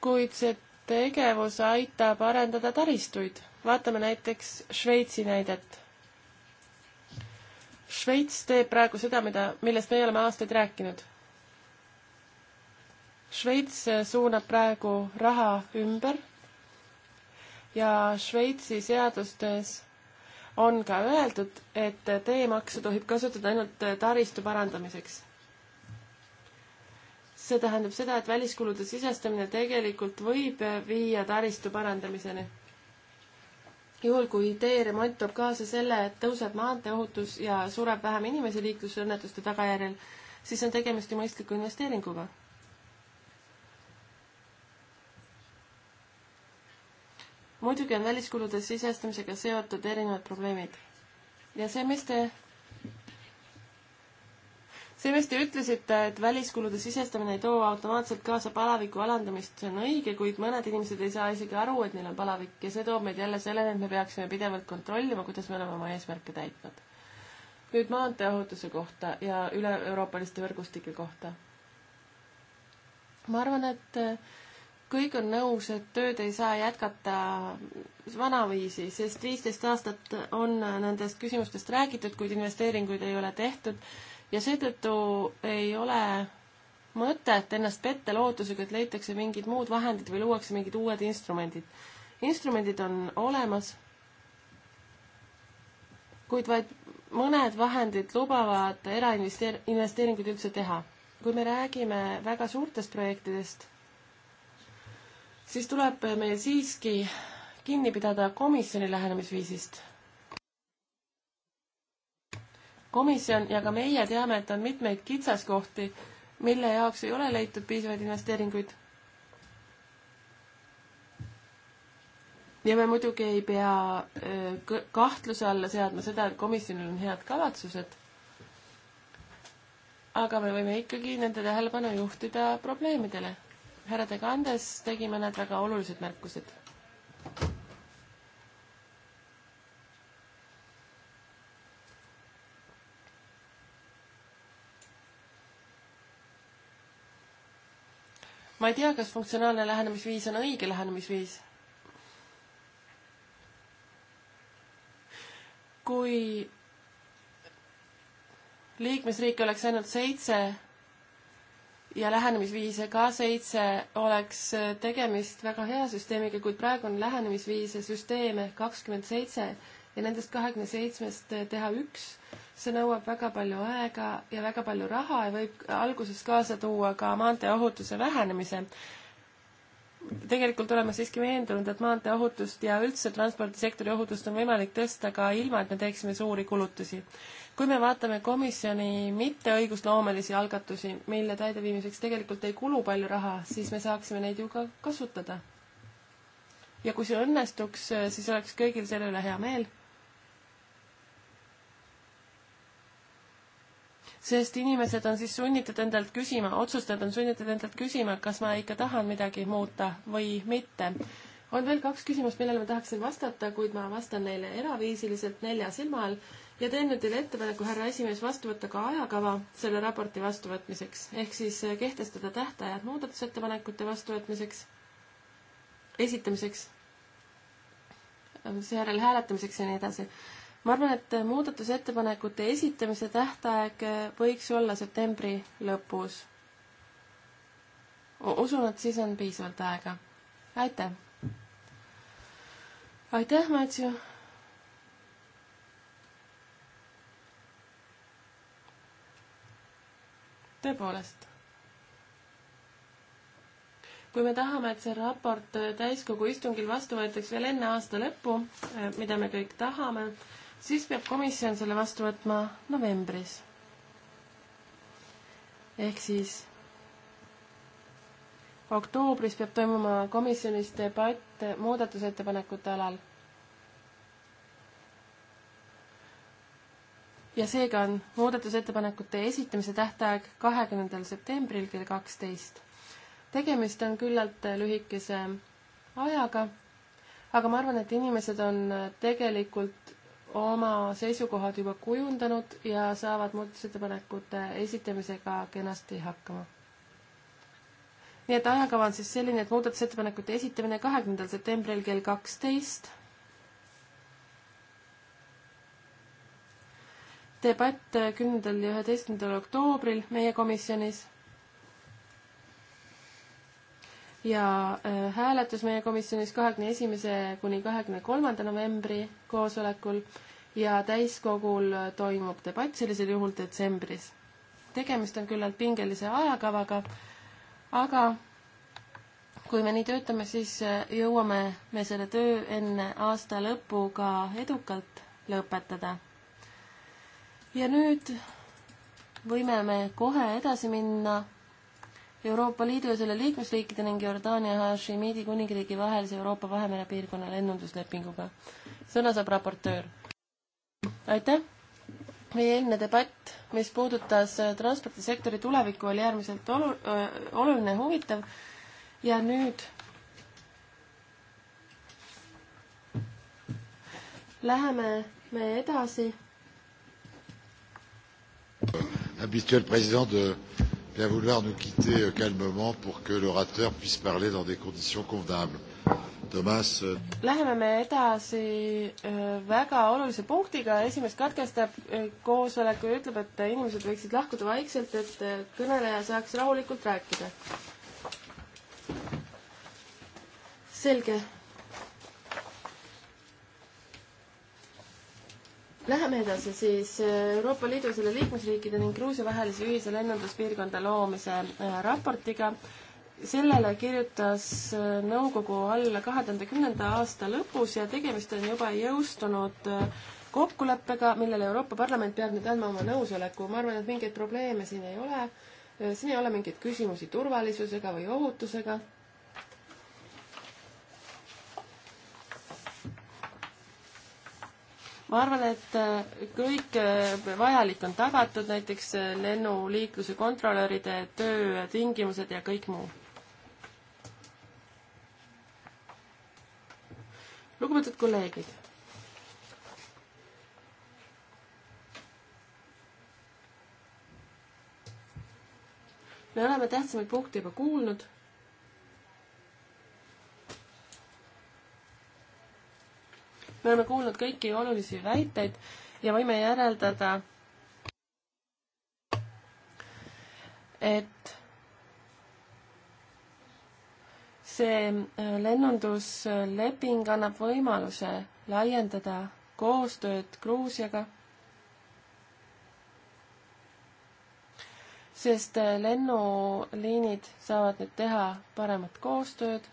Speaker 3: kuid see tegevus aitab arendada taristuid vaatame näiteks Šveitsi näidet. Šveits teeb praegu seda, mida, millest meie oleme aastaid rääkinud. Šveits suunab praegu raha ümber ja Šveitsi seadustes on ka öeldud, et teemaksu tohib kasutada ainult taristu parandamiseks. see tähendab seda, et väliskulude sisestamine tegelikult võib viia taristu parandamiseni juhul, kui tee remont toob kaasa selle, et tõuseb maanteeohutus ja sureb vähem inimesi liiklusõnnetuste tagajärjel, siis on tegemist ju mõistliku investeeringuga. muidugi on väliskulude sisestamisega seotud erinevad probleemid. ja see, mis te see, mis te ütlesite, et väliskulude sisestamine ei too automaatselt kaasa palaviku alandamist, see on õige, kuid mõned inimesed ei saa isegi aru, et neil on palavik ja see toob meid jälle selleni, et me peaksime pidevalt kontrollima, kuidas me oleme oma eesmärke täitnud. nüüd maanteeohutuse kohta ja üle-euroopaliste võrgustike kohta. ma arvan, et äh, kõik on nõus, et tööd ei saa jätkata vanaviisi, sest viisteist aastat on äh, nendest küsimustest räägitud, kuid investeeringuid ei ole tehtud ja seetõttu ei ole mõtet ennast petta lootusega, et leitakse mingid muud vahendid või luuakse mingid uued instrumendid. instrumendid on olemas, kuid vaid mõned vahendid lubavad erainvesteer-, investeeringuid üldse teha. kui me räägime väga suurtest projektidest, siis tuleb meil siiski kinni pidada komisjoni lähenemisviisist komisjon ja ka meie teame, et on mitmeid kitsaskohti, mille jaoks ei ole leitud piisavaid investeeringuid. ja me muidugi ei pea kahtluse alla seadma seda, et komisjonil on head kavatsused. aga me võime ikkagi nende tähelepanu juhtida probleemidele. härra De Gandes tegi mõned väga olulised märkused ma ei tea, kas funktsionaalne lähenemisviis on õige lähenemisviis. kui liikmesriike oleks ainult seitse ja lähenemisviise ka seitse, oleks tegemist väga hea süsteemiga, kuid praegu on lähenemisviise süsteeme kakskümmend seitse ja nendest kahekümne seitsmest teha üks see nõuab väga palju aega ja väga palju raha ja võib alguses kaasa tuua ka maanteeohutuse vähenemise. tegelikult olen ma siiski veendunud, et maanteeohutust ja üldse transpordisektori ohutust on võimalik tõsta ka ilma, et me teeksime suuri kulutusi. kui me vaatame komisjoni mitteõigusloomelisi algatusi, mille täideviimiseks tegelikult ei kulu palju raha, siis me saaksime neid ju ka kasutada. ja kui see õnnestuks, siis oleks kõigil selle üle hea meel sest inimesed on siis sunnitud endalt küsima, otsustajad on sunnitud endalt küsima, kas ma ikka tahan midagi muuta või mitte. on veel kaks küsimust, millele ma tahaksin vastata, kuid ma vastan neile eraviisiliselt nelja silma all ja teen nüüd teile ettepaneku, härra esimees, vastu võtta ka ajakava selle raporti vastuvõtmiseks, ehk siis kehtestada tähtajad muudatusettepanekute vastuvõtmiseks, esitamiseks, seejärel hääletamiseks ja nii edasi ma arvan, et muudatusettepanekute esitamise tähtaeg võiks olla septembri lõpus. usun, et siis on piisavalt aega. aitäh! aitäh, Matsu! tõepoolest. kui me tahame, et see raport täiskogu istungil vastu võetaks veel enne aasta lõppu, mida me kõik tahame, siis peab komisjon selle vastu võtma novembris. ehk siis oktoobris peab toimuma komisjonis debatt muudatusettepanekute alal. ja seega on muudatusettepanekute esitamise tähtaeg kahekümnendal septembril kell kaksteist. tegemist on küllalt lühikese ajaga, aga ma arvan, et inimesed on tegelikult oma seisukohad juba kujundanud ja saavad muudatusettepanekute esitamisega kenasti hakkama. nii et ajakava on siis selline, et muudatusettepanekute esitamine kahekümnendal septembril kell kaksteist. debatt kümnendal ja üheteistkümnendal oktoobril meie komisjonis ja äh, hääletus meie komisjonis kahekümne esimese kuni kahekümne kolmanda novembri koosolekul ja täiskogul toimub debatt sellisel juhul detsembris. tegemist on küllalt pingelise ajakavaga, aga kui me nii töötame, siis äh, jõuame me selle töö enne aasta lõppu ka edukalt lõpetada. ja nüüd võime me kohe edasi minna Euroopa Liidu ja selle liikmesriikide ning Jordaania Hashemidi kuningriigi vahelise Euroopa Vahemere piirkonna lennunduslepinguga. sõna saab raportöör. aitäh! meie eelne debatt, mis puudutas äh, transpordisektori tulevikku, oli äärmiselt olu-, äh, oluline ja huvitav ja nüüd läheme me edasi.
Speaker 2: Habituel president de bien vouloir nous quitter euh, calmement pour que l'orateur puisse parler dans des conditions convenables. Tomas. Euh,
Speaker 3: Läheme me edasi äh, väga olulise punktiga, esimees katkestab äh, koosoleku ja ütleb, et inimesed võiksid lahkuda vaikselt, et äh, kõneleja saaks rahulikult rääkida. selge Läheme edasi siis äh, Euroopa Liidu, selle liikmesriikide ning Gruusia vahelise ühise lennunduspiirkonda loomise äh, raportiga. sellele kirjutas äh, nõukogu alla kahe tuhande kümnenda aasta lõpus ja tegemist on juba jõustunud kokkuleppega, millele Euroopa Parlament peab nüüd andma oma nõusoleku. ma arvan, et mingeid probleeme siin ei ole. siin ei ole mingeid küsimusi turvalisusega või ohutusega ma arvan, et äh, kõik äh, vajalik on tagatud, näiteks äh, lennuliikluse kontrolöride töötingimused ja kõik muu. lugupeetud kolleegid. me oleme tähtsamaid punkte juba kuulnud me oleme kuulnud kõiki olulisi väiteid ja võime järeldada, et see äh, lennundusleping annab võimaluse laiendada koostööd Gruusiaga, sest äh, lennuliinid saavad nüüd teha paremat koostööd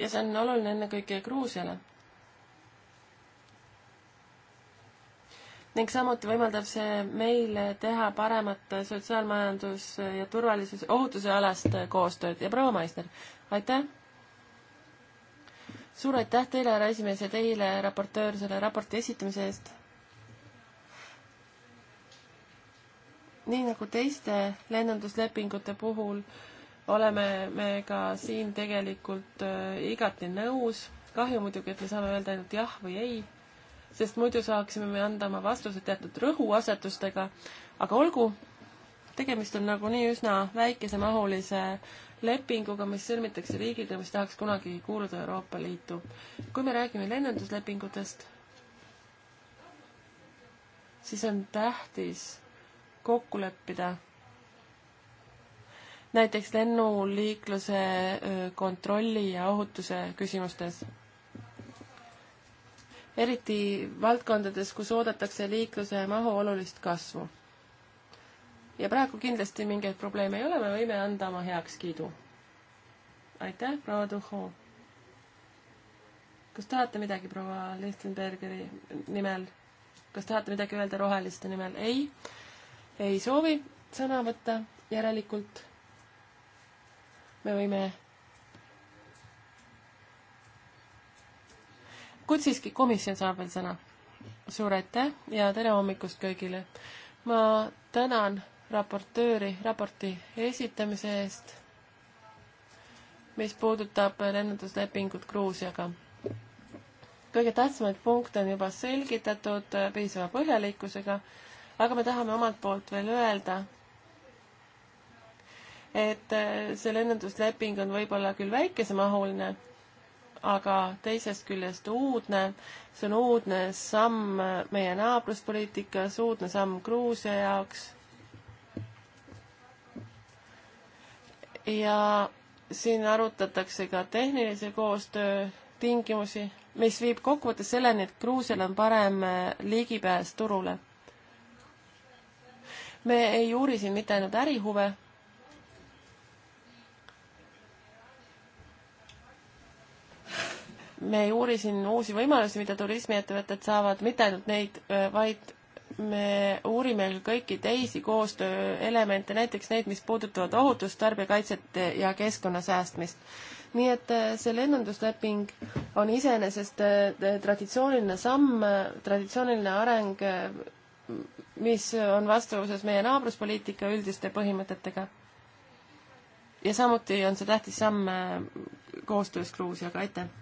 Speaker 3: ja see on oluline ennekõike Gruusiale. ning samuti võimaldab see meil teha paremat sotsiaalmajandus- ja turvalisus, ohutuse alast koostööd ja proua Maister, aitäh! suur aitäh teile, härra esimees ja teile, raportöör, selle raporti esitamise eest nii nagu teiste lennunduslepingute puhul oleme me ka siin tegelikult äh, igati nõus. kahju muidugi, et me saame öelda ainult jah või ei, sest muidu saaksime me anda oma vastused teatud rõhuasetustega, aga olgu, tegemist on nagunii üsna väikesemahulise lepinguga, mis sõlmitakse riigiga, mis tahaks kunagi kuuluda Euroopa Liitu. kui me räägime lennunduslepingutest, siis on tähtis kokku leppida näiteks lennuliikluse kontrolli ja ohutuse küsimustes eriti valdkondades, kus oodatakse liikluse mahu olulist kasvu. ja praegu kindlasti mingeid probleeme ei ole, me võime anda oma heakskiidu. aitäh, proua Tuhho. kas tahate midagi proua Lichtenbergeri nimel? kas tahate midagi öelda roheliste nimel? ei, ei soovi sõna võtta, järelikult me võime kuid siiski, komisjon saab veel sõna. suur aitäh ja tere hommikust kõigile! ma tänan raportööri raporti esitamise eest, mis puudutab lennunduslepingut Gruusiaga. kõige tähtsamaid punkte on juba selgitatud piisava põhjalikkusega, aga me tahame omalt poolt veel öelda, et äh, see lennundusleping on võib-olla küll väikesemahuline, aga teisest küljest uudne, see on uudne samm meie naabruspoliitikas, uudne samm Gruusia jaoks. ja siin arutatakse ka tehnilise koostöö tingimusi, mis viib kokkuvõttes selleni, et Gruusial on parem äh, ligipääs turule. me ei uuri siin mitte ainult ärihuve me ei uuri siin uusi võimalusi, mida turismiettevõtted saavad, mitte ainult neid, vaid me uurime kõiki teisi koostööelemente, näiteks neid, mis puudutavad ohutust, tarbijakaitset ja keskkonna säästmist. nii et see lennundusleping on iseenesest traditsiooniline samm, traditsiooniline areng, mis on vastavuses meie naabruspoliitika üldiste põhimõtetega. ja samuti on see tähtis samm koostöös Gruusiaga, aitäh!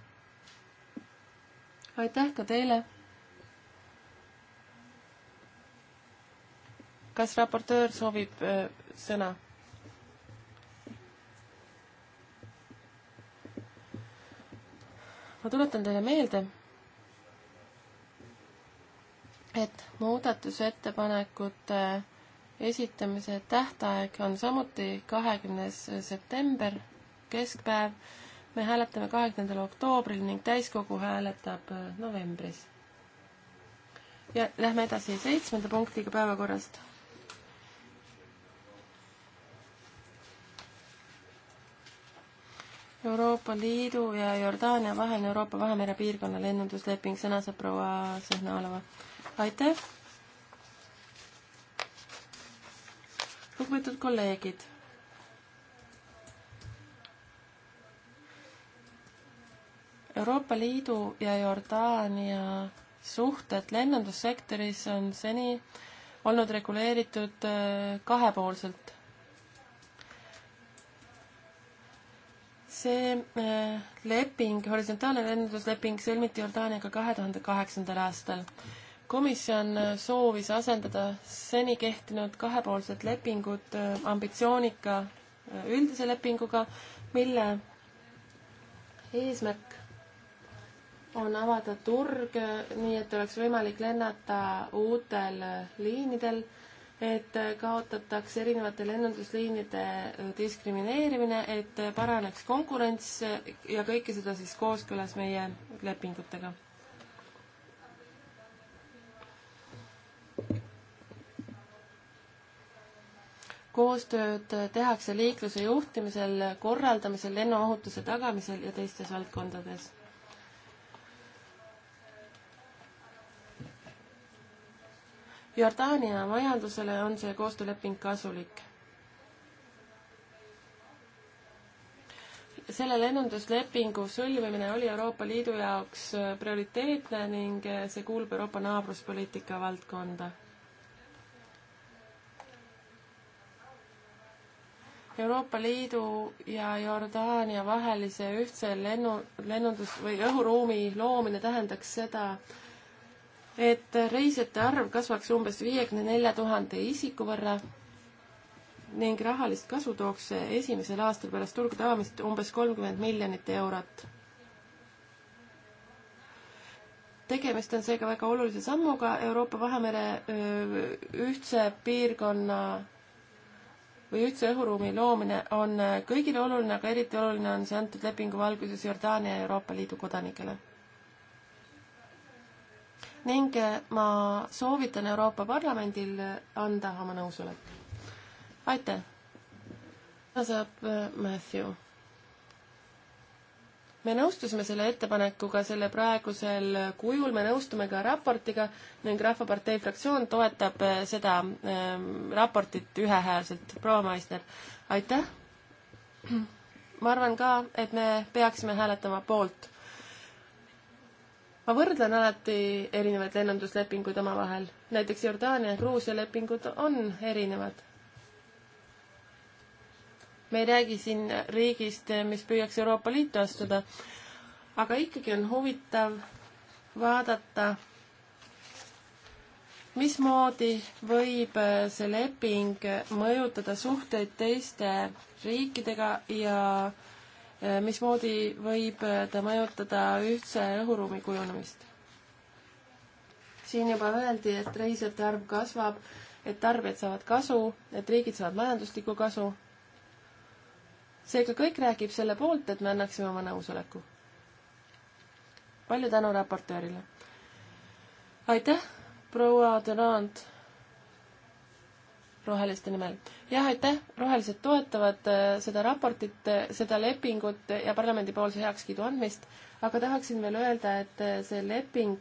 Speaker 2: aitäh ka teile.
Speaker 3: kas raportöör soovib öö, äh, sõna? ma tuletan teile meelde, et muudatusettepanekute esitamise tähtaeg on samuti kahekümnes september, keskpäev me hääletame kaheksandal oktoobril ning täiskogu hääletab äh, novembris. ja lähme edasi seitsmenda punktiga päevakorrast. Euroopa Liidu ja Jordaania vaheline Euroopa Vahemere piirkonna lennundusleping, sõna saab proua Sõhnalova. aitäh! lugupeetud kolleegid Euroopa Liidu ja Jordaania suhted lennundussektoris on seni olnud reguleeritud äh, kahepoolselt. see äh, leping, horisontaalne lennundusleping sõlmiti Jordaaniaga kahe tuhande kaheksandal aastal. komisjon äh, soovis asendada seni kehtinud kahepoolsed lepingud ambitsioonika üldise lepinguga, mille eesmärk on avada turg, nii et oleks võimalik lennata uutel liinidel, et kaotatakse erinevate lennundusliinide diskrimineerimine, et paraneks konkurents ja kõike seda siis kooskõlas meie lepingutega. koostööd tehakse liikluse juhtimisel, korraldamisel, lennuohutuse tagamisel ja teistes valdkondades Jordaania majandusele on see koostööleping kasulik. selle lennunduslepingu sõlmimine oli Euroopa Liidu jaoks prioriteetne ning see kuulub Euroopa naabruspoliitika valdkonda. Euroopa Liidu ja Jordaania vahelise ühtse lennu, lennundus- või õhuruumi loomine tähendaks seda, et et reisijate arv kasvaks umbes viiekümne nelja tuhande isiku võrra ning rahalist kasu tooks see esimesel aastal pärast turgude avamist umbes kolmkümmend miljonit eurot. tegemist on seega väga olulise sammuga Euroopa Vahemere ühtse piirkonna või ühtse õhuruumi loomine on kõigile oluline, aga eriti oluline on see antud lepingu valguses Jordaania ja Euroopa Liidu kodanikele ning eh, ma soovitan Euroopa Parlamendil anda oma nõusolek. aitäh! sõna saab eh, Matthew. me nõustusime selle ettepanekuga selle praegusel kujul, me nõustume ka raportiga ning Rahvapartei fraktsioon toetab eh, seda ehm, raportit ühehäälselt. proua Maisner, aitäh! ma arvan ka, et me peaksime hääletama poolt ma võrdlen alati erinevaid lennunduslepinguid omavahel. näiteks Jordaania ja Gruusia lepingud on erinevad. me ei räägi siin riigist, mis püüaks Euroopa Liitu astuda, aga ikkagi on huvitav vaadata, mismoodi võib see leping mõjutada suhteid teiste riikidega ja äh, Eh, mismoodi võib eh, ta mõjutada ühtse õhuruumi kujunemist. siin juba öeldi, et reisijate arv kasvab, et tarbijad saavad kasu, et riigid saavad majanduslikku kasu. seega kõik räägib selle poolt, et me annaksime oma nõusoleku. palju tänu raportöörile. aitäh, proua Donald roheliste nimel. jah, aitäh, rohelised toetavad äh, seda raportit, äh, seda lepingut ja parlamendipoolse heakskiidu andmist, aga tahaksin veel öelda, et äh, see leping,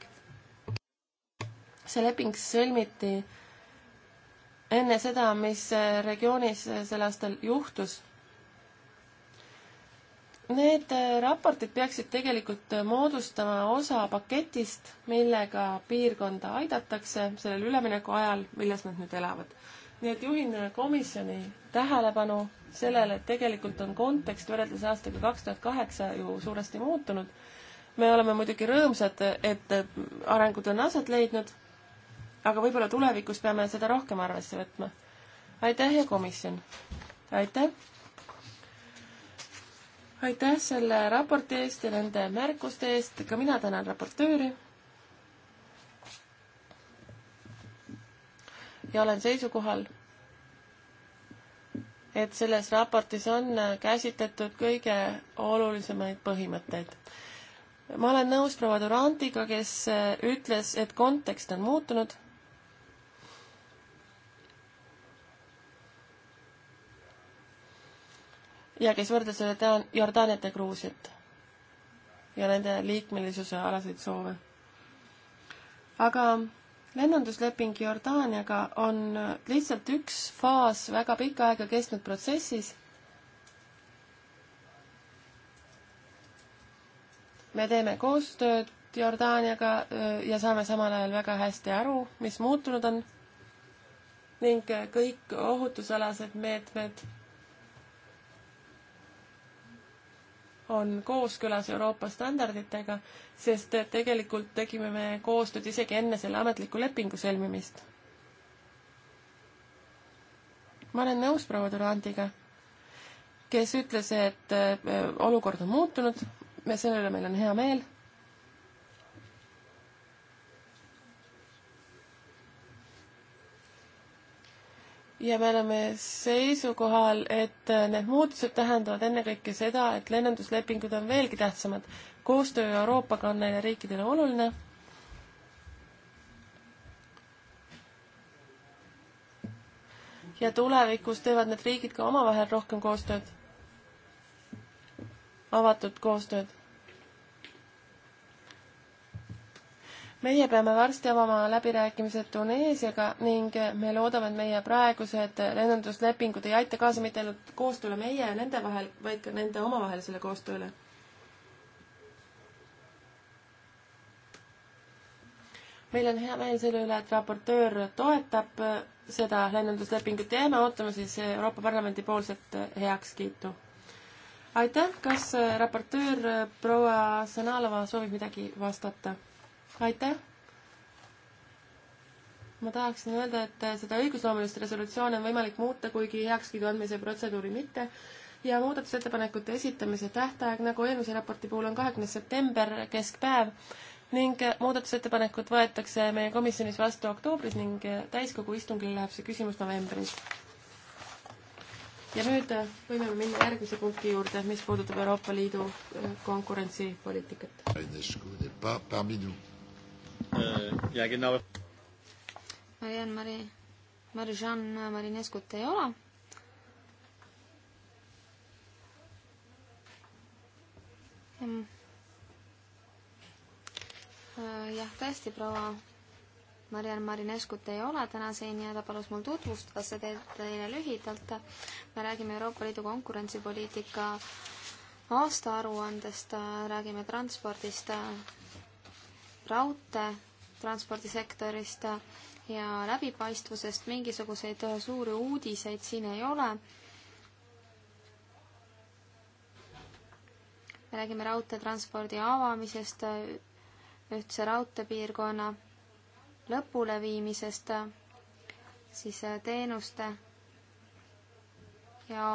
Speaker 3: see leping sõlmiti enne seda, mis regioonis sel aastal juhtus Need raportid peaksid tegelikult moodustama osa paketist, millega piirkonda aidatakse sellel ülemineku ajal, milles nad nüüd elavad nii et juhin äh, komisjoni tähelepanu sellele, et tegelikult on kontekst võrreldes aastaga kaks tuhat kaheksa ju suuresti muutunud. me oleme muidugi rõõmsad, et äh, arengud on aset leidnud, aga võib-olla tulevikus peame seda rohkem arvesse võtma. aitäh ja komisjon! aitäh! aitäh selle raporti eest ja nende märkuste eest, ka mina tänan raportööri ja olen seisukohal, et selles raportis on käsitletud kõige olulisemaid põhimõtteid. ma olen nõus proua Durantiga, kes ütles, et kontekst on muutunud. ja kes võrdles Jordaaniat ja Gruusiat ja nende liikmelisuse alaseid soove. aga lennundusleping Jordaaniaga on lihtsalt üks faas väga pikka aega kestnud protsessis. me teeme koostööd Jordaaniaga ja saame samal ajal väga hästi aru, mis muutunud on ning kõik ohutusalased meetmed meet on kooskõlas Euroopa standarditega, sest tegelikult tegime me koostööd isegi enne selle ametliku lepingu sõlmimist. ma olen nõus proua Durandiga, kes ütles, et äh, olukord on muutunud, me, selle üle meil on hea meel ja me oleme seisukohal, et need muutused tähendavad ennekõike seda, et lennunduslepingud on veelgi tähtsamad. koostöö Euroopaga on neile riikidele oluline. ja tulevikus teevad need riigid ka omavahel rohkem koostööd, avatud koostööd meie peame varsti avama läbirääkimised Tuneesiaga ning me loodame, et meie praegused lennunduslepingud ei aita kaasa mitte ainult koostööle meie ja nende vahel, vaid ka nende omavahelisele koostööle. meil on hea meel selle üle, et raportöör toetab seda lennunduslepingut ja jääme ootama siis Euroopa Parlamendi poolset heakskiitu. aitäh, kas raportöör proua Sõnalova soovib midagi vastata? aitäh! ma tahaksin öelda, et seda õigusloomelist resolutsiooni on võimalik muuta, kuigi heakskiidu andmise protseduuri mitte ja muudatusettepanekute esitamise tähtaeg, nagu eelmise raporti puhul, on kahekümnes september, keskpäev ning muudatusettepanekud võetakse meie komisjonis vastu oktoobris ning täiskogu istungile läheb see küsimus novembris. ja nüüd võime minna järgmise punkti juurde, mis puudutab Euroopa Liidu konkurentsipoliitikat.
Speaker 1: Äh, ja genau. Mariann Mari, Marijan Marineskut ei ole. Äh, jah, tõesti, proua Mariann Marineskut ei ole täna siin ja ta palus mul tutvustada seda teile lühidalt. me räägime Euroopa Liidu konkurentsipoliitika aastaaruandest, räägime transpordist raudteetranspordisektorist ja läbipaistvusest mingisuguseid suuri uudiseid siin ei ole. me räägime raudteetranspordi avamisest, ühtse raudteepiirkonna lõpuleviimisest, siis äh, teenuste ja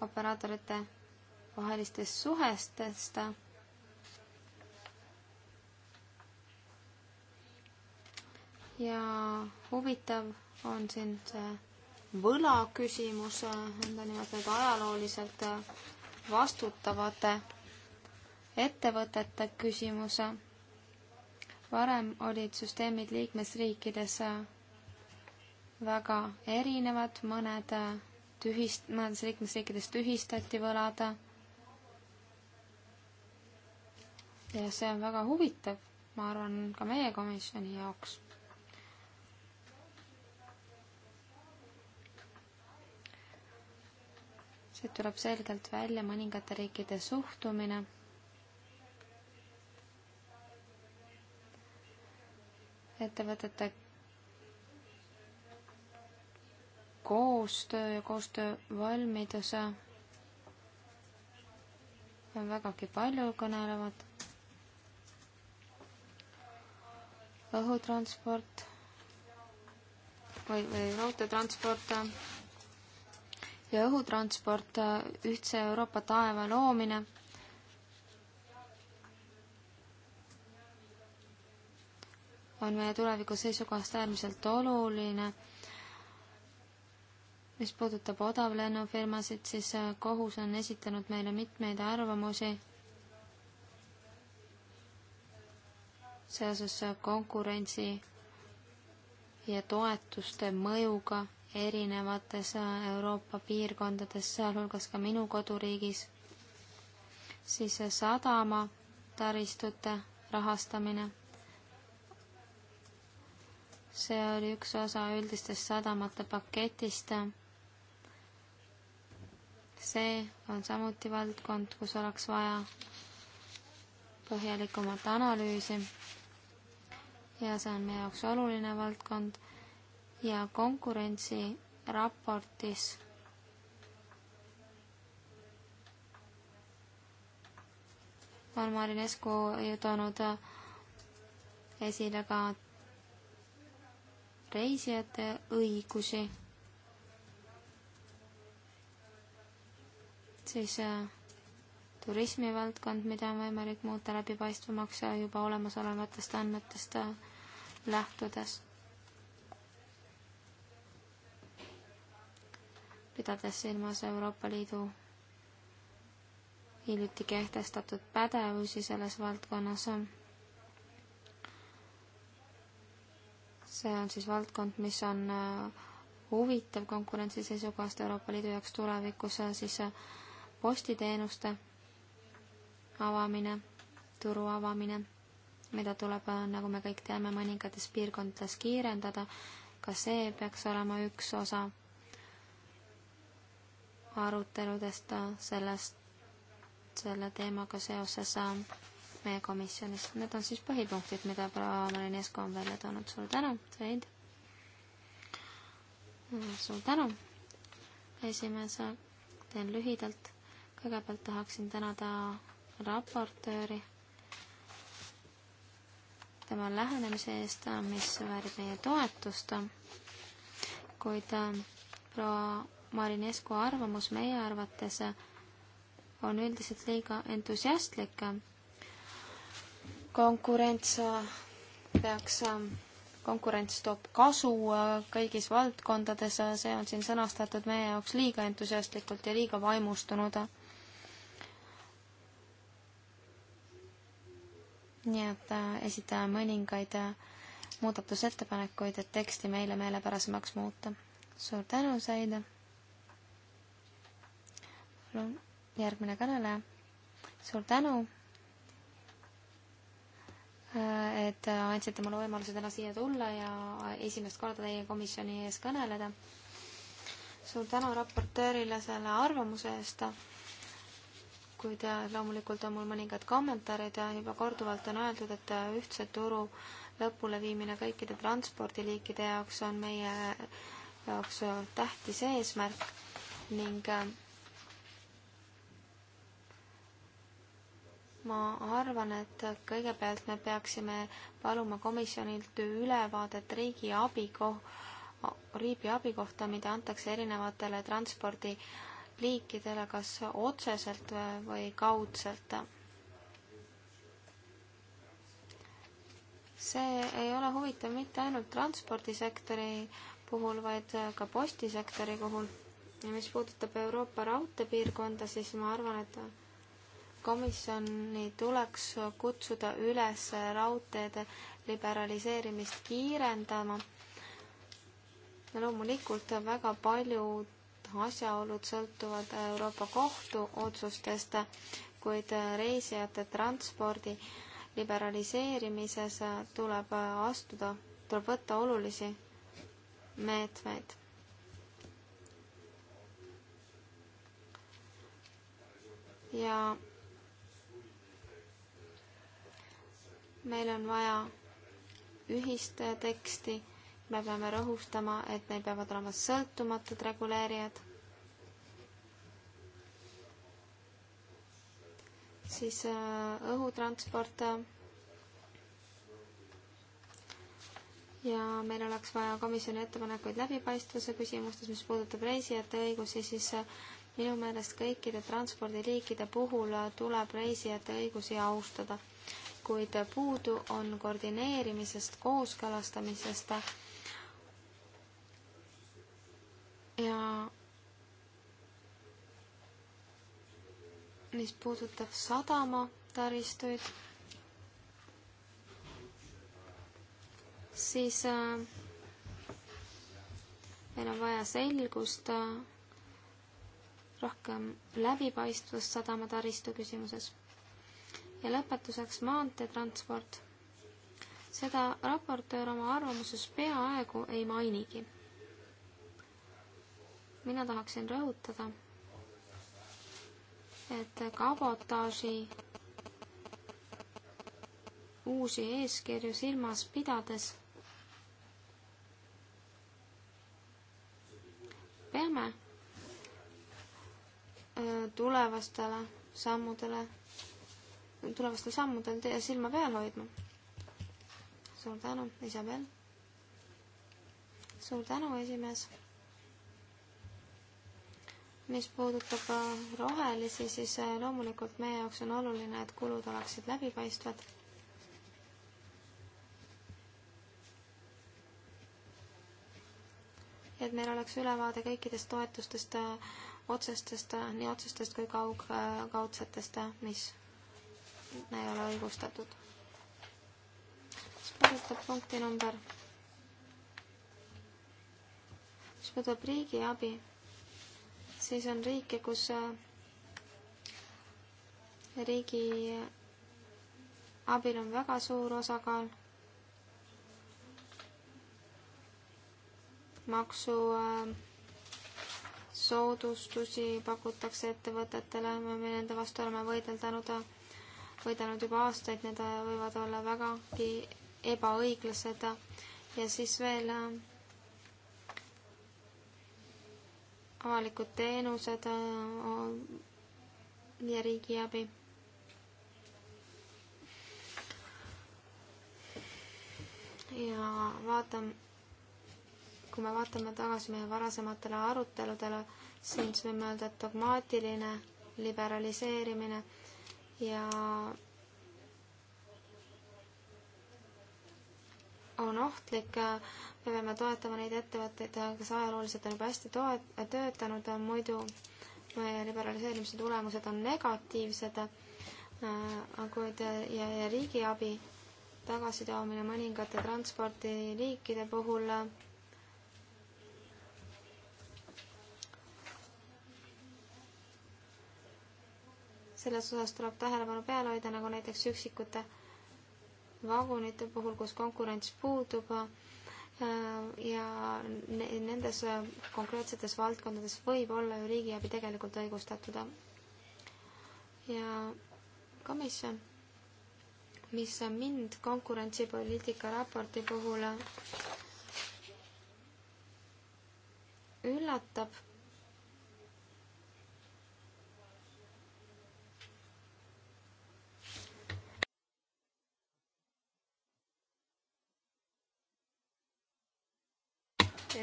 Speaker 1: operaatorite vahelistest suhestest ja huvitav on siin see võlaküsimus äh, nõndanimetatud ajalooliselt äh, vastutavate ettevõtete küsimus. varem olid süsteemid liikmesriikides äh, väga erinevad, mõned tühist-, mõnedes liikmesriikides tühistati võlad. ja see on väga huvitav, ma arvan, ka meie komisjoni jaoks siit tuleb selgelt välja mõningate riikide suhtumine. ettevõtete koostöö ja koostöövalmidus on vägagi palju kõnelevad. õhutransport või, või raudteetransport ja õhutransport, ühtse Euroopa taeva loomine. on meie tuleviku seisukohast äärmiselt oluline. mis puudutab odavlennufirmasid, siis äh, kohus on esitanud meile mitmeid arvamusi seoses äh, konkurentsi ja toetuste mõjuga erinevates äh, Euroopa piirkondades, sealhulgas ka minu koduriigis, siis sadama taristute rahastamine. see oli üks osa üldistest sadamate paketist. see on samuti valdkond, kus oleks vaja põhjalikumat analüüsi ja see on meie jaoks oluline valdkond ja konkurentsiraportis on Marinescu toonud äh, esile ka reisijate õigusi, siis äh, turismivaldkond, mida on võimalik muuta läbipaistvamaks juba olemasolevatest andmetest äh, lähtudes. pidades silmas Euroopa Liidu hiljuti kehtestatud pädevusi selles valdkonnas. see on siis valdkond, mis on äh, huvitav konkurentsi seisukohast Euroopa Liidu jaoks tulevikus, äh, siis äh, postiteenuste avamine, turu avamine, mida tuleb, nagu me kõik teame, mõningates piirkondades kiirendada, ka see peaks olema üks osa aruteludest sellest, selle teemaga seoses äh, meie komisjonis. Need on siis põhipunktid, mida proua Marinesko on välja toonud. suur tänu, Said! Äh, suur tänu, esimees! teen lühidalt. kõigepealt tahaksin tänada raportööri tema lähenemise eest, mis väärib meie toetust, kuid äh, proua Marinescu arvamus meie arvates on üldiselt liiga entusiastlik. konkurents äh, peaks, äh, konkurents toob kasu äh, kõigis valdkondades, see on siin sõnastatud meie jaoks liiga entusiastlikult ja liiga vaimustunud. nii et esitame mõningaid muudatusettepanekuid, et teksti meile meelepärasemaks muuta. suur tänu, Saida! järgmine kõneleja. suur tänu, äh, et andsite mulle võimaluse täna siia tulla ja esimest korda teie komisjoni ees kõneleda. suur tänu raportöörile selle arvamuse eest, kuid äh, loomulikult on mul mõningad kommentaarid ja juba korduvalt on öeldud, et äh, ühtse turu lõpuleviimine kõikide transpordiliikide jaoks on meie jaoks tähtis eesmärk ning ma arvan, et kõigepealt me peaksime paluma komisjonilt ülevaadet riigi abi ko-, riigi abi kohta, mida antakse erinevatele transpordiliikidele kas otseselt või kaudselt. see ei ole huvitav mitte ainult transpordisektori puhul, vaid ka postisektori puhul. ja mis puudutab Euroopa raudteepiirkonda, siis ma arvan, et komisjoni tuleks kutsuda üles raudteede liberaliseerimist kiirendama. ja loomulikult väga paljud asjaolud sõltuvad Euroopa Kohtu otsustest, kuid reisijate transpordi liberaliseerimises tuleb astuda, tuleb võtta olulisi meetmeid. ja meil on vaja ühist teksti, me peame rõhustama, et neil peavad olema sõltumatud reguleerijad. siis äh, õhutransport. ja meil oleks vaja komisjoni ettepanekuid läbipaistvuse küsimustes, mis puudutab reisijate õigusi, siis äh, minu meelest kõikide transpordiliikide puhul äh, tuleb reisijate õigusi austada kuid puudu on koordineerimisest, kooskõlastamisest ja mis puudutab sadama taristuid, siis äh, meil on vaja selgust äh, rohkem läbipaistvust sadama taristu küsimuses ja lõpetuseks maanteetransport. seda raportöör oma arvamuses peaaegu ei mainigi. mina tahaksin rõhutada, et kabotaaži uusi eeskirju silmas pidades peame äh, tulevastele sammudele tulevaste sammudel teie silma peal hoidma. suur tänu, Isabel. suur tänu, esimees. mis puudutab äh, rohelisi, siis äh, loomulikult meie jaoks on oluline, et kulud oleksid läbipaistvad et meil oleks ülevaade kõikidest toetustest, äh, otsestest, nii otsestest kui kaug-, kaudsetest, mis ei ole õigustatud. mis puudutab punkti number, mis puudutab riigiabi, siis on riike, kus äh, riigi abil on väga suur osakaal maksu äh, soodustusi pakutakse ettevõtetele, me nende vastu oleme võideldanud võidelnud juba aastaid, need võivad olla vägagi ebaõiglased ja siis veel äh, avalikud teenused äh, ja riigiabi. ja vaatame, kui me vaatame tagasi meie varasematele aruteludele, siis võime öelda, et dogmaatiline liberaliseerimine ja on ohtlik, äh, me peame toetama neid ettevõtteid, äh, kes ajalooliselt on juba hästi toet-, töötanud, äh, muidu meie liberaliseerimise tulemused on negatiivsed, kuid ja, ja riigiabi tagasitoomine mõningate transpordiliikide puhul selles osas tuleb tähelepanu peal hoida, nagu näiteks üksikute vagunite puhul, kus konkurents puudub äh, ja nendes äh, konkreetsetes valdkondades võib olla ju riigiabi tegelikult õigustatud. ja komisjon, mis mind konkurentsipoliitika raporti puhul äh, üllatab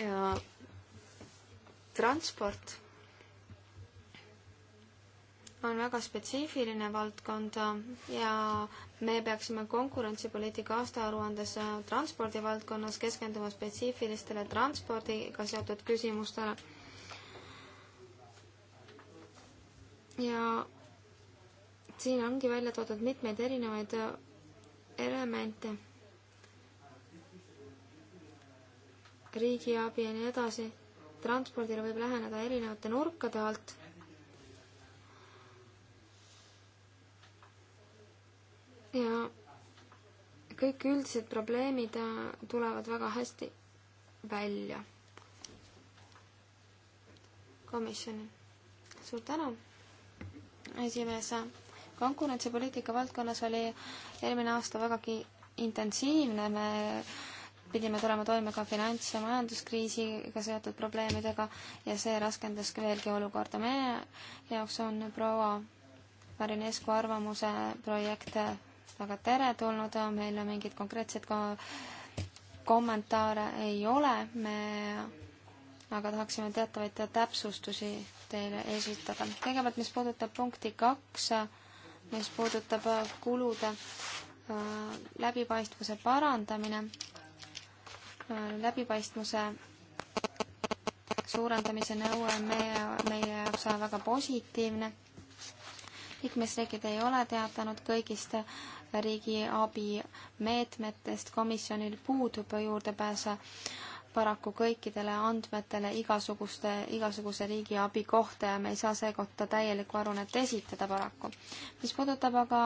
Speaker 1: ja transport on väga spetsiifiline valdkond ja me peaksime konkurentsipoliitika aastaaruandes transpordivaldkonnas keskenduma spetsiifilistele transpordiga seotud küsimustele. ja siin ongi välja toodud mitmeid erinevaid elemente riigiabi ja nii edasi. transpordile võib läheneda erinevate nurkade alt. ja kõik üldised probleemid äh, tulevad väga hästi välja komisjoni. suur tänu, esimees. konkurentsipoliitika valdkonnas oli eelmine aasta vägagi intensiivne, me pidime tulema toime ka finants- ja majanduskriisiga seotud probleemidega ja see raskendas veelgi olukorda. meie jaoks on proua Marinescu arvamuse projekt väga teretulnud, meil mingeid konkreetseid kommentaare ei ole, me aga tahaksime teatavaid täpsustusi teile esitada. kõigepealt, mis puudutab punkti kaks, mis puudutab kulude äh, läbipaistvuse parandamine, läbipaistvuse suurendamise nõue on meie, meie jaoks väga positiivne. liikmesriigid ei ole teatanud kõigist riigiabi meetmetest, komisjonil puudub juurdepääs paraku kõikidele andmetele igasuguste, igasuguse riigiabi kohta ja me ei saa seekord täielikku aruannet esitada paraku. mis puudutab aga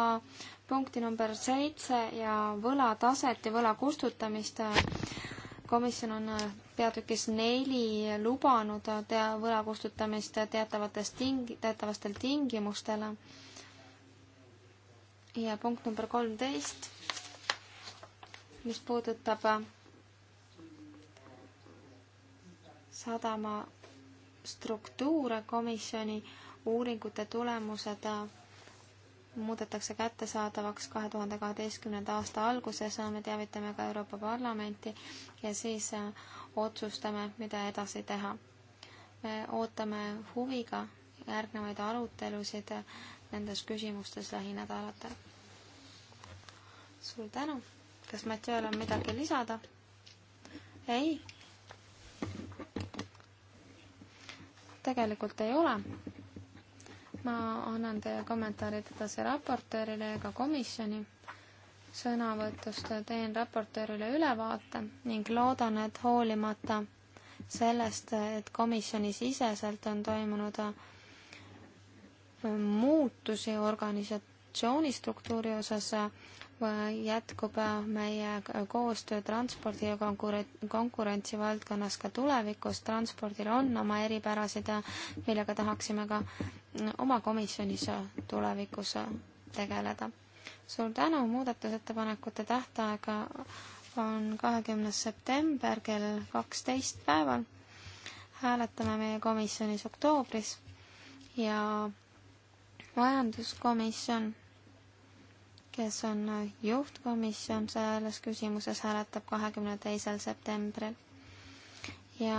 Speaker 1: punkti number seitse ja võlataset ja võla kustutamist, komisjon on äh, peatükis neli lubanud äh, tea-, võla kustutamist teatavates ting-, teatavastel tingimustel. ja punkt number kolmteist, mis puudutab äh, sadama struktuure komisjoni uuringute tulemused muudetakse kättesaadavaks kahe tuhande kaheteistkümnenda aasta alguses, me teavitame ka Euroopa Parlamenti ja siis äh, otsustame, mida edasi teha. me ootame huviga järgnevaid arutelusid äh, nendes küsimustes lähinädalatel. suur tänu. kas Mattiol on midagi lisada? ei? tegelikult ei ole ma annan teie kommentaarid edasi raportöörile ja ka komisjoni sõnavõtust teen raportöörile ülevaate ning loodan, et hoolimata sellest, et komisjoni siseselt on toimunud äh, muutusi organisatsiooni struktuuri osas, jätkub äh, meie koostöö transpordi ja konkurentsi valdkonnas ka tulevikus. transpordil on oma eripärasid, äh, millega tahaksime ka äh, oma komisjonis tulevikus tegeleda. suur tänu, muudatusettepanekute tähtaeg on kahekümnes september kell kaksteist päeval. hääletame meie komisjonis oktoobris ja majanduskomisjon kes on juhtkomisjon selles küsimuses, hääletab kahekümne teisel septembril. ja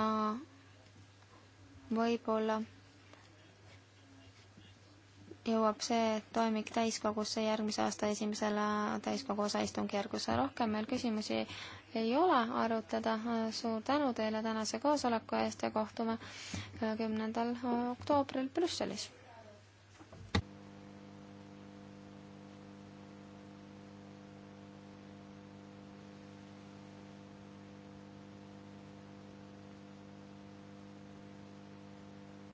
Speaker 1: võib-olla jõuab see toimik täiskogusse järgmise aasta esimesele täiskogu osaistungjärgusse. rohkem meil küsimusi ei ole arutada. suur tänu teile tänase koosoleku eest ja kohtume kümnendal oktoobril Brüsselis